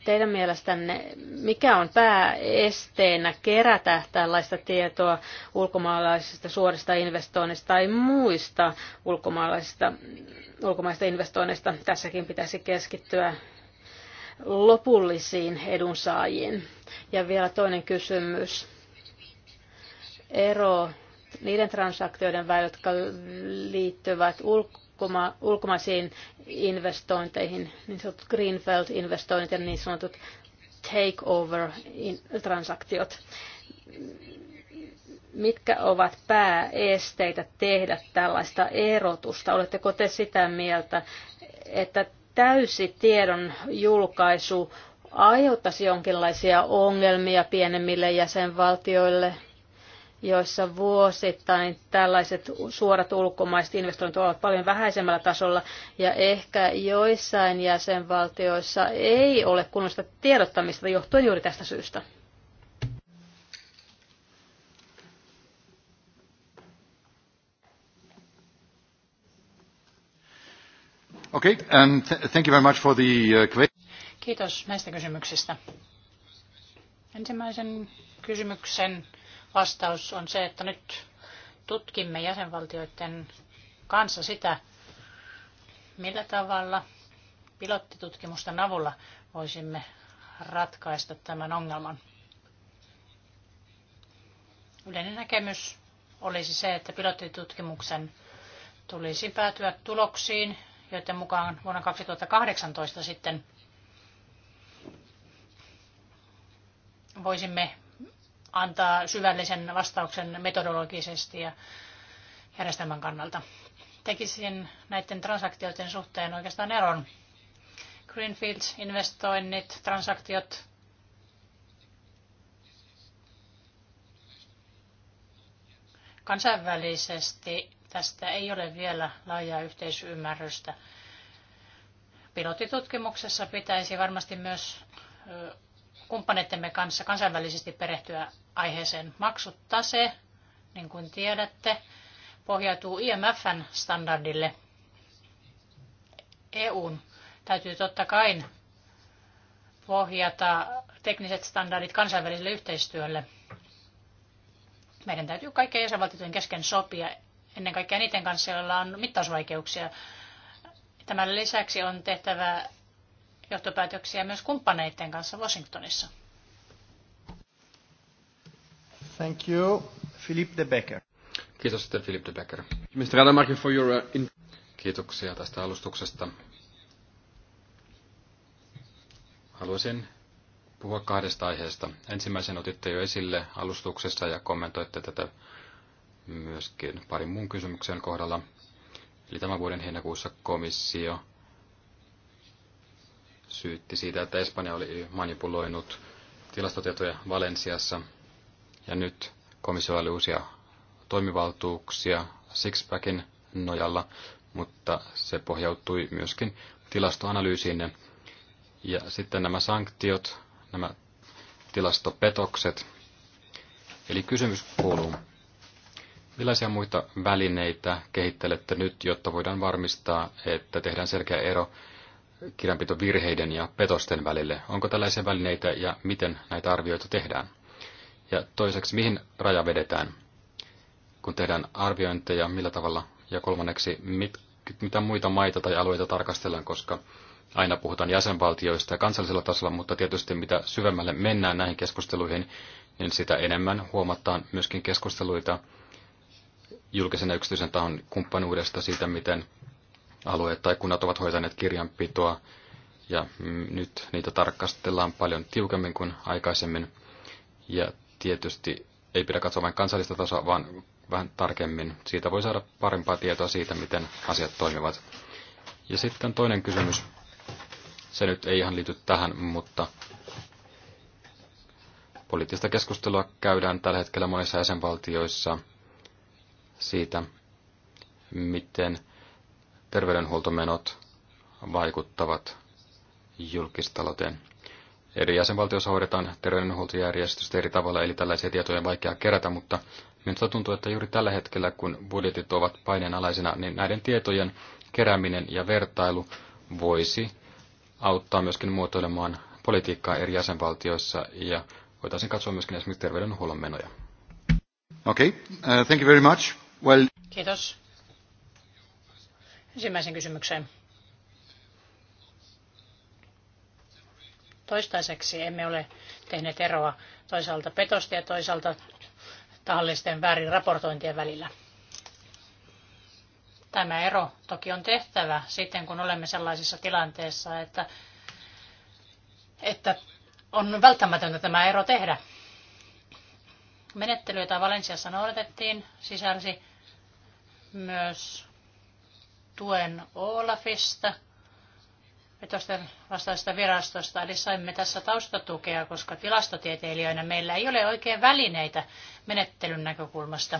teidän mielestänne, mikä on pääesteenä kerätä tällaista tietoa ulkomaalaisista suorista investoinnista tai muista ulkomaalaisista, ulkomaista investoinneista? Tässäkin pitäisi keskittyä lopullisiin edunsaajiin. Ja vielä toinen kysymys. Ero niiden transaktioiden välillä, jotka liittyvät ulkomaalaisiin ulkoma- ulkomaisiin investointeihin, niin sanotut Greenfield-investoinnit ja niin sanotut takeover-transaktiot. Mitkä ovat pääesteitä tehdä tällaista erotusta? Oletteko te sitä mieltä, että täysi tiedon julkaisu aiheuttaisi jonkinlaisia ongelmia pienemmille jäsenvaltioille – joissa vuosittain tällaiset suorat ulkomaiset investoinnit ovat paljon vähäisemmällä tasolla ja ehkä joissain jäsenvaltioissa ei ole kunnollista tiedottamista johtuen juuri tästä syystä. Okay, and thank you very much for the uh, Kiitos näistä kysymyksistä. Ensimmäisen kysymyksen Vastaus on se, että nyt tutkimme jäsenvaltioiden kanssa sitä, millä tavalla pilottitutkimusten avulla voisimme ratkaista tämän ongelman. Yleinen näkemys olisi se, että pilottitutkimuksen tulisi päätyä tuloksiin, joiden mukaan vuonna 2018 sitten voisimme antaa syvällisen vastauksen metodologisesti ja järjestelmän kannalta. Tekisin näiden transaktioiden suhteen oikeastaan eron. Greenfields, investoinnit, transaktiot, kansainvälisesti tästä ei ole vielä laajaa yhteisymmärrystä. Pilotitutkimuksessa pitäisi varmasti myös kumppaneittemme kanssa kansainvälisesti perehtyä aiheeseen. Maksutase, niin kuin tiedätte, pohjautuu IMFn standardille. EUn täytyy totta kai pohjata tekniset standardit kansainväliselle yhteistyölle. Meidän täytyy kaikkien jäsenvaltioiden kesken sopia, ennen kaikkea niiden kanssa, joilla on mittausvaikeuksia. Tämän lisäksi on tehtävä johtopäätöksiä myös kumppaneiden kanssa Washingtonissa. Thank you. Philippe de Becker. Kiitos sitten Philippe de Becker. Mr. Adamarki for your... Uh, in- Kiitoksia tästä alustuksesta. Haluaisin puhua kahdesta aiheesta. Ensimmäisen otitte jo esille alustuksessa ja kommentoitte tätä myöskin parin muun kysymyksen kohdalla. Eli tämän vuoden heinäkuussa komissio syytti siitä, että Espanja oli manipuloinut tilastotietoja Valensiassa. Ja nyt komissio oli uusia toimivaltuuksia Sixpackin nojalla, mutta se pohjautui myöskin tilastoanalyysiin. Ja sitten nämä sanktiot, nämä tilastopetokset. Eli kysymys kuuluu, millaisia muita välineitä kehittelette nyt, jotta voidaan varmistaa, että tehdään selkeä ero kirjanpitovirheiden ja petosten välille? Onko tällaisia välineitä ja miten näitä arvioita tehdään? Ja toiseksi, mihin raja vedetään, kun tehdään arviointeja, millä tavalla? Ja kolmanneksi, mit, mitä muita maita tai alueita tarkastellaan, koska aina puhutaan jäsenvaltioista ja kansallisella tasolla, mutta tietysti mitä syvemmälle mennään näihin keskusteluihin, niin sitä enemmän huomataan myöskin keskusteluita julkisen ja yksityisen tahon kumppanuudesta siitä, miten alueet tai kunnat ovat hoitaneet kirjanpitoa ja mm, nyt niitä tarkastellaan paljon tiukemmin kuin aikaisemmin. Ja tietysti ei pidä katsoa vain kansallista tasoa, vaan vähän tarkemmin. Siitä voi saada parempaa tietoa siitä, miten asiat toimivat. Ja sitten toinen kysymys. Se nyt ei ihan liity tähän, mutta poliittista keskustelua käydään tällä hetkellä monissa jäsenvaltioissa siitä, miten terveydenhuoltomenot vaikuttavat julkistalouteen. Eri jäsenvaltioissa hoidetaan terveydenhuoltojärjestystä eri tavalla, eli tällaisia tietoja on vaikea kerätä, mutta minusta tuntuu, että juuri tällä hetkellä, kun budjetit ovat paineenalaisena, niin näiden tietojen kerääminen ja vertailu voisi auttaa myöskin muotoilemaan politiikkaa eri jäsenvaltioissa ja voitaisiin katsoa myöskin esimerkiksi terveydenhuollon menoja. Okay, uh, thank you very much. Well... Kiitos ensimmäisen kysymykseen. Toistaiseksi emme ole tehneet eroa toisaalta petosta ja toisaalta tahallisten väärin raportointien välillä. Tämä ero toki on tehtävä sitten, kun olemme sellaisessa tilanteessa, että, että on välttämätöntä tämä ero tehdä. Menettely, jota Valensiassa noudatettiin, sisälsi myös tuen Olafista, petosten vastaista virastosta, eli saimme tässä taustatukea, koska tilastotieteilijöinä meillä ei ole oikein välineitä menettelyn näkökulmasta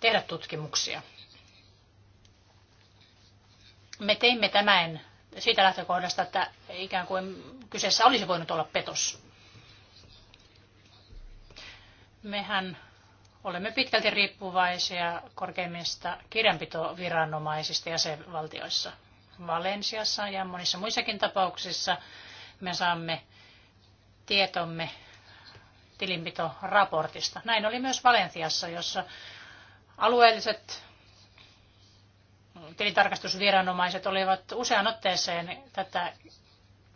tehdä tutkimuksia. Me teimme tämän siitä lähtökohdasta, että ikään kuin kyseessä olisi voinut olla petos. Mehän olemme pitkälti riippuvaisia korkeimmista kirjanpitoviranomaisista jäsenvaltioissa. Valensiassa ja monissa muissakin tapauksissa me saamme tietomme tilinpitoraportista. Näin oli myös Valensiassa, jossa alueelliset tilintarkastusviranomaiset olivat usean otteeseen tätä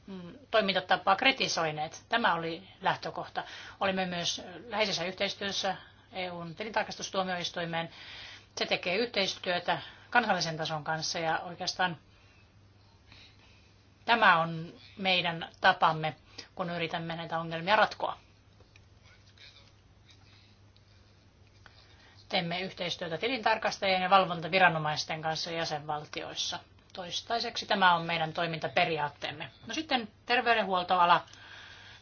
mm, toimintatapaa kritisoineet. Tämä oli lähtökohta. Olimme myös läheisessä yhteistyössä EUn tilintarkastustuomioistuimeen. Se tekee yhteistyötä kansallisen tason kanssa ja oikeastaan tämä on meidän tapamme, kun yritämme näitä ongelmia ratkoa. Teemme yhteistyötä tilintarkastajien ja valvontaviranomaisten kanssa jäsenvaltioissa. Toistaiseksi tämä on meidän toimintaperiaatteemme. No sitten terveydenhuoltoala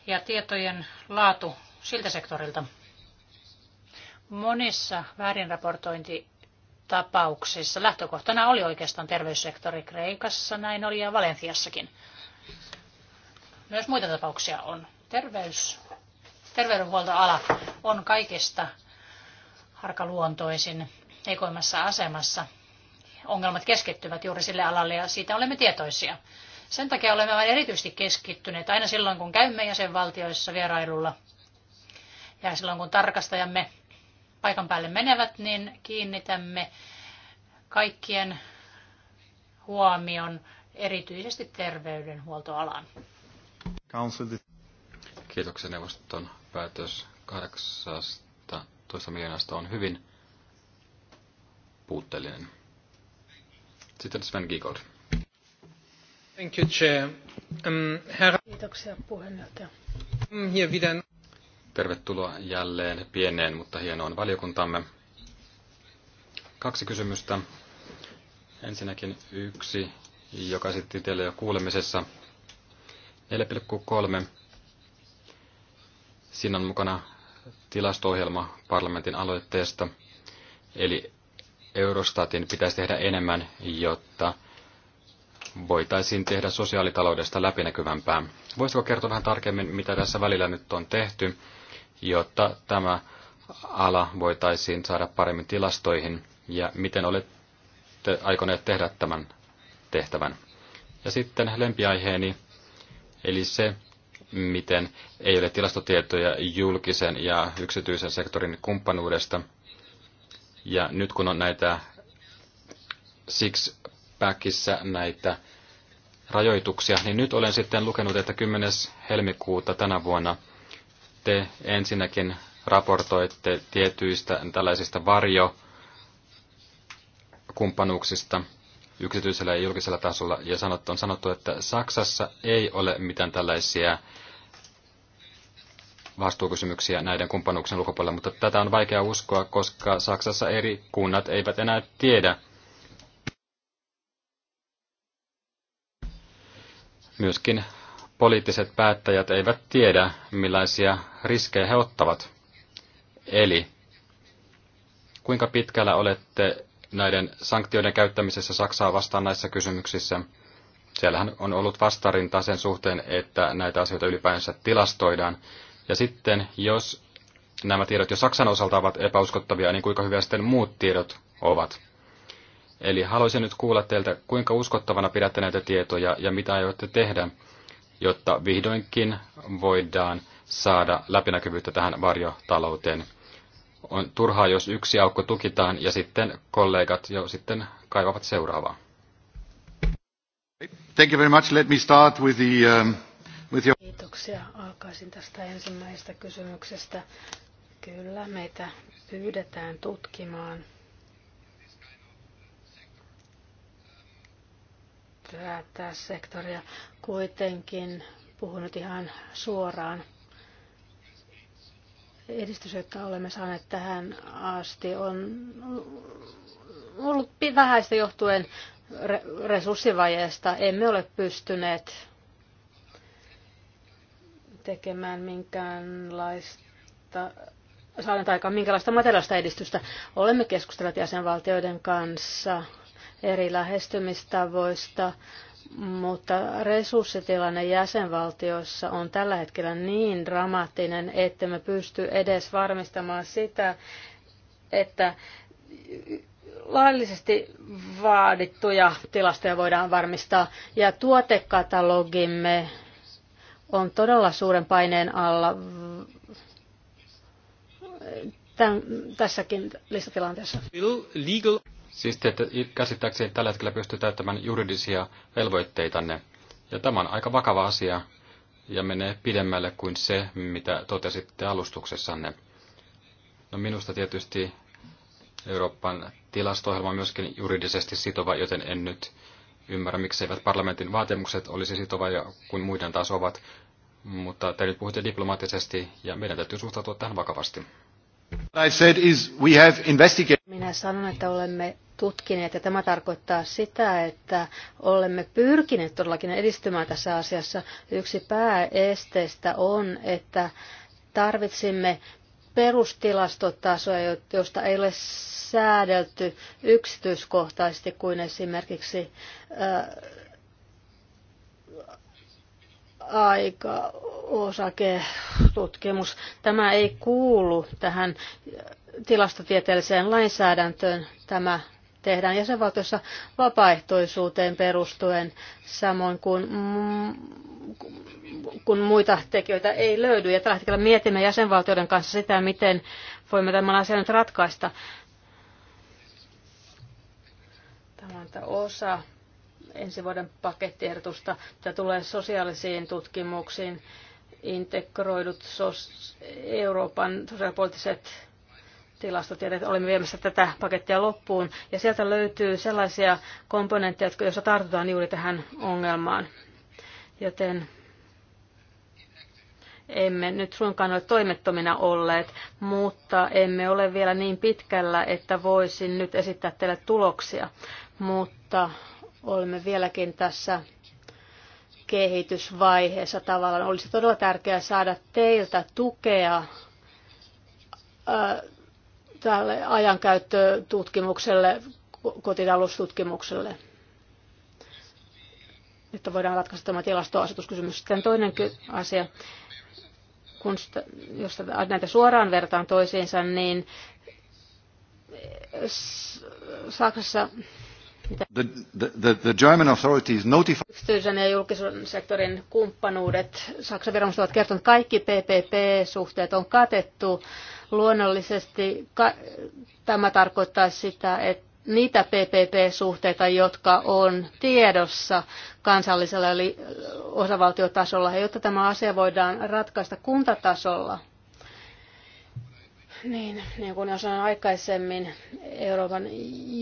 ja tietojen laatu siltä sektorilta. Monissa tapauksissa lähtökohtana oli oikeastaan terveyssektori Kreikassa, näin oli ja Valentiassakin. Myös muita tapauksia on. Terveys, terveydenhuoltoala on kaikista harkaluontoisin, heikoimmassa asemassa. Ongelmat keskittyvät juuri sille alalle ja siitä olemme tietoisia. Sen takia olemme vain erityisesti keskittyneet aina silloin, kun käymme jäsenvaltioissa vierailulla ja silloin, kun tarkastajamme paikan päälle menevät, niin kiinnitämme kaikkien huomion erityisesti terveydenhuoltoalan. Kiitoksen neuvoston päätös 18 miljoonasta on hyvin puutteellinen. Sitten Sven Giegold. Thank you, Chair. Um, herra... Kiitoksia puheenjohtaja. Um, Tervetuloa jälleen pieneen, mutta hienoon valiokuntamme. Kaksi kysymystä. Ensinnäkin yksi, joka esitti teille jo kuulemisessa. 4,3. Siinä on mukana tilasto-ohjelma parlamentin aloitteesta. Eli Eurostatin pitäisi tehdä enemmän, jotta voitaisiin tehdä sosiaalitaloudesta läpinäkyvämpää. Voisitko kertoa vähän tarkemmin, mitä tässä välillä nyt on tehty jotta tämä ala voitaisiin saada paremmin tilastoihin ja miten olette aikoneet tehdä tämän tehtävän. Ja sitten lempiaiheeni, eli se, miten ei ole tilastotietoja julkisen ja yksityisen sektorin kumppanuudesta. Ja nyt kun on näitä six Sixpackissa näitä rajoituksia, niin nyt olen sitten lukenut, että 10. helmikuuta tänä vuonna – te ensinnäkin raportoitte tietyistä tällaisista varjokumppanuuksista yksityisellä ja julkisella tasolla, ja sanottu, on sanottu, että Saksassa ei ole mitään tällaisia vastuukysymyksiä näiden kumppanuuksien ulkopuolella, mutta tätä on vaikea uskoa, koska Saksassa eri kunnat eivät enää tiedä, myöskin poliittiset päättäjät eivät tiedä, millaisia riskejä he ottavat. Eli kuinka pitkällä olette näiden sanktioiden käyttämisessä Saksaa vastaan näissä kysymyksissä? Siellähän on ollut vastarinta sen suhteen, että näitä asioita ylipäänsä tilastoidaan. Ja sitten, jos nämä tiedot jo Saksan osalta ovat epäuskottavia, niin kuinka hyviä sitten muut tiedot ovat? Eli haluaisin nyt kuulla teiltä, kuinka uskottavana pidätte näitä tietoja ja mitä aiotte tehdä, jotta vihdoinkin voidaan saada läpinäkyvyyttä tähän varjotalouteen. On turhaa, jos yksi aukko tukitaan ja sitten kollegat jo sitten kaivavat seuraavaa. Thank you very much. Let me start with the, um, with your... Kiitoksia. Alkaisin tästä ensimmäisestä kysymyksestä. Kyllä, meitä pyydetään tutkimaan tätä sektoria. Kuitenkin puhun nyt ihan suoraan. Edistys, jota olemme saaneet tähän asti, on ollut vähäistä johtuen resurssivajeesta. Emme ole pystyneet tekemään minkäänlaista saaneet aikaan minkälaista materiaalista edistystä. Olemme keskustelleet jäsenvaltioiden kanssa eri lähestymistavoista, mutta resurssitilanne jäsenvaltioissa on tällä hetkellä niin dramaattinen, että me pysty edes varmistamaan sitä, että laillisesti vaadittuja tilastoja voidaan varmistaa. Ja tuotekatalogimme on todella suuren paineen alla tämän, tässäkin listatilanteessa. Siis te ette käsittääkseni tällä hetkellä pysty täyttämään juridisia velvoitteitanne. Ja tämä on aika vakava asia ja menee pidemmälle kuin se, mitä totesitte alustuksessanne. No minusta tietysti Euroopan tilasto on myöskin juridisesti sitova, joten en nyt ymmärrä, miksi eivät parlamentin vaatimukset olisi ja kuin muiden taas ovat. Mutta te nyt puhutte diplomaattisesti ja meidän täytyy suhtautua tähän vakavasti. I said is we have minä sanon, että olemme tutkineet ja tämä tarkoittaa sitä, että olemme pyrkineet todellakin edistymään tässä asiassa. Yksi pääesteistä on, että tarvitsimme perustilastotasoja, joista ei ole säädelty yksityiskohtaisesti kuin esimerkiksi ää, äh, aika osaketutkimus. Tämä ei kuulu tähän tilastotieteelliseen lainsäädäntöön tämä tehdään jäsenvaltiossa vapaaehtoisuuteen perustuen, samoin kuin kun muita tekijöitä ei löydy. Ja tällä hetkellä mietimme jäsenvaltioiden kanssa sitä, miten voimme tämän asian nyt ratkaista. Tämä on osa ensi vuoden pakettiehdotusta, mitä tulee sosiaalisiin tutkimuksiin, integroidut sos- Euroopan sosiaalipoliittiset tilastotiedet. Olemme viemässä tätä pakettia loppuun ja sieltä löytyy sellaisia komponentteja, joissa tartutaan juuri tähän ongelmaan. Joten emme nyt suinkaan ole toimettomina olleet, mutta emme ole vielä niin pitkällä, että voisin nyt esittää teille tuloksia. Mutta olemme vieläkin tässä kehitysvaiheessa tavallaan. Olisi todella tärkeää saada teiltä tukea tälle ajankäyttötutkimukselle, kotitaloustutkimukselle, että voidaan ratkaista tämä tilastoasetuskysymys. Sitten toinen asia, kun sitä, jos näitä suoraan vertaan toisiinsa, niin Saksassa mitä? Yksityisen ja julkisen sektorin kumppanuudet, Saksan viranomaiset ovat kertoneet, kaikki PPP-suhteet on katettu. Luonnollisesti ka- tämä tarkoittaa sitä, että niitä PPP-suhteita, jotka on tiedossa kansallisella eli osavaltiotasolla. Ja jotta tämä asia voidaan ratkaista kuntatasolla, niin, niin kuin jo sanoin aikaisemmin, Euroopan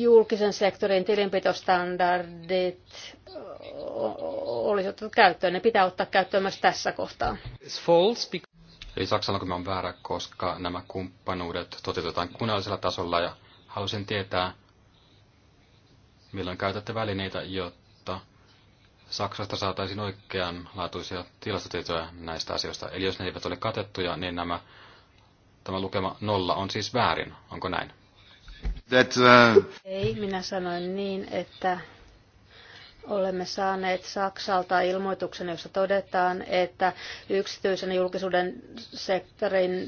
julkisen sektorin tilinpitostandardit olisi otettu käyttöön. Ne pitää ottaa käyttöön myös tässä kohtaa. Eli Saksalla on väärä, koska nämä kumppanuudet toteutetaan kunnallisella tasolla ja halusin tietää, milloin käytätte välineitä, jotta Saksasta saataisiin oikeanlaatuisia tilastotietoja näistä asioista. Eli jos ne eivät ole katettuja, niin nämä Tämä lukema nolla on siis väärin, onko näin? That, uh... Ei, minä sanoin niin, että olemme saaneet Saksalta ilmoituksen, jossa todetaan, että yksityisen ja julkisuuden sektorin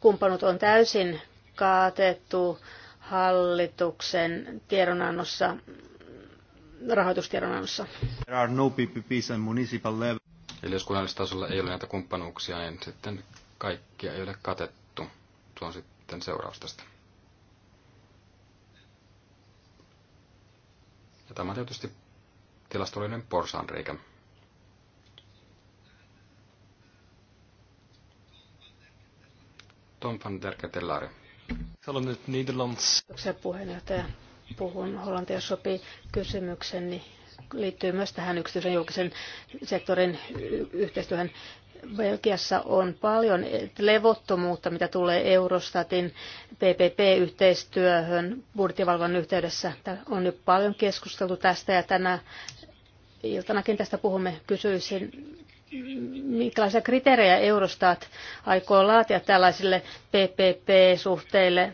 kumppanut on täysin kaatettu hallituksen tiedonannossa, rahoitustiedonannossa. There are no PPPs and municipal level. Eli jos kunnallistasolla ei ole näitä kumppanuuksia, niin sitten kaikkia ei ole katettu on sitten seuraus tästä. Ja tämä on tietysti tilastollinen porsaanreikä. Tom van der Ketelari. Haluan nyt Nederlands. Kiitoksia puheenjohtaja. Puhun hollantia sopii kysymykseni liittyy myös tähän yksityisen julkisen sektorin yhteistyöhön. Belgiassa on paljon levottomuutta, mitä tulee Eurostatin PPP-yhteistyöhön budjettivalvon yhteydessä. On nyt paljon keskusteltu tästä ja tänä iltanakin tästä puhumme. Kysyisin, minkälaisia kriteerejä Eurostat aikoo laatia tällaisille PPP-suhteille.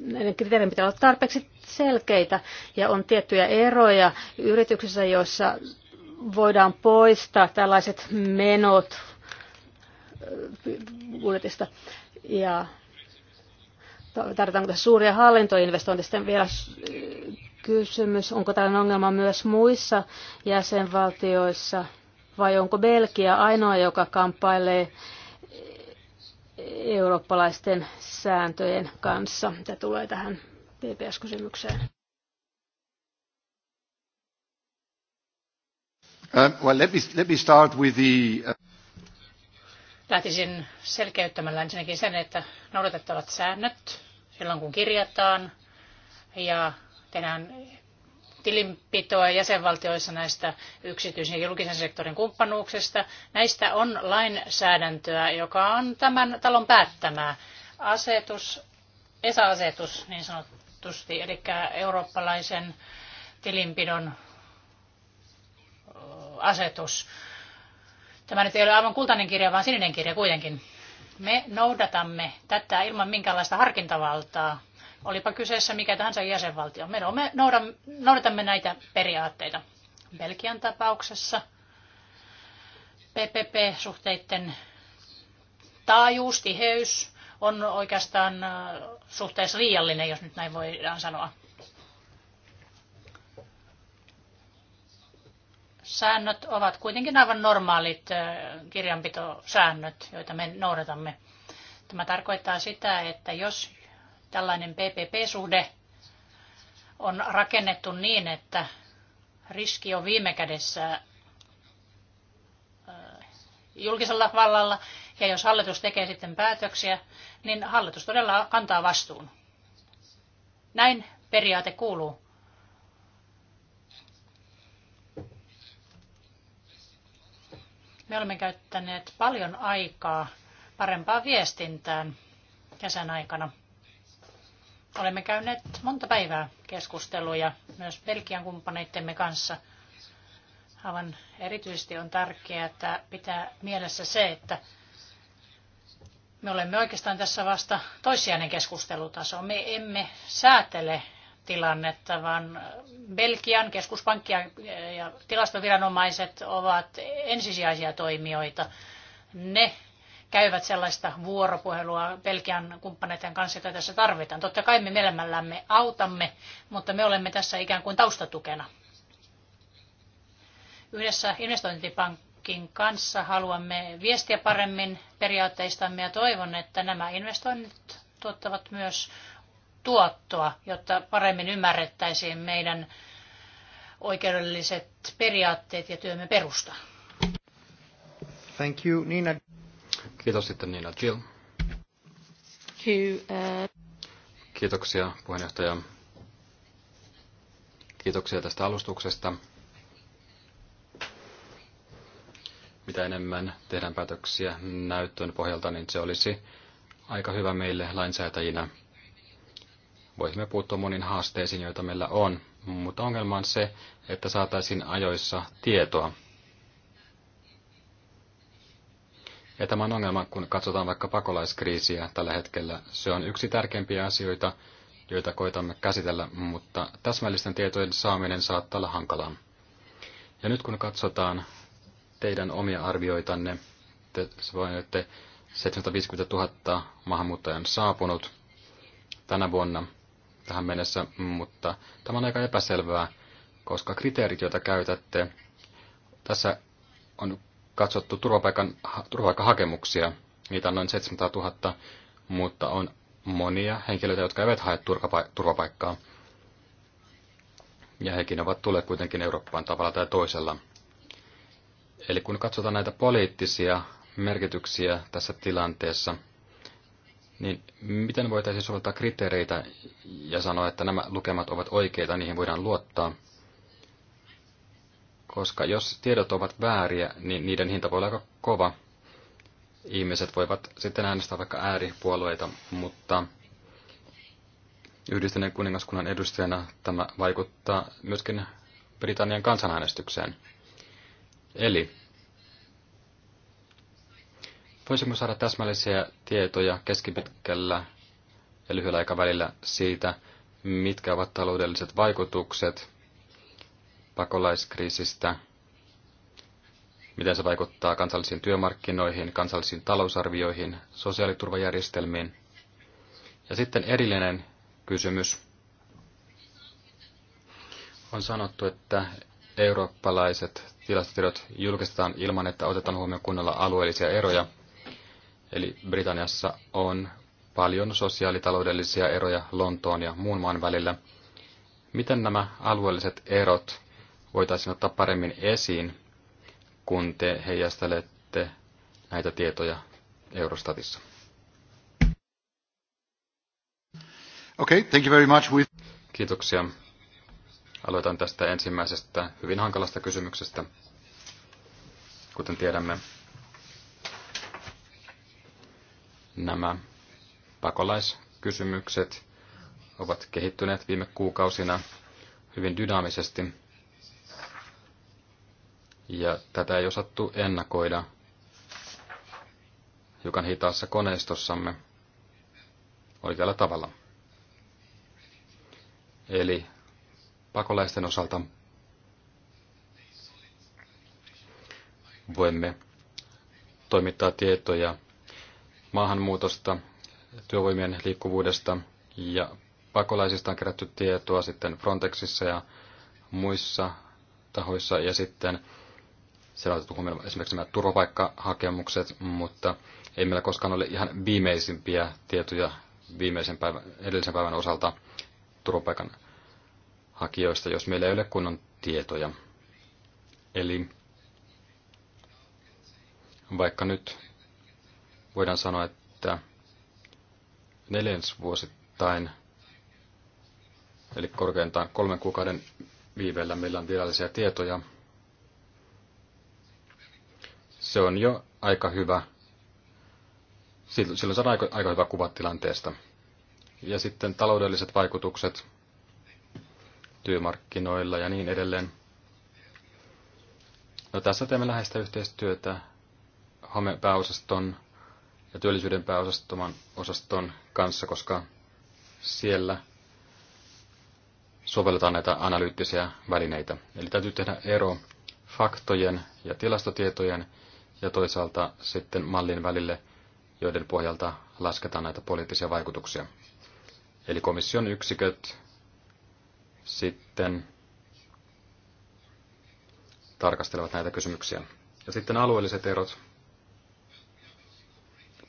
Näiden kriteerien pitää olla tarpeeksi selkeitä ja on tiettyjä eroja yrityksissä, joissa voidaan poistaa tällaiset menot Äh, budjetista. Ja tarvitaanko tässä suuria hallintoinvestointeja? Sitten vielä äh, kysymys, onko tällainen ongelma myös muissa jäsenvaltioissa vai onko Belgia ainoa, joka kamppailee eurooppalaisten sääntöjen kanssa, mitä tulee tähän PPS-kysymykseen? Uh, well, let me, let me start with the, uh... Lähtisin selkeyttämällä ensinnäkin sen, että noudatettavat säännöt silloin kun kirjataan ja tehdään tilinpitoa jäsenvaltioissa näistä yksityisen ja julkisen sektorin kumppanuuksista. Näistä on lainsäädäntöä, joka on tämän talon päättämää. Asetus, ESA-asetus niin sanotusti, eli eurooppalaisen tilinpidon asetus. Tämä nyt ei ole aivan kultainen kirja, vaan sininen kirja kuitenkin. Me noudatamme tätä ilman minkäänlaista harkintavaltaa. Olipa kyseessä mikä tahansa jäsenvaltio. Me noudatamme näitä periaatteita. Belgian tapauksessa PPP-suhteiden taajuus, tiheys on oikeastaan äh, suhteessa liiallinen, jos nyt näin voidaan sanoa. säännöt ovat kuitenkin aivan normaalit kirjanpitosäännöt, joita me noudatamme. Tämä tarkoittaa sitä, että jos tällainen PPP-suhde on rakennettu niin, että riski on viime kädessä julkisella vallalla, ja jos hallitus tekee sitten päätöksiä, niin hallitus todella kantaa vastuun. Näin periaate kuuluu Me olemme käyttäneet paljon aikaa parempaa viestintään kesän aikana. Olemme käyneet monta päivää keskusteluja myös Belgian kumppaneittemme kanssa. Aivan erityisesti on tärkeää että pitää mielessä se, että me olemme oikeastaan tässä vasta toissijainen keskustelutaso. Me emme säätele tilannetta, vaan Belgian keskuspankki ja tilastoviranomaiset ovat ensisijaisia toimijoita. Ne käyvät sellaista vuoropuhelua Belgian kumppaneiden kanssa, jota tässä tarvitaan. Totta kai me mielemmällämme autamme, mutta me olemme tässä ikään kuin taustatukena. Yhdessä investointipankin kanssa haluamme viestiä paremmin periaatteistamme ja toivon, että nämä investoinnit tuottavat myös tuottoa, jotta paremmin ymmärrettäisiin meidän oikeudelliset periaatteet ja työmme perusta. Thank you, Nina. Kiitos sitten Nina Jill. Kiitoksia puheenjohtaja. Kiitoksia tästä alustuksesta. Mitä enemmän tehdään päätöksiä näyttöön pohjalta, niin se olisi aika hyvä meille lainsäätäjinä – voisimme puuttua moniin haasteisiin, joita meillä on, mutta ongelma on se, että saataisiin ajoissa tietoa. Ja tämä on ongelma, kun katsotaan vaikka pakolaiskriisiä tällä hetkellä. Se on yksi tärkeimpiä asioita, joita koitamme käsitellä, mutta täsmällisten tietojen saaminen saattaa olla hankalaa. Ja nyt kun katsotaan teidän omia arvioitanne, te sanoitte 750 000 maahanmuuttajan saapunut tänä vuonna – tähän mennessä, mutta tämä on aika epäselvää, koska kriteerit, joita käytätte, tässä on katsottu turvapaikan, turvapaikkahakemuksia. Niitä on noin 700 000, mutta on monia henkilöitä, jotka eivät hae turvapaikkaa. Ja hekin ovat tulleet kuitenkin Eurooppaan tavalla tai toisella. Eli kun katsotaan näitä poliittisia merkityksiä tässä tilanteessa, niin miten voitaisiin soveltaa kriteereitä ja sanoa, että nämä lukemat ovat oikeita, niihin voidaan luottaa? Koska jos tiedot ovat vääriä, niin niiden hinta voi olla aika kova. Ihmiset voivat sitten äänestää vaikka ääripuolueita, mutta yhdistyneen kuningaskunnan edustajana tämä vaikuttaa myöskin Britannian kansanäänestykseen. Eli Voisimme saada täsmällisiä tietoja keskipitkällä ja lyhyellä aikavälillä siitä, mitkä ovat taloudelliset vaikutukset pakolaiskriisistä, miten se vaikuttaa kansallisiin työmarkkinoihin, kansallisiin talousarvioihin, sosiaaliturvajärjestelmiin. Ja sitten erillinen kysymys. On sanottu, että eurooppalaiset tilastotiedot julkistetaan ilman, että otetaan huomioon kunnolla alueellisia eroja. Eli Britanniassa on paljon sosiaalitaloudellisia eroja Lontoon ja muun maan välillä. Miten nämä alueelliset erot voitaisiin ottaa paremmin esiin, kun te heijastelette näitä tietoja Eurostatissa? Okay, thank you very much. With... Kiitoksia. Aloitan tästä ensimmäisestä hyvin hankalasta kysymyksestä. Kuten tiedämme, Nämä pakolaiskysymykset ovat kehittyneet viime kuukausina hyvin dynaamisesti. Ja tätä ei osattu ennakoida hiukan hitaassa koneistossamme oikealla tavalla. Eli pakolaisten osalta voimme toimittaa tietoja maahanmuutosta, työvoimien liikkuvuudesta ja pakolaisista on kerätty tietoa sitten Frontexissa ja muissa tahoissa ja sitten siellä on otettu huomioon esimerkiksi nämä turvapaikkahakemukset, mutta ei meillä koskaan ole ihan viimeisimpiä tietoja viimeisen päivän, edellisen päivän osalta turvapaikan hakijoista, jos meillä ei ole kunnon tietoja. Eli vaikka nyt voidaan sanoa, että neljänsvuosittain, eli korkeintaan kolmen kuukauden viiveellä meillä on virallisia tietoja. Se on jo aika hyvä. Silloin saadaan aika, aika hyvä kuva tilanteesta. Ja sitten taloudelliset vaikutukset työmarkkinoilla ja niin edelleen. No, tässä teemme läheistä yhteistyötä Home pääosaston ja työllisyyden pääosaston osaston kanssa, koska siellä sovelletaan näitä analyyttisiä välineitä. Eli täytyy tehdä ero faktojen ja tilastotietojen ja toisaalta sitten mallin välille, joiden pohjalta lasketaan näitä poliittisia vaikutuksia. Eli komission yksiköt sitten tarkastelevat näitä kysymyksiä. Ja sitten alueelliset erot.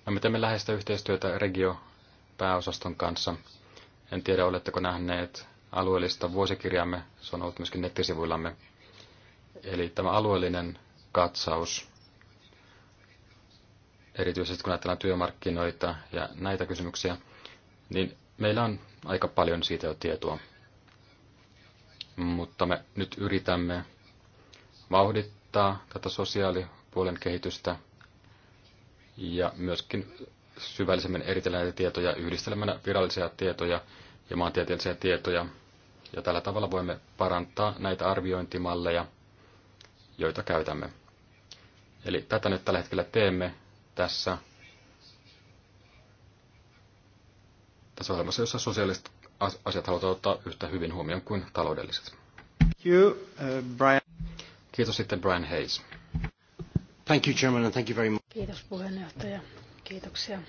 No, me teemme läheistä yhteistyötä regiopääosaston kanssa. En tiedä, oletteko nähneet alueellista vuosikirjamme, se on ollut myöskin nettisivuillamme. Eli tämä alueellinen katsaus, erityisesti kun ajatellaan työmarkkinoita ja näitä kysymyksiä, niin meillä on aika paljon siitä jo tietoa. Mutta me nyt yritämme vauhdittaa tätä sosiaalipuolen kehitystä ja myöskin syvällisemmin eritellä näitä tietoja yhdistelemällä virallisia tietoja ja maantieteellisiä tietoja. Ja tällä tavalla voimme parantaa näitä arviointimalleja, joita käytämme. Eli tätä nyt tällä hetkellä teemme tässä, tässä ohjelmassa, jossa sosiaaliset asiat halutaan ottaa yhtä hyvin huomioon kuin taloudelliset. Thank you, uh, Brian. Kiitos sitten Brian Hayes. Thank you, Chairman, and thank you very much. Kiitos puheenjohtaja. Kiitoksia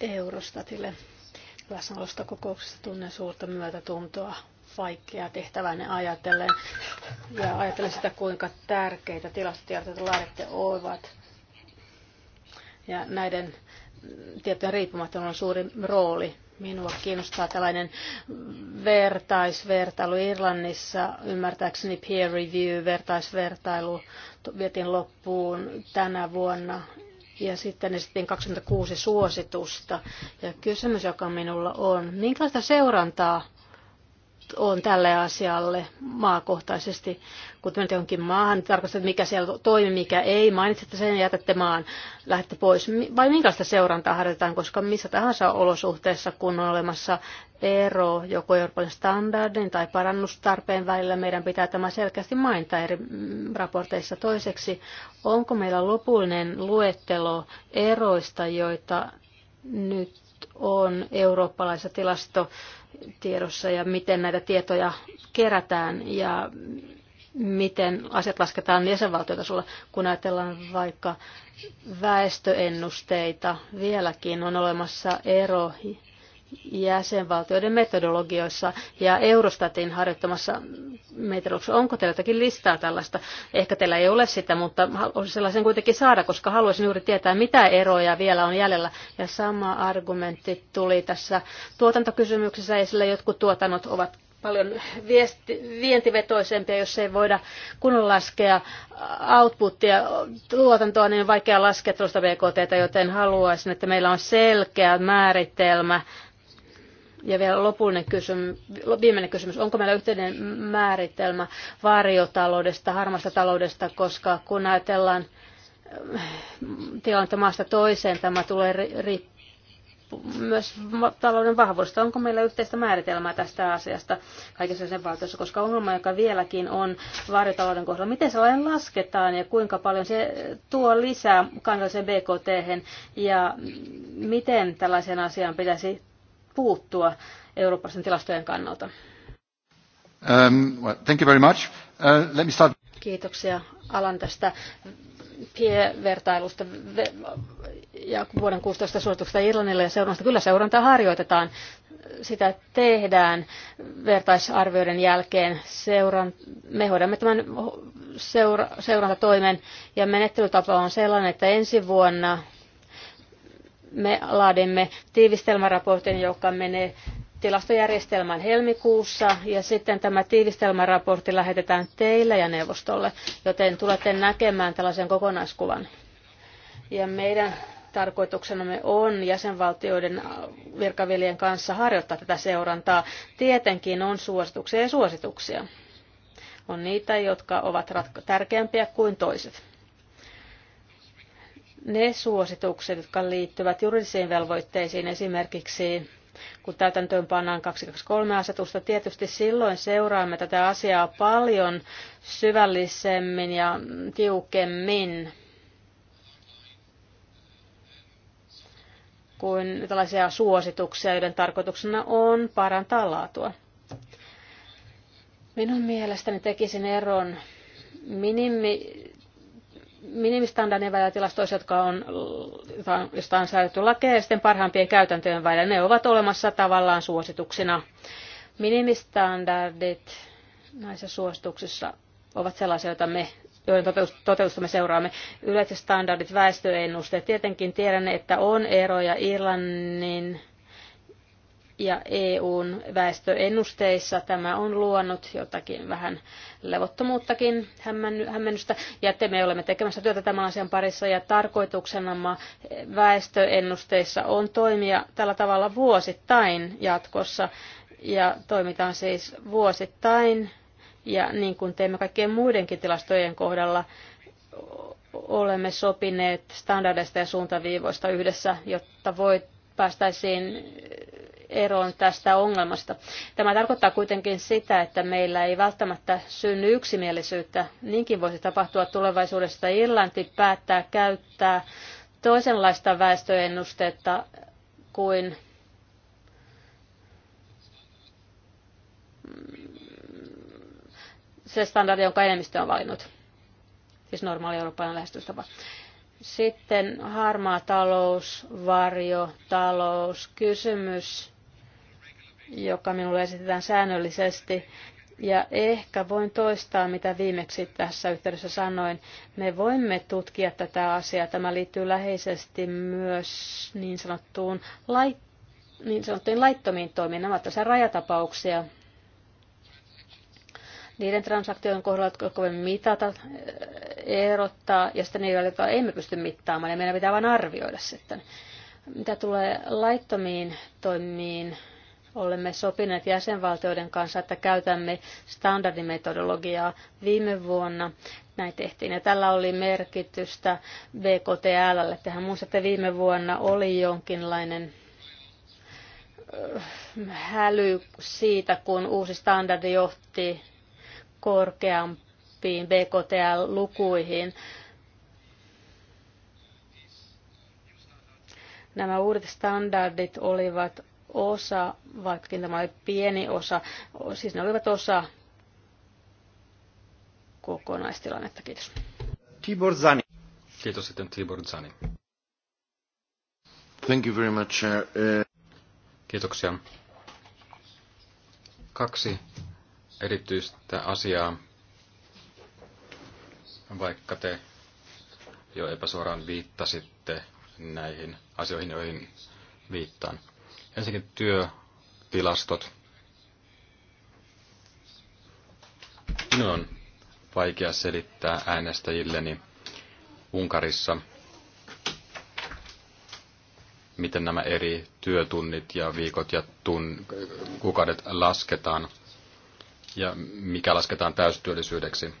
Eurostatille läsnäolosta kokouksessa. Tunnen suurta myötätuntoa vaikeaa tehtävänne ajatellen ja ajatellen sitä, kuinka tärkeitä tilastotietoja laaditte ovat. Ja näiden tietojen riippumattomuuden suuri rooli Minua kiinnostaa tällainen vertaisvertailu. Irlannissa ymmärtääkseni peer review, vertaisvertailu vietin loppuun tänä vuonna ja sitten esitin 26 suositusta. Ja kysymys, joka minulla on, minkälaista seurantaa on tälle asialle maakohtaisesti, kun menet jonkin maahan, niin että mikä siellä toimii, mikä ei, mainitsette sen ja jätätte maan, lähdette pois. Vai minkälaista seurantaa harjoitetaan, koska missä tahansa olosuhteessa, kun on olemassa ero joko Euroopan standardin tai parannustarpeen välillä, meidän pitää tämä selkeästi mainita eri mm, raporteissa. Toiseksi, onko meillä lopullinen luettelo eroista, joita nyt on eurooppalaisessa tilastotiedossa ja miten näitä tietoja kerätään ja miten asiat lasketaan jäsenvaltiotasolla, kun ajatellaan vaikka väestöennusteita. Vieläkin on olemassa ero jäsenvaltioiden metodologioissa ja Eurostatin harjoittamassa metodologiassa. Onko teillä jotakin listaa tällaista? Ehkä teillä ei ole sitä, mutta olisi sellaisen kuitenkin saada, koska haluaisin juuri tietää, mitä eroja vielä on jäljellä. Ja sama argumentti tuli tässä tuotantokysymyksessä esille. Jotkut tuotannot ovat paljon viesti, vientivetoisempia, jos ei voida kunnolla laskea outputtia tuotantoa, niin on vaikea laskea tuosta BKT, joten haluaisin, että meillä on selkeä määritelmä ja vielä lopullinen kysymys, viimeinen kysymys. Onko meillä yhteinen määritelmä varjotaloudesta, harmasta taloudesta, koska kun ajatellaan äh, tilannetta maasta toiseen, tämä tulee myös talouden vahvuudesta. Onko meillä yhteistä määritelmää tästä asiasta kaikissa sen valtioissa, koska ongelma, joka vieläkin on varjotalouden kohdalla, miten se lasketaan ja kuinka paljon se tuo lisää kansalliseen BKT ja miten tällaisen asian pitäisi puuttua Euroopan tilastojen kannalta? Um, well, thank you very much. Uh, let me start. Kiitoksia Alan tästä vertailusta ja vuoden 16 suosituksesta Irlannille ja seurannasta. Kyllä seurantaa harjoitetaan. Sitä tehdään vertaisarvioiden jälkeen. Seuran, me hoidamme tämän seura, seurantatoimen ja menettelytapa on sellainen, että ensi vuonna me laadimme tiivistelmäraportin, joka menee tilastojärjestelmään helmikuussa ja sitten tämä tiivistelmäraportti lähetetään teille ja neuvostolle, joten tulette näkemään tällaisen kokonaiskuvan. Ja meidän tarkoituksenamme on jäsenvaltioiden virkaviljen kanssa harjoittaa tätä seurantaa. Tietenkin on suosituksia ja suosituksia. On niitä, jotka ovat tärkeämpiä kuin toiset ne suositukset, jotka liittyvät juridisiin velvoitteisiin esimerkiksi kun täytäntöön pannaan 223 asetusta. Tietysti silloin seuraamme tätä asiaa paljon syvällisemmin ja tiukemmin kuin tällaisia suosituksia, joiden tarkoituksena on parantaa laatua. Minun mielestäni tekisin eron minimi minimistandardien välillä tilastoissa, jotka on, josta on säädetty lakeja, ja sitten parhaimpien käytäntöjen välillä. Ne ovat olemassa tavallaan suosituksina. Minimistandardit näissä suosituksissa ovat sellaisia, joita me joiden toteutusta me seuraamme. Yleiset standardit, väestöennusteet. Tietenkin tiedän, että on eroja Irlannin ja EUn väestöennusteissa tämä on luonut jotakin vähän levottomuuttakin, hämmennystä, ja te me olemme tekemässä työtä tämän asian parissa, ja tarkoituksenamme väestöennusteissa on toimia tällä tavalla vuosittain jatkossa, ja toimitaan siis vuosittain, ja niin kuin teemme kaikkien muidenkin tilastojen kohdalla, olemme sopineet standardeista ja suuntaviivoista yhdessä, jotta voi päästäisiin eroon tästä ongelmasta. Tämä tarkoittaa kuitenkin sitä, että meillä ei välttämättä synny yksimielisyyttä. Niinkin voisi tapahtua tulevaisuudessa. Irlanti päättää käyttää toisenlaista väestöennustetta kuin se standardi, jonka enemmistö on valinnut. Siis normaali eurooppalainen lähestystapa. Sitten harmaa talous, varjo, talous, kysymys joka minulle esitetään säännöllisesti. Ja ehkä voin toistaa, mitä viimeksi tässä yhteydessä sanoin. Me voimme tutkia tätä asiaa. Tämä liittyy läheisesti myös niin sanottuun lait- niin sanottuihin laittomiin toimiin. Nämä ovat tässä rajatapauksia. Niiden transaktioiden kohdalla, jotka voimme mitata, eh, erottaa, ja sitten niitä, joita emme pysty mittaamaan, ja meidän pitää vain arvioida sitten. Mitä tulee laittomiin toimiin, olemme sopineet jäsenvaltioiden kanssa, että käytämme standardimetodologiaa viime vuonna. Näin tehtiin ja tällä oli merkitystä BKTLlle. Tehän muistatte, viime vuonna oli jonkinlainen äh, häly siitä, kun uusi standardi johti korkeampiin BKTL-lukuihin. Nämä uudet standardit olivat osa, vaikkakin tämä oli pieni osa, siis ne olivat osa kokonaistilannetta. Kiitos. Tibor Zani. Kiitos sitten Tibor Zani. Thank you very much. Uh, uh, Kiitoksia. Kaksi erityistä asiaa, vaikka te jo epäsuoraan viittasitte näihin asioihin, joihin viittaan. Ensinnäkin työtilastot. Minun on vaikea selittää äänestäjilleni Unkarissa, miten nämä eri työtunnit ja viikot ja tun, kuukaudet lasketaan ja mikä lasketaan täystyöllisyydeksi.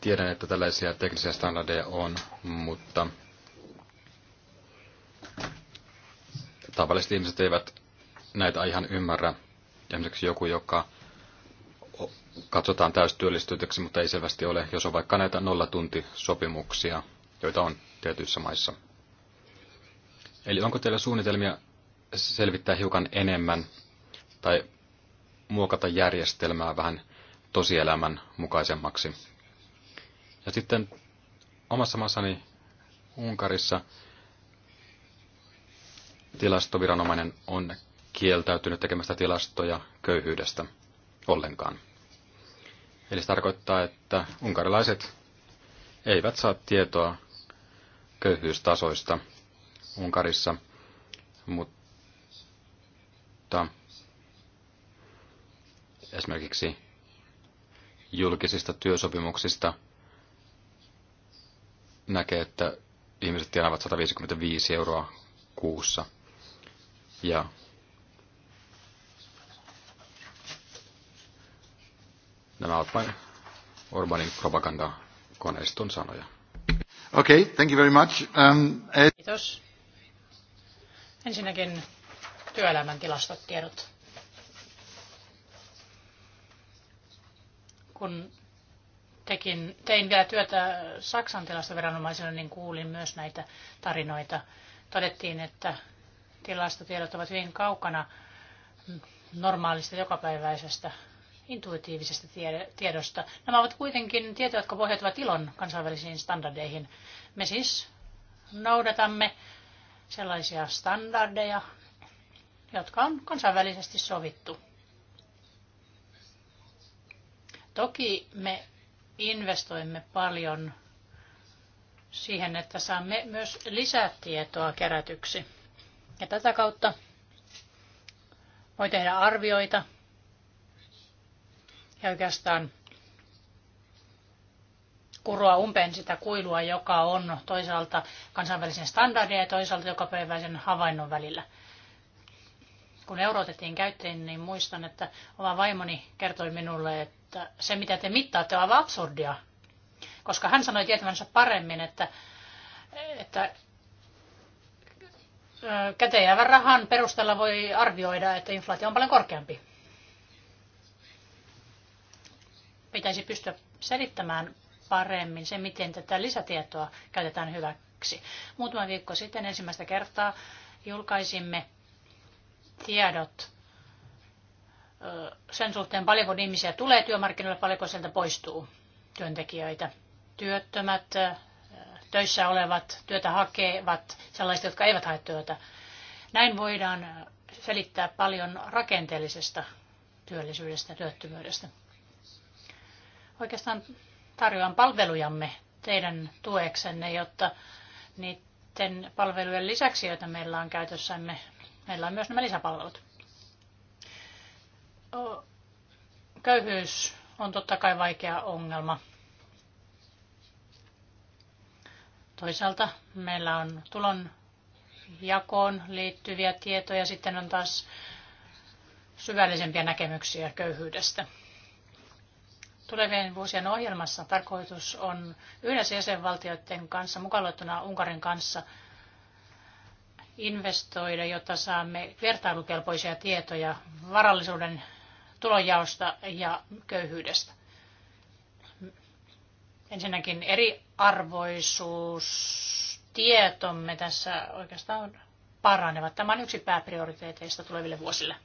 Tiedän, että tällaisia teknisiä standardeja on, mutta tavalliset ihmiset eivät näitä ihan ymmärrä. Esimerkiksi joku, joka katsotaan täystyöllistytyksi, mutta ei selvästi ole, jos on vaikka näitä nollatuntisopimuksia, joita on tietyissä maissa. Eli onko teillä suunnitelmia selvittää hiukan enemmän tai muokata järjestelmää vähän tosielämän mukaisemmaksi? Ja sitten omassa maassani Unkarissa tilastoviranomainen on kieltäytynyt tekemästä tilastoja köyhyydestä ollenkaan. Eli se tarkoittaa, että unkarilaiset eivät saa tietoa köyhyystasoista Unkarissa, mutta esimerkiksi julkisista työsopimuksista näkee, että ihmiset tienaavat 155 euroa kuussa – ja nämä ovat vain Orbanin propagandakoneiston sanoja. Okei, okay, thank you very much. Um, et... Eh- Kiitos. Ensinnäkin työelämän tilastotiedot. Kun tekin, tein vielä työtä Saksan tilastoviranomaisena, niin kuulin myös näitä tarinoita. Todettiin, että tilastotiedot ovat hyvin kaukana normaalista jokapäiväisestä intuitiivisesta tiedosta. Nämä ovat kuitenkin tietoja, jotka pohjautuvat ilon kansainvälisiin standardeihin. Me siis noudatamme sellaisia standardeja, jotka on kansainvälisesti sovittu. Toki me investoimme paljon siihen, että saamme myös lisätietoa kerätyksi. Ja tätä kautta voi tehdä arvioita. Ja oikeastaan kuroa umpeen sitä kuilua, joka on toisaalta kansainvälisen standardin ja toisaalta jokapäiväisen havainnon välillä. Kun euro otettiin käyttöön, niin muistan, että oma vaimoni kertoi minulle, että se mitä te mittaatte on aivan absurdia. Koska hän sanoi tietävänsä paremmin, että, että käteenjäävän rahan perusteella voi arvioida, että inflaatio on paljon korkeampi. Pitäisi pystyä selittämään paremmin se, miten tätä lisätietoa käytetään hyväksi. Muutama viikko sitten ensimmäistä kertaa julkaisimme tiedot sen suhteen, paljonko ihmisiä tulee työmarkkinoille, paljonko sieltä poistuu työntekijöitä. Työttömät, töissä olevat, työtä hakevat, sellaiset, jotka eivät hae työtä. Näin voidaan selittää paljon rakenteellisesta työllisyydestä ja työttömyydestä. Oikeastaan tarjoan palvelujamme teidän tueksenne, jotta niiden palvelujen lisäksi, joita meillä on käytössämme, meillä on myös nämä lisäpalvelut. Köyhyys on totta kai vaikea ongelma. Toisaalta meillä on tulon jakoon liittyviä tietoja, sitten on taas syvällisempiä näkemyksiä köyhyydestä. Tulevien vuosien ohjelmassa tarkoitus on yhdessä jäsenvaltioiden kanssa, mukaan Unkarin kanssa, investoida, jotta saamme vertailukelpoisia tietoja varallisuuden tulonjaosta ja köyhyydestä. Ensinnäkin eriarvoisuus tietomme tässä oikeastaan paranevat. Tämä on yksi pääprioriteeteista tuleville vuosille.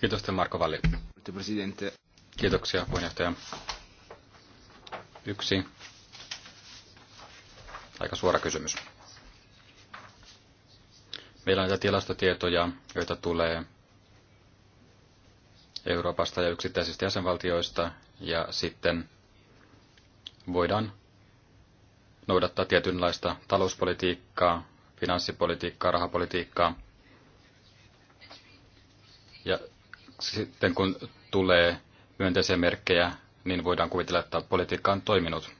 Kiitos, te Marko Valli. Kiitoksia, puheenjohtaja. Yksi aika suora kysymys. Meillä on näitä tilastotietoja, joita tulee Euroopasta ja yksittäisistä jäsenvaltioista, ja sitten voidaan noudattaa tietynlaista talouspolitiikkaa, finanssipolitiikkaa, rahapolitiikkaa. Ja sitten kun tulee myönteisiä merkkejä, niin voidaan kuvitella, että politiikka on toiminut.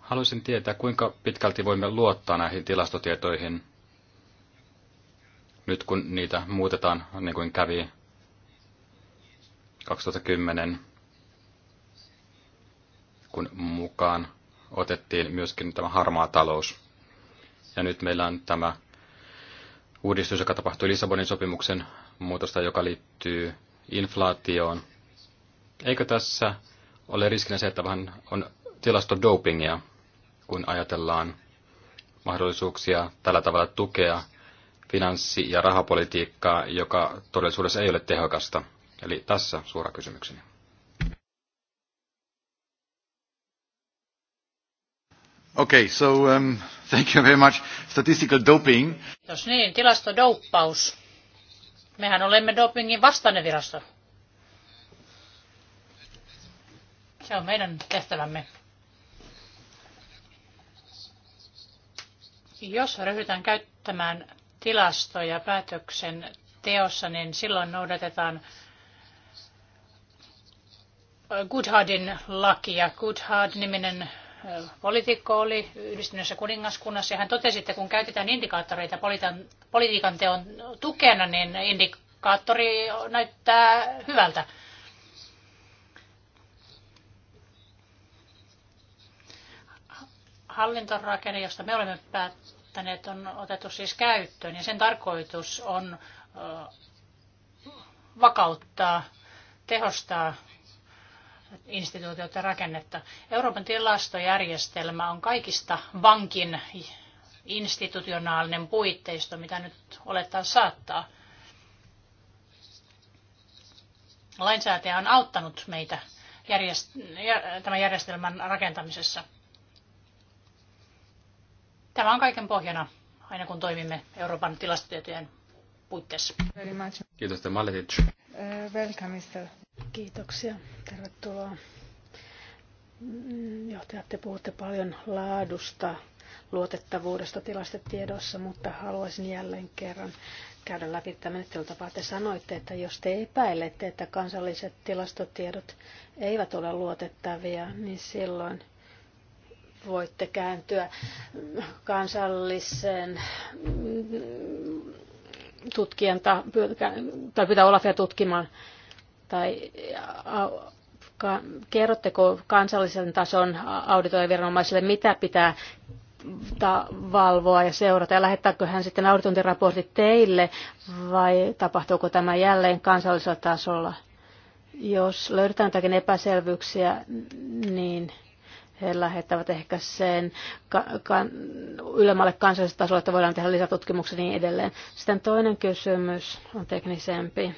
Haluaisin tietää, kuinka pitkälti voimme luottaa näihin tilastotietoihin, nyt kun niitä muutetaan, niin kuin kävi 2010 kun mukaan otettiin myöskin tämä harmaa talous. Ja nyt meillä on tämä uudistus, joka tapahtui Lissabonin sopimuksen muutosta, joka liittyy inflaatioon. Eikö tässä ole riskinä se, että vähän on tilasto dopingia, kun ajatellaan mahdollisuuksia tällä tavalla tukea finanssi- ja rahapolitiikkaa, joka todellisuudessa ei ole tehokasta? Eli tässä suora kysymykseni. Okay, so um, thank you very much. Statistical doping. Jos niin, tilastodouppaus. Mehän olemme dopingin vastainen virasto. Se on meidän tehtävämme. Jos ryhdytään käyttämään tilastoja päätöksen teossa, niin silloin noudatetaan Goodhardin lakia. Goodhard-niminen poliitikko oli yhdistyneessä kuningaskunnassa ja hän totesi, että kun käytetään indikaattoreita politiikan teon tukena, niin indikaattori näyttää hyvältä. Hallintorakenne, josta me olemme päättäneet, on otettu siis käyttöön ja sen tarkoitus on vakauttaa, tehostaa instituutioita ja rakennetta. Euroopan tilastojärjestelmä on kaikista vankin institutionaalinen puitteisto, mitä nyt olettaa saattaa. Lainsäätäjä on auttanut meitä järjest- tämän järjestelmän rakentamisessa. Tämä on kaiken pohjana, aina kun toimimme Euroopan tilastotietojen puitteissa. Kiitos, Maletic. Uh, welcome, Mr. Kiitoksia. Tervetuloa. Mm, johtajat, te puhutte paljon laadusta, luotettavuudesta tilastotiedossa, mutta haluaisin jälleen kerran käydä läpi tämä menettelytapa. Te sanoitte, että jos te epäilette, että kansalliset tilastotiedot eivät ole luotettavia, niin silloin voitte kääntyä kansallisen mm, tutkijan tai pyytää Olafia tutkimaan tai äh, kerrotteko kansallisen tason auditoijaviranomaisille, mitä pitää valvoa ja seurata, ja lähettääkö hän sitten auditointiraportit teille, vai tapahtuuko tämä jälleen kansallisella tasolla? Jos löydetään jotakin epäselvyyksiä, niin he lähettävät ehkä sen ka- ka- ylemmälle kansalliselle tasolle, että voidaan tehdä lisätutkimuksia niin edelleen. Sitten toinen kysymys on teknisempi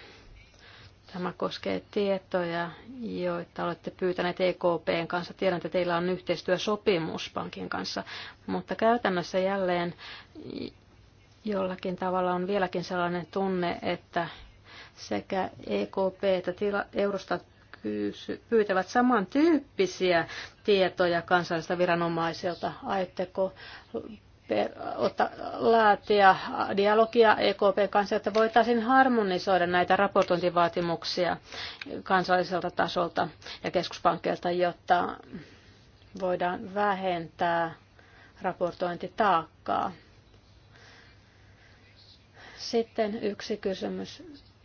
Tämä koskee tietoja, joita olette pyytäneet EKPn kanssa. Tiedän, että teillä on yhteistyösopimus pankin kanssa, mutta käytännössä jälleen jollakin tavalla on vieläkin sellainen tunne, että sekä EKP että tila, Eurostat pyytävät samantyyppisiä tietoja kansallisilta viranomaisilta. aitteko? per, otta, laatia dialogia EKP kanssa, että voitaisiin harmonisoida näitä raportointivaatimuksia kansalliselta tasolta ja keskuspankkeilta, jotta voidaan vähentää raportointitaakkaa. Sitten yksi kysymys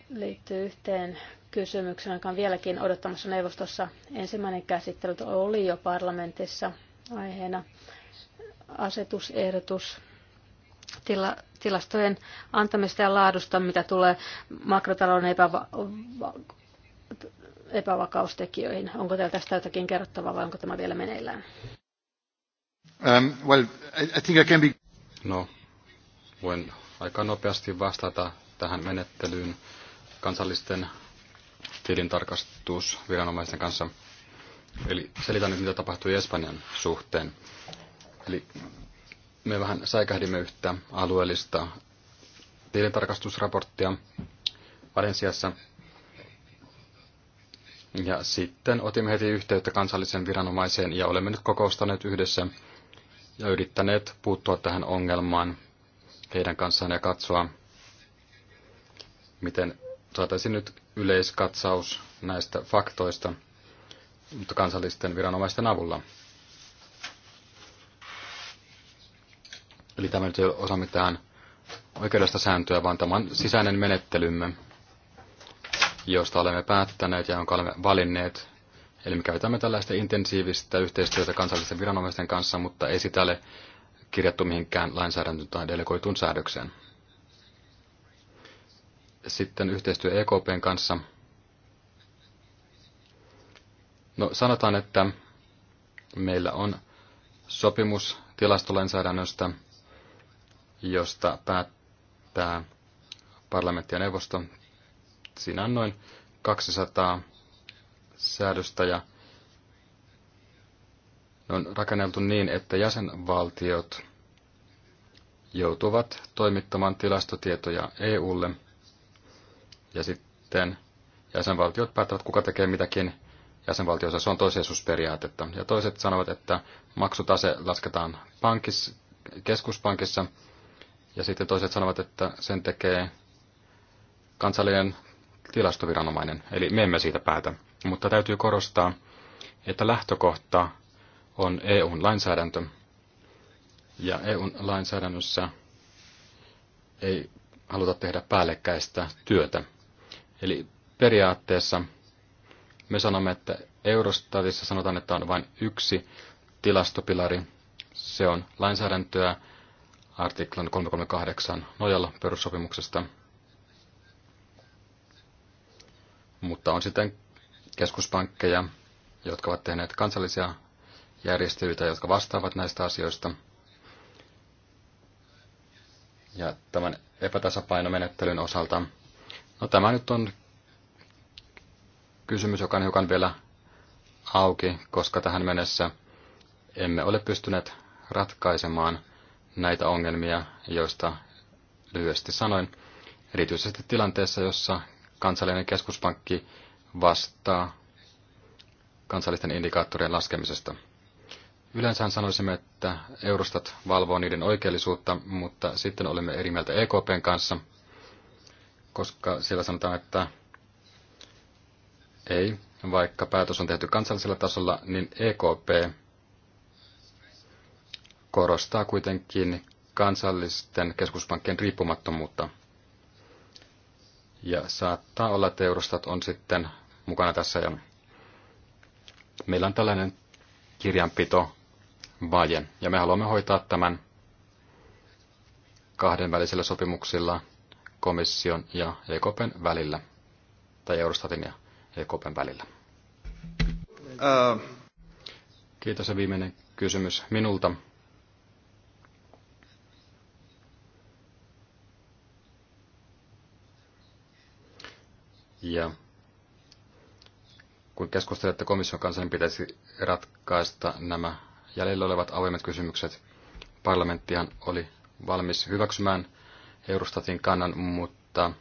liittyy yhteen kysymykseen, joka on vieläkin odottamassa neuvostossa. Ensimmäinen käsittely oli jo parlamentissa aiheena asetusehdotus tila, tilastojen antamista ja laadusta, mitä tulee makrotalouden epäva- epävakaustekijöihin. Onko teillä tästä jotakin kerrottavaa vai onko tämä vielä meneillään? Um, well, I think I can be... No, voin aika nopeasti vastata tähän menettelyyn kansallisten tilintarkastusviranomaisten kanssa. Eli selitän nyt, mitä tapahtui Espanjan suhteen. Eli me vähän säikähdimme yhtä alueellista tilintarkastusraporttia Valensiassa. Ja sitten otimme heti yhteyttä kansallisen viranomaiseen ja olemme nyt kokoustaneet yhdessä ja yrittäneet puuttua tähän ongelmaan heidän kanssaan ja katsoa, miten saataisiin nyt yleiskatsaus näistä faktoista, mutta kansallisten viranomaisten avulla. Eli tämä nyt ei ole osa mitään oikeudesta sääntöä, vaan tämä on sisäinen menettelymme, josta olemme päättäneet ja jonka olemme valinneet. Eli me käytämme tällaista intensiivistä yhteistyötä kansallisten viranomaisten kanssa, mutta ei sitä ole kirjattu mihinkään lainsäädäntöön tai delegoituun säädökseen. Sitten yhteistyö EKPn kanssa. No sanotaan, että meillä on sopimus tilastolainsäädännöstä, josta päättää parlamentti ja neuvosto. Siinä on noin 200 säädöstä ja ne on rakenneltu niin, että jäsenvaltiot joutuvat toimittamaan tilastotietoja EUlle ja sitten jäsenvaltiot päättävät, kuka tekee mitäkin jäsenvaltioissa. Se on toiseisuusperiaatetta. Ja toiset sanovat, että maksutase lasketaan pankissa, keskuspankissa – ja sitten toiset sanovat, että sen tekee kansallinen tilastoviranomainen, eli me emme siitä päätä. Mutta täytyy korostaa, että lähtökohta on EUn lainsäädäntö, ja EUn lainsäädännössä ei haluta tehdä päällekkäistä työtä. Eli periaatteessa me sanomme, että Eurostatissa sanotaan, että on vain yksi tilastopilari. Se on lainsäädäntöä artiklan 338 nojalla perussopimuksesta. Mutta on sitten keskuspankkeja, jotka ovat tehneet kansallisia järjestelyitä, jotka vastaavat näistä asioista. Ja tämän epätasapainomenettelyn osalta, no tämä nyt on kysymys, joka on hiukan vielä auki, koska tähän mennessä emme ole pystyneet ratkaisemaan näitä ongelmia, joista lyhyesti sanoin, erityisesti tilanteessa, jossa kansallinen keskuspankki vastaa kansallisten indikaattorien laskemisesta. Yleensä sanoisimme, että Eurostat valvoo niiden oikeellisuutta, mutta sitten olemme eri mieltä EKPn kanssa, koska siellä sanotaan, että ei, vaikka päätös on tehty kansallisella tasolla, niin EKP korostaa kuitenkin kansallisten keskuspankkien riippumattomuutta. Ja saattaa olla, että Eurostat on sitten mukana tässä. Ja meillä on tällainen kirjanpito vaje, ja me haluamme hoitaa tämän kahdenvälisillä sopimuksilla komission ja EKPn välillä, tai Eurostatin ja EKPn välillä. Kiitos ja viimeinen kysymys minulta. Ja kun keskustelette komission kanssa, niin pitäisi ratkaista nämä jäljellä olevat avoimet kysymykset. Parlamenttihan oli valmis hyväksymään Eurostatin kannan, mutta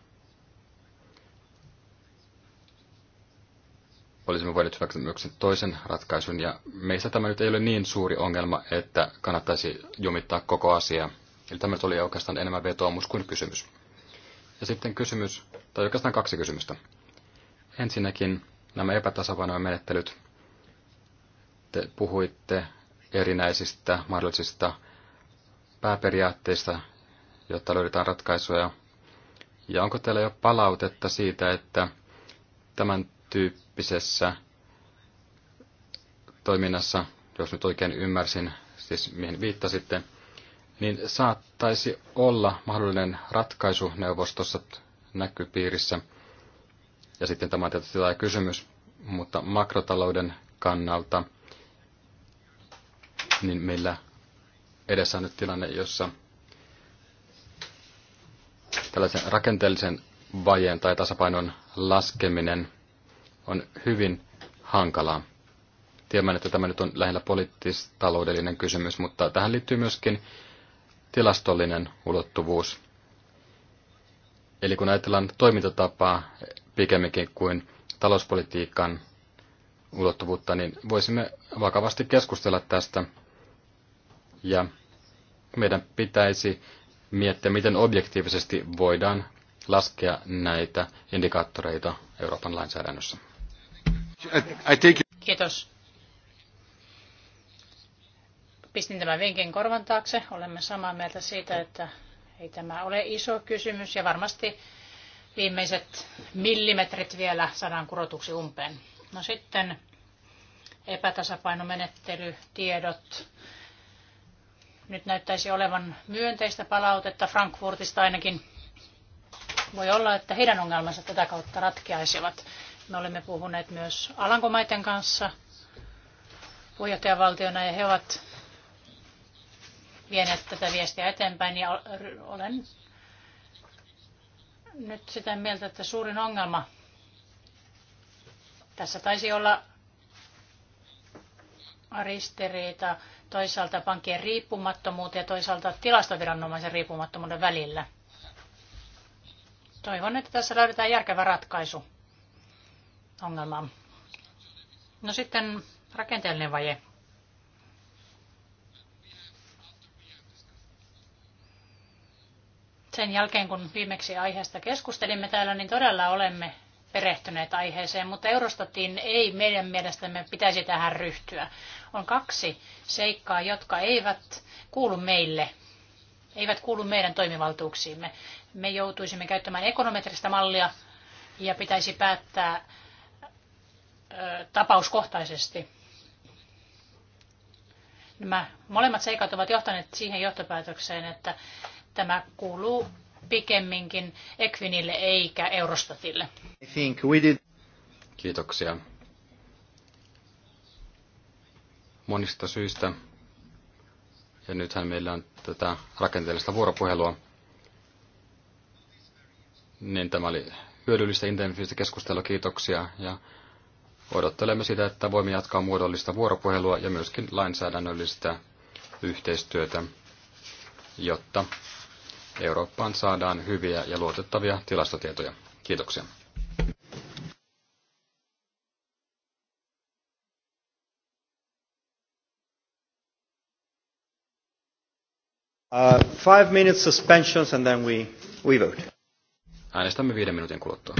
olisimme voineet hyväksyä toisen ratkaisun. Ja meistä tämä nyt ei ole niin suuri ongelma, että kannattaisi jumittaa koko asia. Eli tämä nyt oli oikeastaan enemmän vetoomus kuin kysymys. Ja sitten kysymys tai oikeastaan kaksi kysymystä. Ensinnäkin nämä epätasapainojen menettelyt. Te puhuitte erinäisistä mahdollisista pääperiaatteista, jotta löydetään ratkaisuja. Ja onko teillä jo palautetta siitä, että tämän tyyppisessä toiminnassa, jos nyt oikein ymmärsin, siis mihin viittasitte, niin saattaisi olla mahdollinen ratkaisu neuvostossa näkypiirissä. Ja sitten tämä on tietysti laaja kysymys, mutta makrotalouden kannalta niin meillä edessä on nyt tilanne, jossa tällaisen rakenteellisen vajeen tai tasapainon laskeminen on hyvin hankalaa. Tiedän, että tämä nyt on lähellä poliittis-taloudellinen kysymys, mutta tähän liittyy myöskin tilastollinen ulottuvuus. Eli kun ajatellaan toimintatapaa pikemminkin kuin talouspolitiikan ulottuvuutta, niin voisimme vakavasti keskustella tästä. Ja meidän pitäisi miettiä, miten objektiivisesti voidaan laskea näitä indikaattoreita Euroopan lainsäädännössä. Kiitos. Pistin tämän vinkin korvan taakse. Olemme samaa mieltä siitä, että ei tämä ole iso kysymys ja varmasti viimeiset millimetrit vielä saadaan kurotuksi umpeen. No sitten epätasapainomenettelytiedot. tiedot. Nyt näyttäisi olevan myönteistä palautetta Frankfurtista ainakin. Voi olla, että heidän ongelmansa tätä kautta ratkeaisivat. Me olemme puhuneet myös Alankomaiden kanssa puheenjohtajavaltiona ja he ovat vieneet tätä viestiä eteenpäin ja niin olen nyt sitä mieltä, että suurin ongelma tässä taisi olla aristeriita toisaalta pankkien riippumattomuutta ja toisaalta tilastoviranomaisen riippumattomuuden välillä. Toivon, että tässä löydetään järkevä ratkaisu ongelmaan. No sitten rakenteellinen vaje. sen jälkeen, kun viimeksi aiheesta keskustelimme täällä, niin todella olemme perehtyneet aiheeseen, mutta Eurostatin ei meidän mielestämme pitäisi tähän ryhtyä. On kaksi seikkaa, jotka eivät kuulu meille, eivät kuulu meidän toimivaltuuksiimme. Me joutuisimme käyttämään ekonometrista mallia ja pitäisi päättää tapauskohtaisesti. Nämä molemmat seikat ovat johtaneet siihen johtopäätökseen, että Tämä kuuluu pikemminkin Equinille eikä Eurostatille. I think we did. Kiitoksia. Monista syistä. Ja nythän meillä on tätä rakenteellista vuoropuhelua. Niin tämä oli hyödyllistä intensiivistä keskustelua. Kiitoksia. Ja odottelemme sitä, että voimme jatkaa muodollista vuoropuhelua ja myöskin lainsäädännöllistä yhteistyötä, jotta Eurooppaan saadaan hyviä ja luotettavia tilastotietoja. Kiitoksia. Uh, five minutes suspensions and then we, we vote. Äänestämme viiden minuutin kuluttua.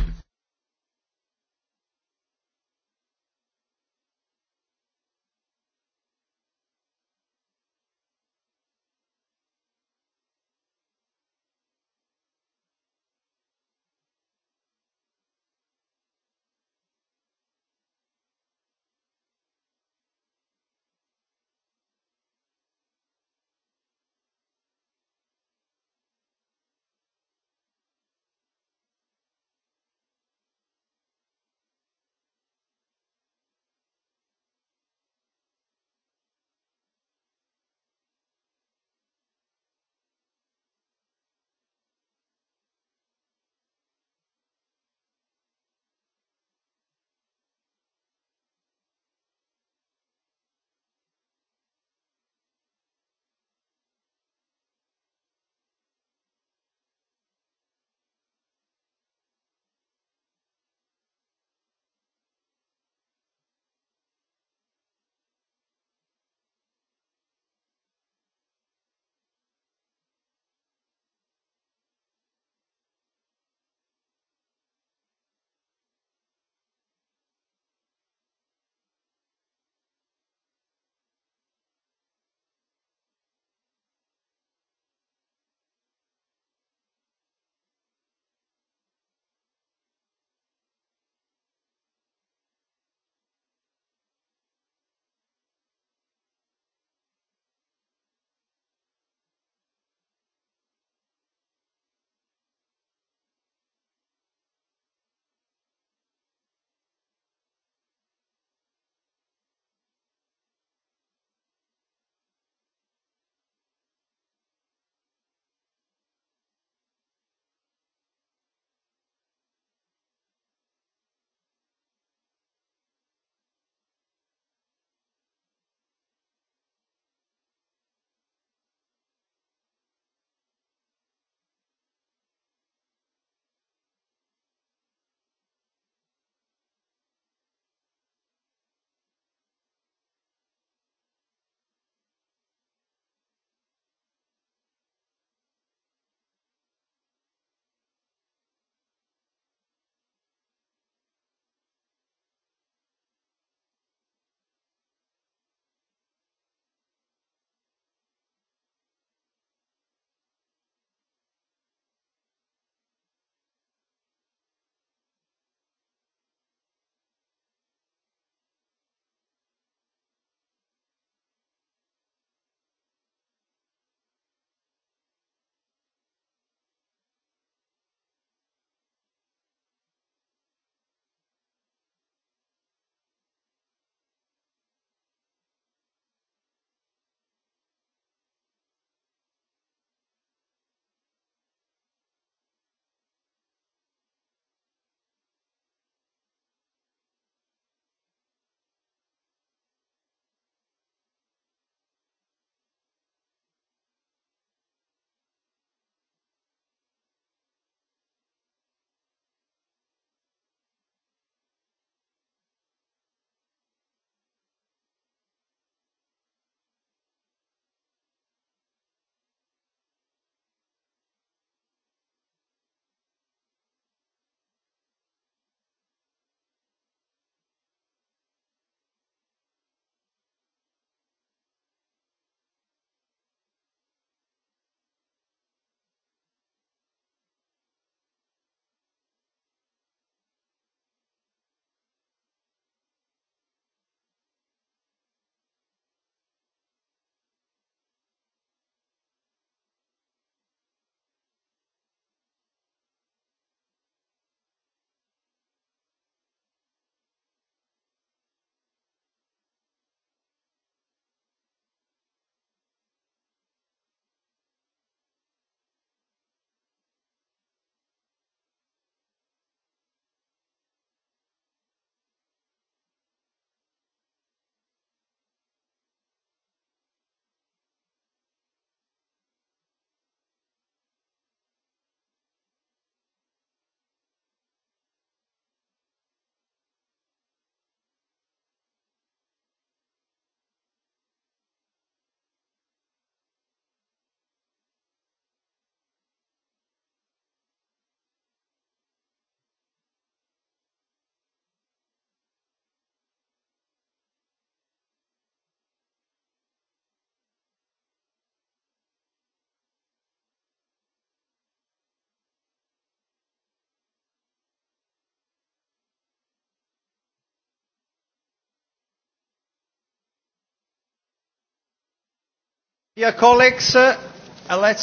Dear colleagues, uh, let's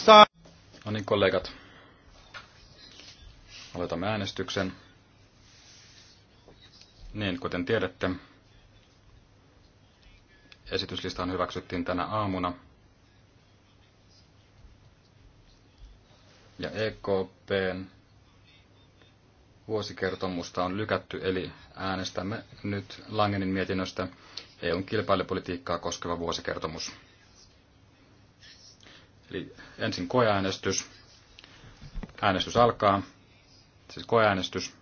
start. No niin, kollegat. Aloitamme äänestyksen. Niin, kuten tiedätte, esityslistaan hyväksyttiin tänä aamuna. Ja EKPn vuosikertomusta on lykätty, eli äänestämme nyt Langenin mietinnöstä EUn kilpailupolitiikkaa koskeva vuosikertomus. Eli ensin koeäänestys. Äänestys alkaa. Siis koeäänestys.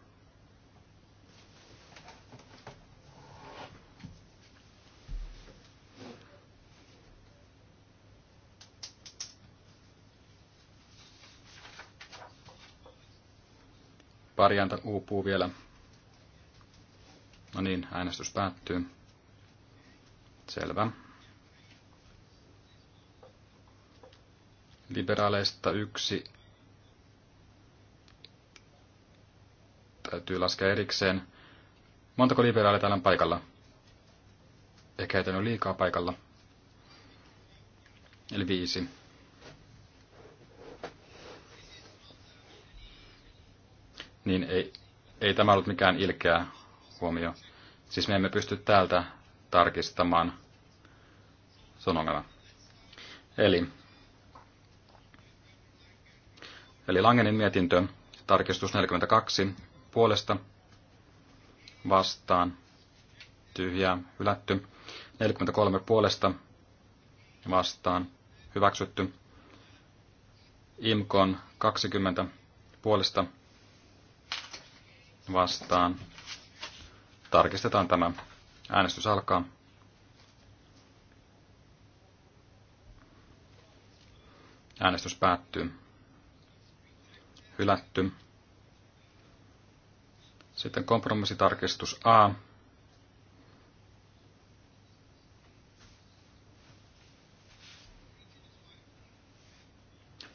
Parjanta uupuu vielä. No niin, äänestys päättyy. Selvä. liberaaleista yksi täytyy laskea erikseen. Montako liberaaleja täällä on paikalla? Ehkä heitä on liikaa paikalla. Eli viisi. Niin ei, ei tämä ollut mikään ilkeä huomio. Siis me emme pysty täältä tarkistamaan. Se on ongelma. Eli Eli Langenin mietintö, tarkistus 42, puolesta vastaan, tyhjää, hylätty. 43 puolesta vastaan, hyväksytty. IMKON 20 puolesta vastaan. Tarkistetaan tämä. Äänestys alkaa. Äänestys päättyy hylätty. Sitten kompromissitarkistus A.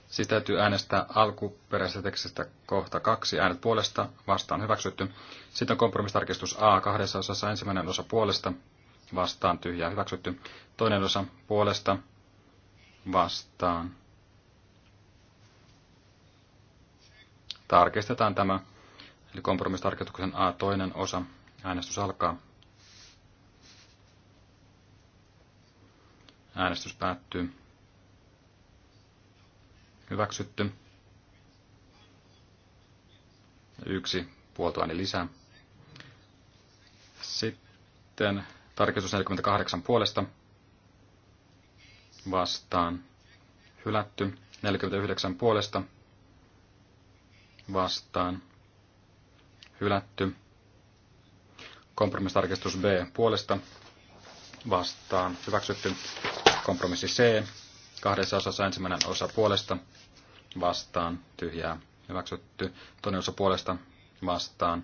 Siis täytyy äänestää alkuperäisestä tekstistä kohta kaksi äänet puolesta, vastaan hyväksytty. Sitten kompromissitarkistus A kahdessa osassa ensimmäinen osa puolesta, vastaan tyhjää hyväksytty. Toinen osa puolesta, vastaan Tarkistetaan tämä, eli kompromistarkistuksen A toinen osa. Äänestys alkaa. Äänestys päättyy. Hyväksytty. Yksi puoltoaine lisää. Sitten tarkistus 48 puolesta vastaan. Hylätty. 49 puolesta vastaan hylätty. Kompromissitarkistus B puolesta vastaan hyväksytty. Kompromissi C kahdessa osassa ensimmäinen osa puolesta vastaan tyhjää hyväksytty. Toinen osa puolesta vastaan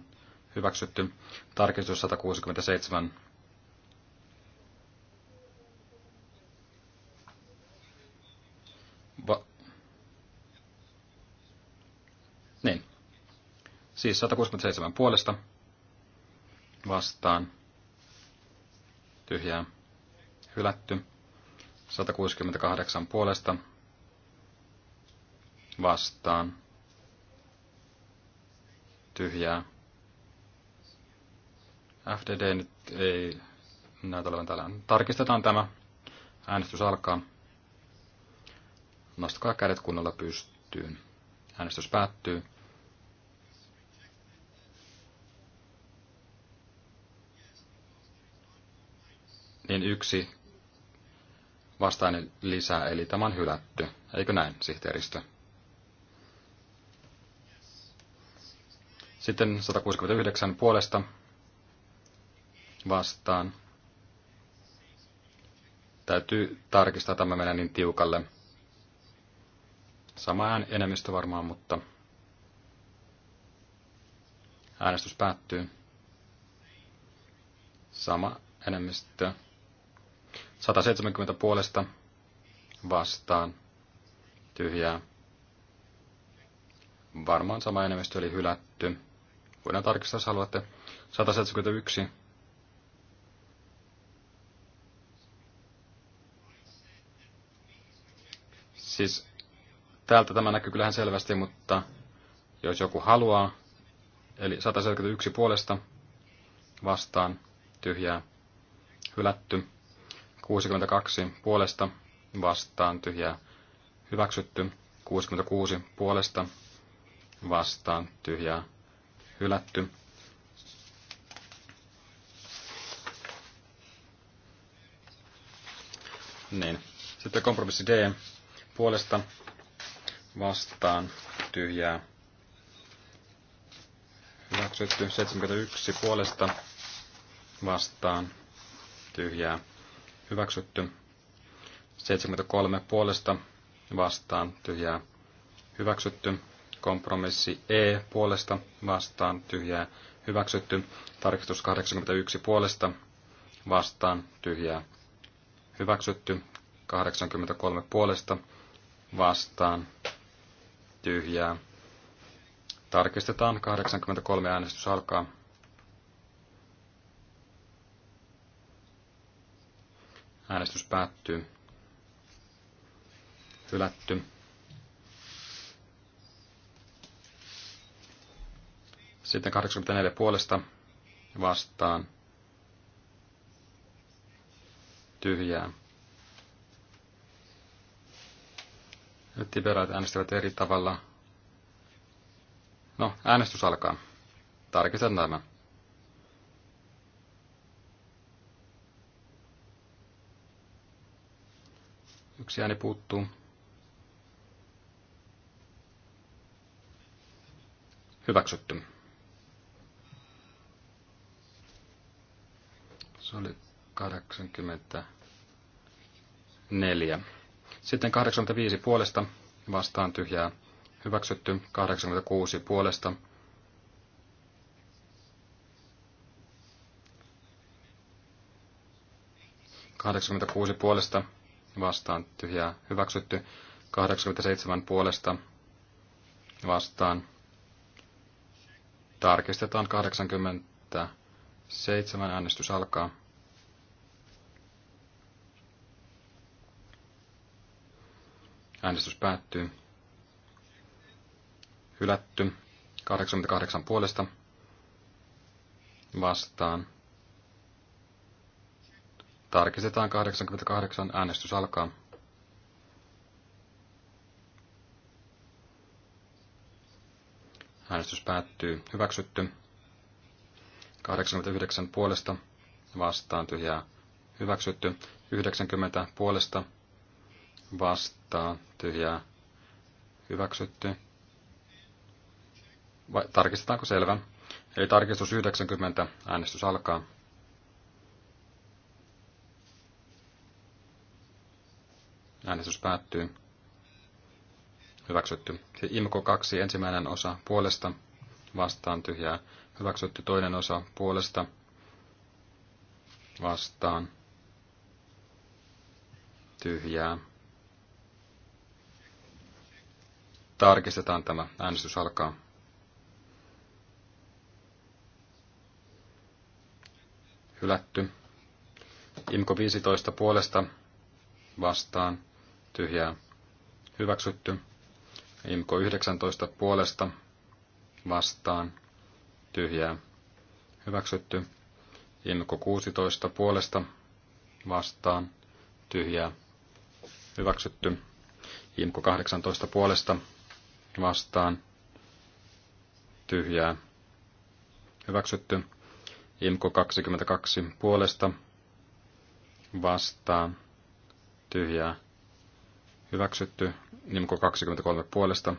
hyväksytty. Tarkistus 167 Siis 167 puolesta vastaan tyhjää hylätty. 168 puolesta vastaan tyhjää. FDD nyt ei näytä olevan täällä. Tarkistetaan tämä. Äänestys alkaa. Nostakaa kädet kunnolla pystyyn. Äänestys päättyy. niin yksi vastainen lisää, eli tämä on hylätty. Eikö näin, sihteeristö? Sitten 169 puolesta vastaan. Täytyy tarkistaa, tämä menee niin tiukalle. Sama ään enemmistö varmaan, mutta äänestys päättyy. Sama enemmistö 170 puolesta vastaan tyhjää. Varmaan sama enemmistö oli hylätty. Voidaan tarkistaa, jos haluatte. 171. Siis täältä tämä näkyy kyllähän selvästi, mutta jos joku haluaa, eli 171 puolesta vastaan tyhjää hylätty. 62 puolesta vastaan tyhjää hyväksytty. 66 puolesta vastaan tyhjää hylätty. Niin. Sitten kompromissi D puolesta vastaan tyhjää hyväksytty 71 puolesta vastaan tyhjää hyväksytty. 73 puolesta vastaan tyhjää hyväksytty. Kompromissi E puolesta vastaan tyhjää hyväksytty. Tarkistus 81 puolesta vastaan tyhjää hyväksytty. 83 puolesta vastaan tyhjää. Tarkistetaan 83 äänestys alkaa. Äänestys päättyy. Hylätty. Sitten 84 puolesta vastaan. Tyhjää. Nyt tiberaat äänestävät eri tavalla. No, äänestys alkaa. Tarkistetaan tämä. Yksi ääni puuttuu. Hyväksytty. Se oli 84. Sitten 85 puolesta vastaan tyhjää. Hyväksytty 86 puolesta. Kahdeksankymmentäkuusi puolesta vastaan tyhjää hyväksytty. 87 puolesta vastaan. Tarkistetaan 87. Äänestys alkaa. Äänestys päättyy. Hylätty. 88 puolesta vastaan Tarkistetaan 88. Äänestys alkaa. Äänestys päättyy. Hyväksytty. 89 puolesta vastaan tyhjää. Hyväksytty. 90 puolesta vastaan tyhjää. Hyväksytty. Vai, tarkistetaanko selvä? Eli tarkistus 90. Äänestys alkaa. Äänestys päättyy. Hyväksytty. Imko 2 ensimmäinen osa puolesta vastaan tyhjää. Hyväksytty toinen osa puolesta vastaan tyhjää. Tarkistetaan tämä. Äänestys alkaa. Hylätty. Imko 15 puolesta vastaan tyhjää hyväksytty. Imko 19 puolesta vastaan tyhjää hyväksytty. Imko 16 puolesta vastaan tyhjää hyväksytty. Imko 18 puolesta vastaan tyhjää hyväksytty. Imko 22 puolesta vastaan tyhjää hyväksytty. Nimko 23 puolesta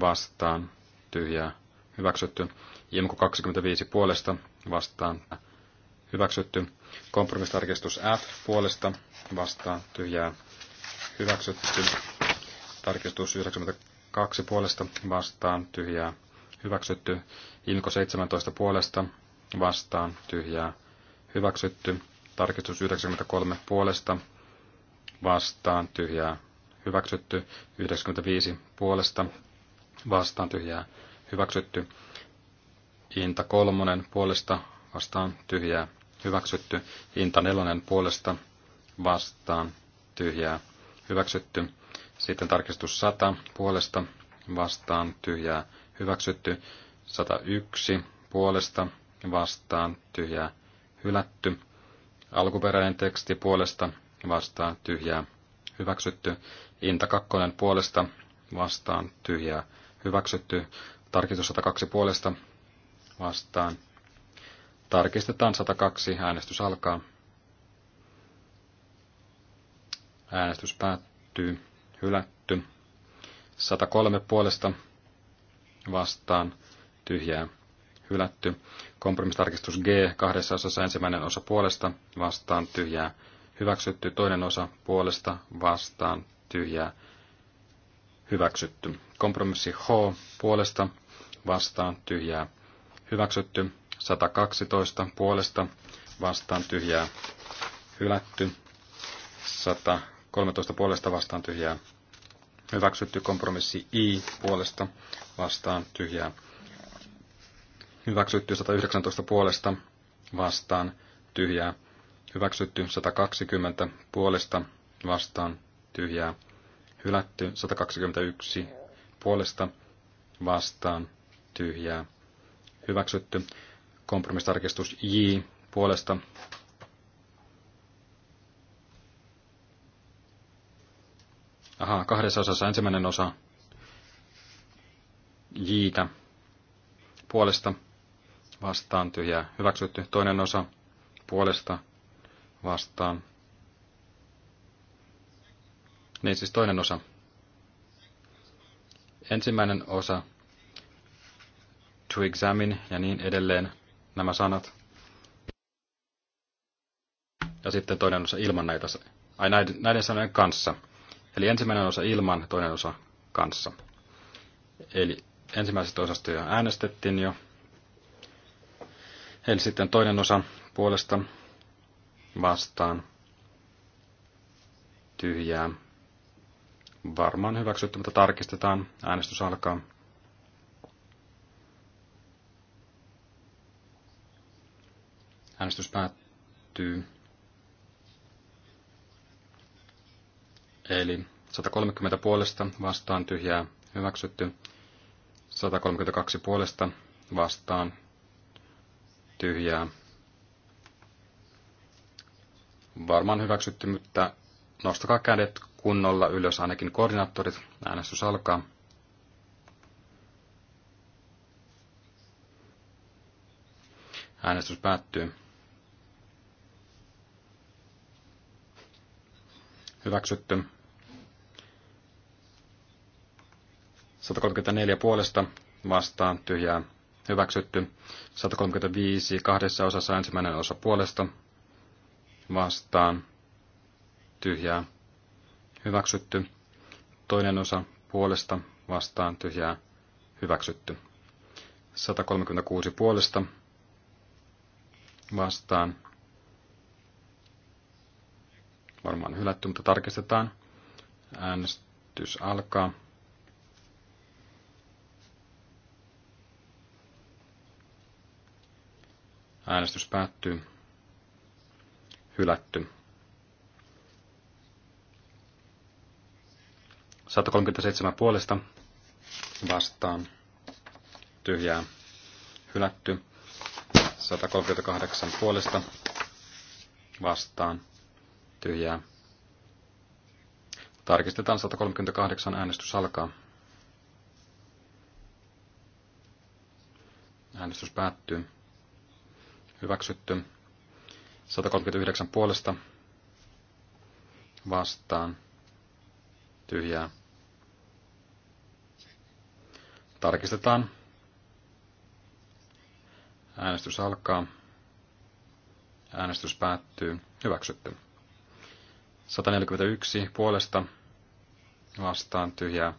vastaan tyhjää hyväksytty. Imko 25 puolesta vastaan hyväksytty. Kompromistarkistus F puolesta vastaan tyhjää hyväksytty. Tarkistus 92 puolesta vastaan tyhjää hyväksytty. Imko 17 puolesta vastaan tyhjää hyväksytty. Tarkistus 93 puolesta vastaan tyhjää hyväksytty, 95 puolesta vastaan tyhjää hyväksytty, Inta kolmonen puolesta vastaan tyhjää hyväksytty, Inta nelonen puolesta vastaan tyhjää hyväksytty, sitten tarkistus 100 puolesta vastaan tyhjää hyväksytty, 101 puolesta vastaan tyhjää hylätty, alkuperäinen teksti puolesta vastaan tyhjää hyväksytty. Inta 2 puolesta vastaan tyhjää hyväksytty. Tarkistus 102 puolesta vastaan. Tarkistetaan 102. Äänestys alkaa. Äänestys päättyy. Hylätty. 103 puolesta vastaan tyhjää hylätty. Kompromistarkistus G kahdessa osassa ensimmäinen osa puolesta vastaan tyhjää hyväksytty, toinen osa puolesta vastaan tyhjää hyväksytty. Kompromissi H puolesta vastaan tyhjää hyväksytty, 112 puolesta vastaan tyhjää hylätty, 113 puolesta vastaan tyhjää hyväksytty, kompromissi I puolesta vastaan tyhjää hyväksytty, 119 puolesta vastaan tyhjää hyväksytty 120 puolesta vastaan tyhjää, hylätty 121 puolesta vastaan tyhjää, hyväksytty kompromistarkistus J puolesta Aha, kahdessa osassa ensimmäinen osa Jiitä puolesta vastaan tyhjää hyväksytty. Toinen osa puolesta vastaan. Niin siis toinen osa. Ensimmäinen osa. To examine ja niin edelleen nämä sanat. Ja sitten toinen osa ilman näitä, ai näiden, näiden sanojen kanssa. Eli ensimmäinen osa ilman, toinen osa kanssa. Eli ensimmäisestä osasta jo äänestettiin jo. Eli sitten toinen osa puolesta vastaan tyhjää. Varmaan hyväksytty, mutta tarkistetaan. Äänestys alkaa. Äänestys päättyy. Eli 130 puolesta vastaan tyhjää hyväksytty. 132 puolesta vastaan tyhjää Varmaan hyväksytty, mutta nostakaa kädet kunnolla ylös, ainakin koordinaattorit. Äänestys alkaa. Äänestys päättyy. Hyväksytty. 134 puolesta vastaan tyhjää. Hyväksytty. 135 kahdessa osassa ensimmäinen osa puolesta vastaan tyhjää hyväksytty. Toinen osa puolesta vastaan tyhjää hyväksytty. 136 puolesta vastaan. Varmaan hylätty, mutta tarkistetaan. Äänestys alkaa. Äänestys päättyy hylätty. 137 puolesta vastaan tyhjää hylätty. 138 puolesta vastaan tyhjää. Tarkistetaan 138 äänestys alkaa. Äänestys päättyy. Hyväksytty. 139 puolesta vastaan tyhjää. Tarkistetaan. Äänestys alkaa. Äänestys päättyy. Hyväksytty. 141 puolesta vastaan tyhjää.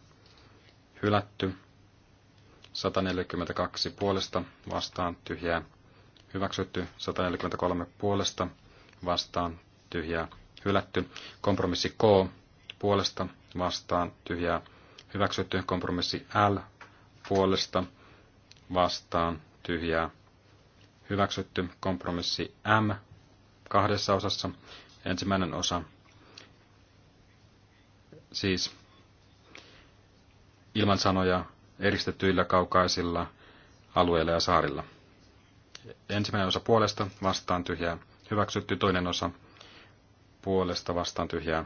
Hylätty. 142 puolesta vastaan tyhjää hyväksytty, 143 puolesta vastaan tyhjää hylätty, kompromissi K puolesta vastaan tyhjää hyväksytty, kompromissi L puolesta vastaan tyhjää hyväksytty, kompromissi M kahdessa osassa, ensimmäinen osa siis ilman sanoja eristetyillä kaukaisilla alueilla ja saarilla. Ensimmäinen osa puolesta vastaan tyhjää. Hyväksytty toinen osa puolesta vastaan tyhjää.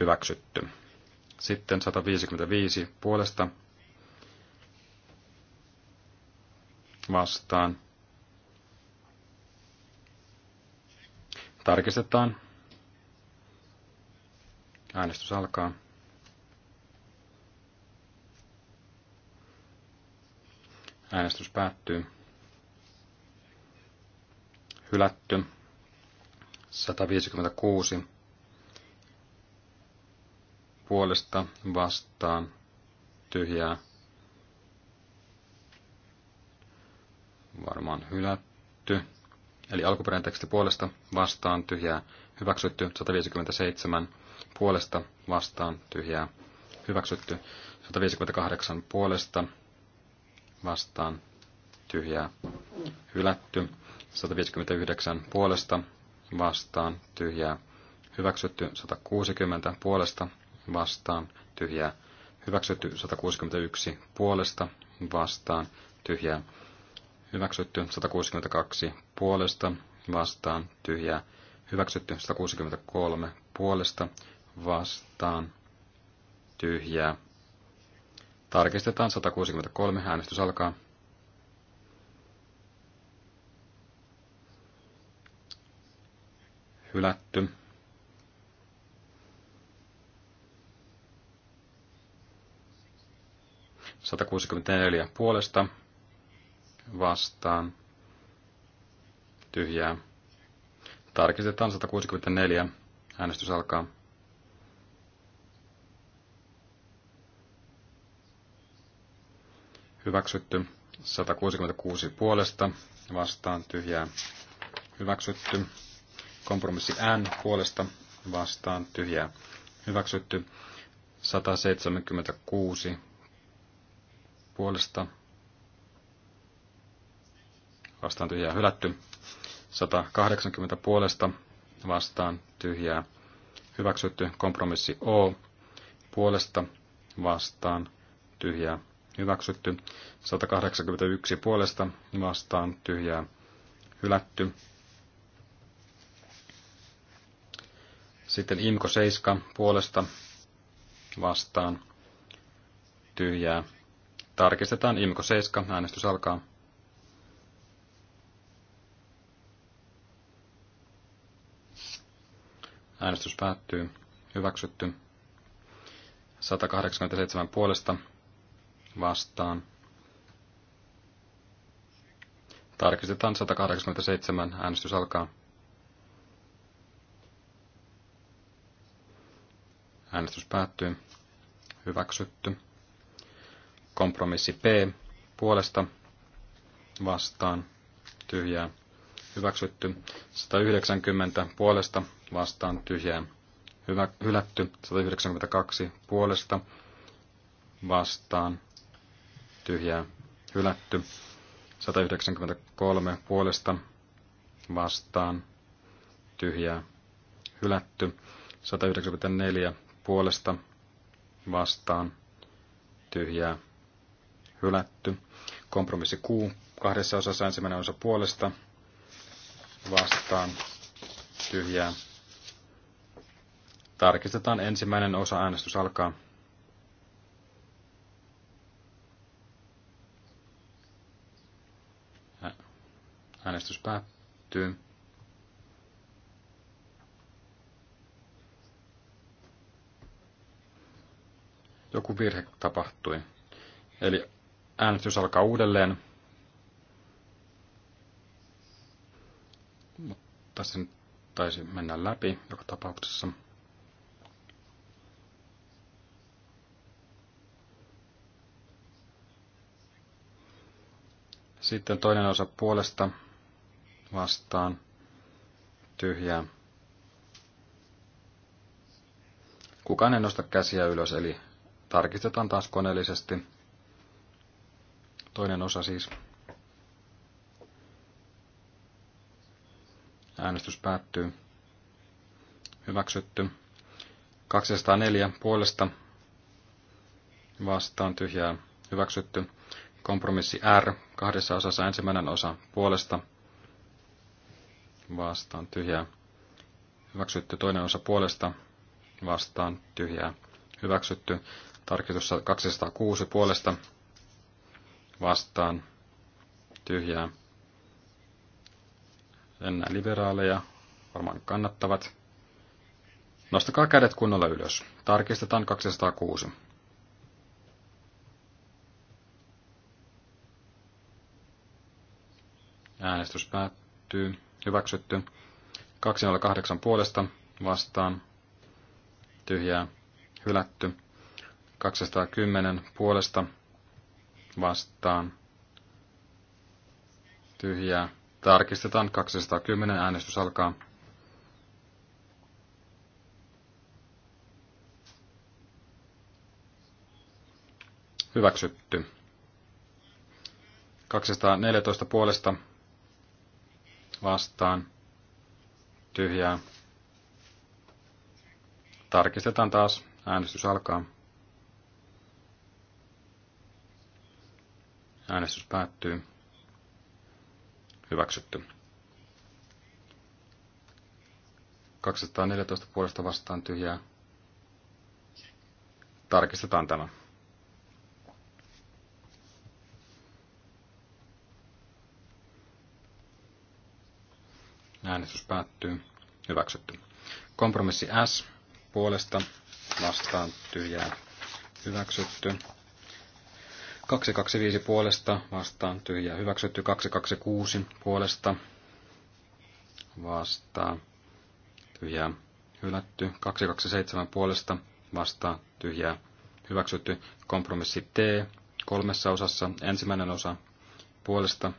Hyväksytty. Sitten 155 puolesta vastaan. Tarkistetaan. Äänestys alkaa. Äänestys päättyy hylätty. 156 puolesta vastaan tyhjää varmaan hylätty. Eli alkuperäinen teksti puolesta vastaan tyhjää hyväksytty 157 puolesta vastaan tyhjää hyväksytty 158 puolesta vastaan tyhjää hylätty 159 puolesta vastaan tyhjää hyväksytty 160 puolesta vastaan tyhjää hyväksytty 161 puolesta vastaan tyhjää hyväksytty 162 puolesta vastaan tyhjää hyväksytty 163 puolesta vastaan tyhjää. Tarkistetaan 163 äänestys alkaa. hylätty. Satakuusikymmentäneljä puolesta vastaan tyhjää. Tarkistetaan 164. Äänestys alkaa. Hyväksytty. 166 puolesta vastaan tyhjää. Hyväksytty. Kompromissi N puolesta vastaan tyhjää hyväksytty. 176 puolesta vastaan tyhjää hylätty. 180 puolesta vastaan tyhjää hyväksytty. Kompromissi O puolesta vastaan tyhjää hyväksytty. 181 puolesta vastaan tyhjää hylätty. Sitten Imko 7 puolesta vastaan tyhjää. Tarkistetaan Imko 7. Äänestys alkaa. Äänestys päättyy. Hyväksytty. 187 puolesta vastaan. Tarkistetaan 187. Äänestys alkaa. Äänestys päättyy. Hyväksytty. Kompromissi P puolesta vastaan tyhjää. Hyväksytty. 190 puolesta vastaan tyhjää. Hyvä, hylätty. 192 puolesta vastaan tyhjää. Hylätty. 193 puolesta vastaan tyhjää. Hylätty. 194 puolesta vastaan tyhjää hylätty. Kompromissi Q kahdessa osassa ensimmäinen osa puolesta vastaan tyhjää. Tarkistetaan ensimmäinen osa äänestys alkaa. Äänestys päättyy. joku virhe tapahtui. Eli äänestys alkaa uudelleen. Mutta sen taisi mennä läpi joka tapauksessa. Sitten toinen osa puolesta vastaan tyhjää. Kukaan ei nosta käsiä ylös, eli Tarkistetaan taas koneellisesti. Toinen osa siis. Äänestys päättyy. Hyväksytty. 204 puolesta vastaan tyhjää hyväksytty. Kompromissi R kahdessa osassa ensimmäinen osa puolesta vastaan tyhjää hyväksytty. Toinen osa puolesta vastaan tyhjää hyväksytty. Tarkistus 206 puolesta vastaan tyhjää. Ennä liberaaleja varmaan kannattavat. Nostakaa kädet kunnolla ylös. Tarkistetaan 206. Äänestys päättyy. Hyväksytty. 208 puolesta vastaan. Tyhjää. Hylätty. 210 puolesta vastaan tyhjää. Tarkistetaan 210 äänestys alkaa. Hyväksytty. 214 puolesta vastaan tyhjää. Tarkistetaan taas. Äänestys alkaa. Äänestys päättyy. Hyväksytty. 214 puolesta vastaan tyhjää. Tarkistetaan tämä. Äänestys päättyy. Hyväksytty. Kompromissi S puolesta vastaan tyhjää. Hyväksytty. 225 puolesta vastaan tyhjä, hyväksytty. 226 puolesta vastaan tyhjä, hylätty. 227 puolesta vastaan tyhjä, hyväksytty. Kompromissi T kolmessa osassa. Ensimmäinen osa puolesta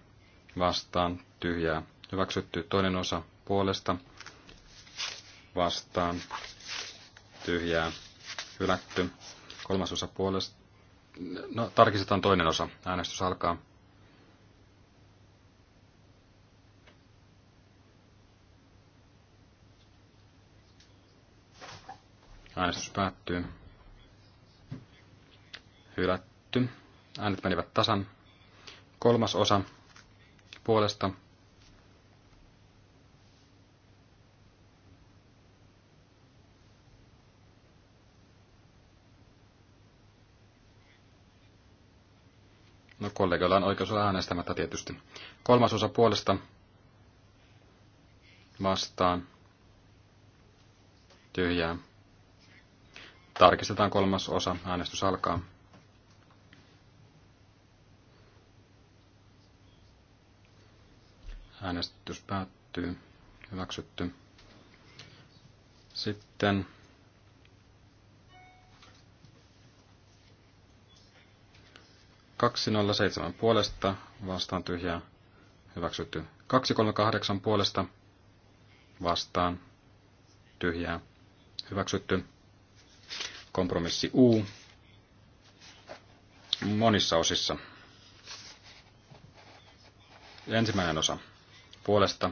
vastaan tyhjää hyväksytty. Toinen osa puolesta vastaan tyhjää hylätty. Kolmas osa puolesta No, tarkistetaan toinen osa. Äänestys alkaa. Äänestys päättyy. Hylätty. Äänet menivät tasan. Kolmas osa puolesta kollegoilla on oikeus olla äänestämättä tietysti. Kolmas osa puolesta vastaan tyhjää. Tarkistetaan kolmas osa. Äänestys alkaa. Äänestys päättyy. Hyväksytty. Sitten 207 puolesta vastaan tyhjää hyväksytty. 238 puolesta vastaan tyhjää hyväksytty. Kompromissi U monissa osissa. Ensimmäinen osa puolesta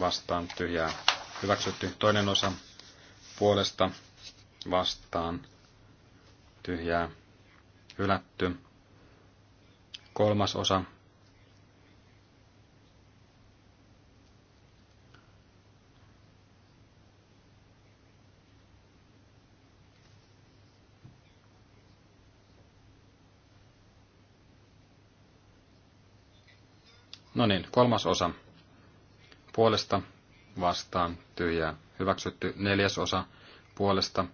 vastaan tyhjää hyväksytty. Toinen osa puolesta vastaan tyhjää hylätty kolmas osa. No niin, kolmas osa. Puolesta vastaan tyhjää. Hyväksytty neljäs osa. Puolesta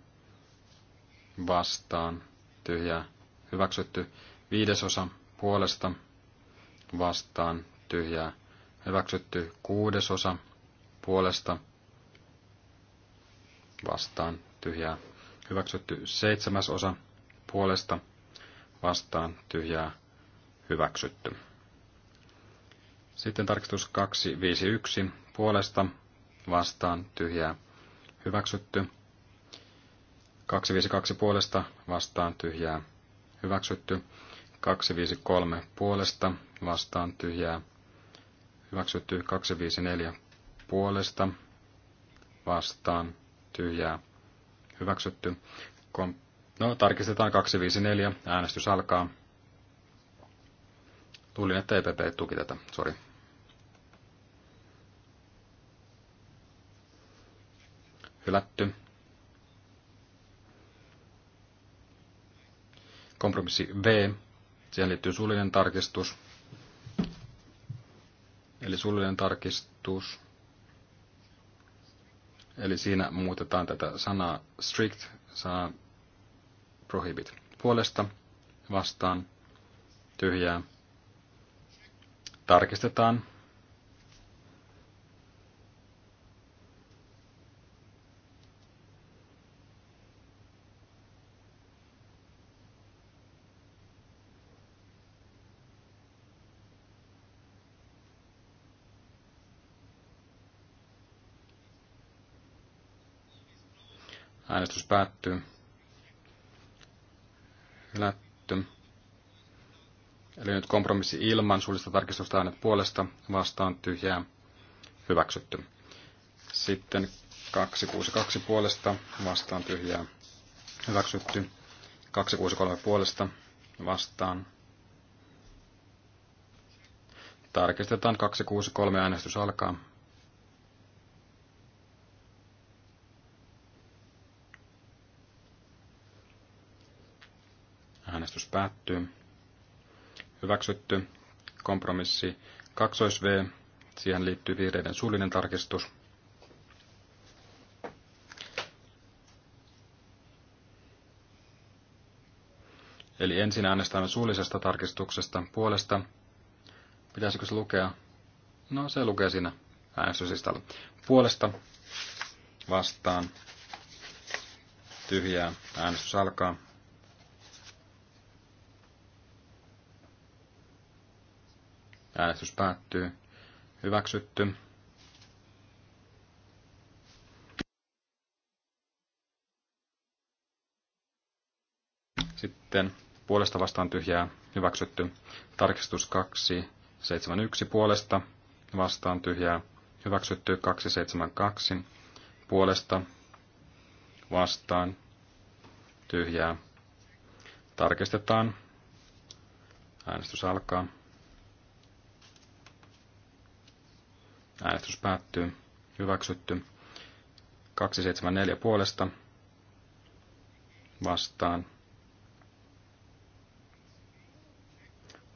vastaan tyhjää. Hyväksytty viides osa puolesta vastaan tyhjää hyväksytty kuudesosa puolesta vastaan tyhjää hyväksytty seitsemäsosa puolesta vastaan tyhjää hyväksytty. Sitten tarkistus 251 puolesta vastaan tyhjää hyväksytty. 252 puolesta vastaan tyhjää hyväksytty. 253 puolesta vastaan tyhjää. Hyväksytty 254 puolesta vastaan tyhjää. Hyväksytty. Kom- no, tarkistetaan 254. Äänestys alkaa. Luulin, että EPP tuki tätä. Sori. Hylätty. Kompromissi V Siihen liittyy suullinen tarkistus. Eli suullinen tarkistus. Eli siinä muutetaan tätä sanaa strict sanaa prohibit. Puolesta vastaan tyhjää. Tarkistetaan Äänestys päättyy. Hylätty. Eli nyt kompromissi ilman suullista tarkistusta äänet puolesta vastaan tyhjää hyväksytty. Sitten 262 puolesta vastaan tyhjää hyväksytty. 263 puolesta vastaan. Tarkistetaan 263 äänestys alkaa. päättyy. Hyväksytty. Kompromissi 2V. Siihen liittyy vihreiden suullinen tarkistus. Eli ensin äänestämme suullisesta tarkistuksesta puolesta. Pitäisikö se lukea? No, se lukee siinä äänestysistalla. Puolesta vastaan tyhjää. Äänestys alkaa. Äänestys päättyy. Hyväksytty. Sitten puolesta vastaan tyhjää hyväksytty. Tarkistus 2, 7, 1 puolesta vastaan tyhjää hyväksytty. 272 puolesta vastaan tyhjää. Tarkistetaan. Äänestys alkaa. Äänestys päättyy. Hyväksytty. 274 puolesta. Vastaan.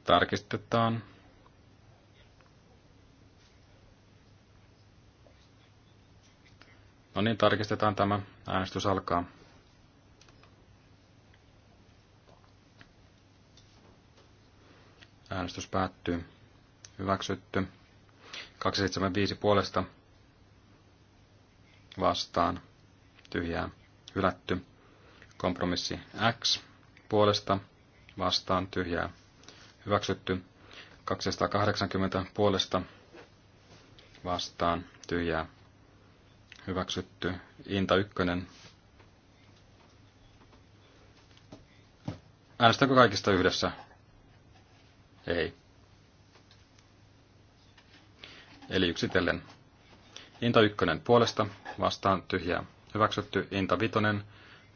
Tarkistetaan. No niin, tarkistetaan tämä. Äänestys alkaa. Äänestys päättyy. Hyväksytty. 275 puolesta vastaan tyhjää hylätty. Kompromissi X puolesta vastaan tyhjää hyväksytty. 280 puolesta vastaan tyhjää hyväksytty. Inta 1. Äänestäkö kaikista yhdessä? Ei. eli yksitellen. Inta ykkönen puolesta vastaan tyhjää hyväksytty, Inta vitonen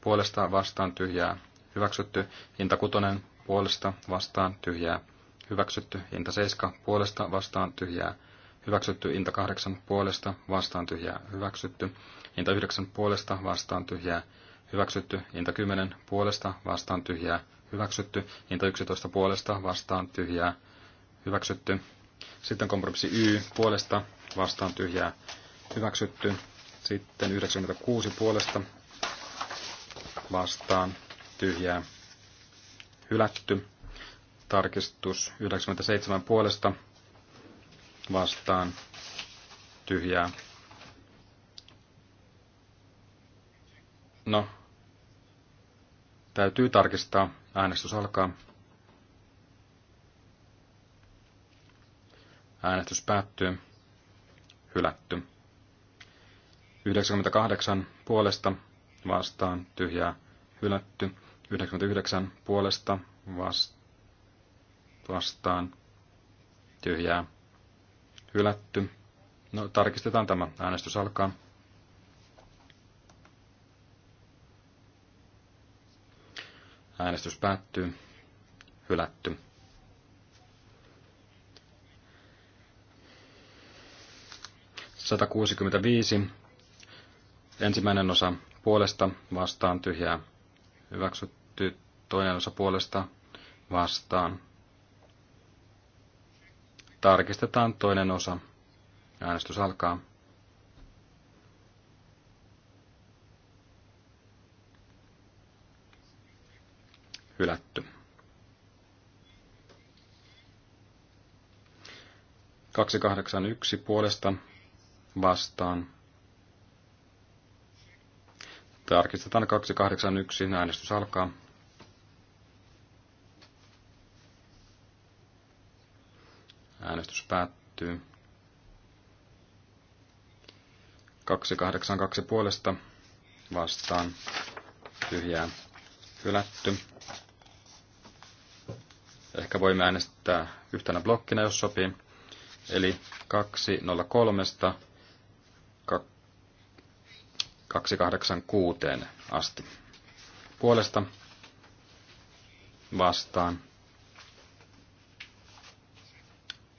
puolesta vastaan tyhjää hyväksytty, Inta kutonen puolesta vastaan tyhjää hyväksytty, Inta seiska puolesta vastaan tyhjää hyväksytty, Inta kahdeksan puolesta vastaan tyhjää hyväksytty, Inta yhdeksän puolesta vastaan tyhjää hyväksytty, Inta kymmenen puolesta vastaan tyhjää hyväksytty, Inta yksitoista puolesta vastaan tyhjää hyväksytty, sitten kompromissi Y puolesta vastaan tyhjää hyväksytty. Sitten 96 puolesta vastaan tyhjää hylätty. Tarkistus 97 puolesta vastaan tyhjää. No, täytyy tarkistaa. Äänestys alkaa. Äänestys päättyy. Hylätty. 98 puolesta vastaan tyhjää hylätty. 99 puolesta vastaan tyhjää hylätty. No, tarkistetaan tämä. Äänestys alkaa. Äänestys päättyy. Hylätty. 165. Ensimmäinen osa puolesta vastaan tyhjää. Hyväksytty toinen osa puolesta vastaan. Tarkistetaan toinen osa. Äänestys alkaa. Hylätty. 281 puolesta vastaan. Tarkistetaan 281, äänestys alkaa. Äänestys päättyy. 282 puolesta vastaan tyhjää hylätty. Ehkä voimme äänestää yhtenä blokkina, jos sopii. Eli 203 286 asti. Puolesta vastaan.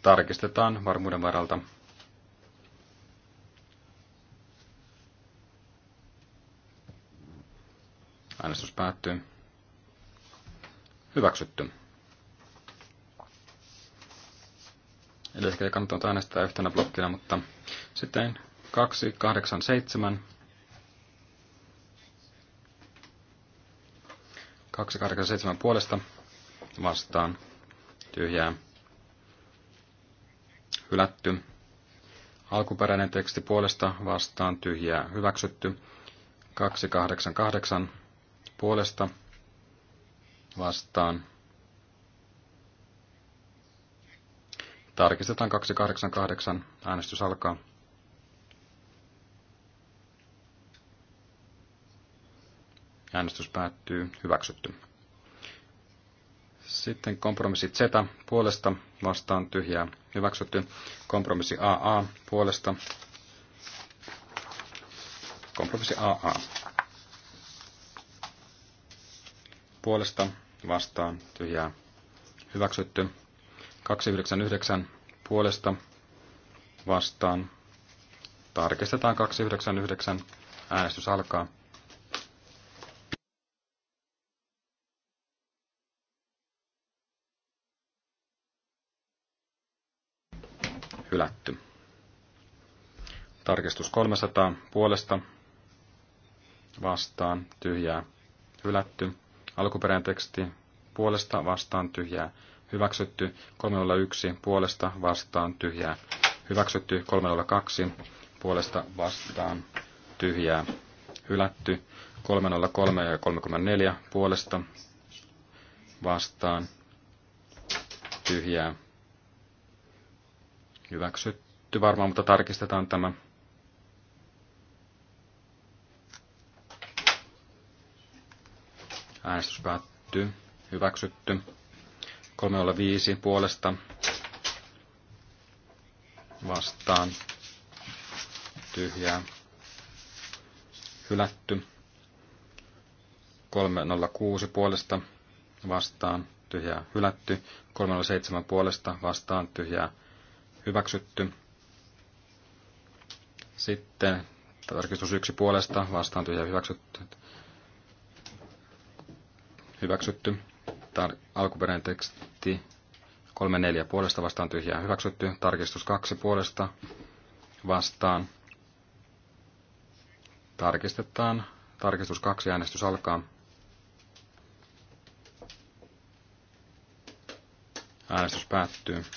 Tarkistetaan varmuuden varalta. Äänestys päättyy. Hyväksytty. Eli ehkä ei kannattanut äänestää yhtenä blokkina, mutta sitten 287 287 puolesta vastaan tyhjää hylätty. Alkuperäinen teksti puolesta vastaan tyhjää hyväksytty. 288 puolesta vastaan. Tarkistetaan 288. Äänestys alkaa. Äänestys päättyy. Hyväksytty. Sitten kompromissi Z puolesta vastaan tyhjää. Hyväksytty. Kompromissi AA puolesta. Kompromissi AA. Puolesta vastaan tyhjää. Hyväksytty. 299 puolesta vastaan. Tarkistetaan 299. Äänestys alkaa. hylätty. Tarkistus 300 puolesta vastaan tyhjää hylätty. Alkuperäinen teksti puolesta vastaan tyhjää hyväksytty. 301 puolesta vastaan tyhjää hyväksytty. 302 puolesta vastaan tyhjää hylätty. 303 ja 34 puolesta vastaan tyhjää Hyväksytty varmaan, mutta tarkistetaan tämä. Äänestys päättyy. Hyväksytty. 305 puolesta vastaan tyhjää hylätty. 306 puolesta vastaan tyhjää hylätty. 307 puolesta vastaan tyhjää hyväksytty. Sitten tarkistus yksi puolesta vastaan tyhjä hyväksytty. Hyväksytty. Tar- alkuperäinen teksti kolme neljä puolesta vastaan tyhjää hyväksytty. Tarkistus 2 puolesta vastaan. Tarkistetaan. Tarkistus 2 äänestys alkaa. Äänestys päättyy.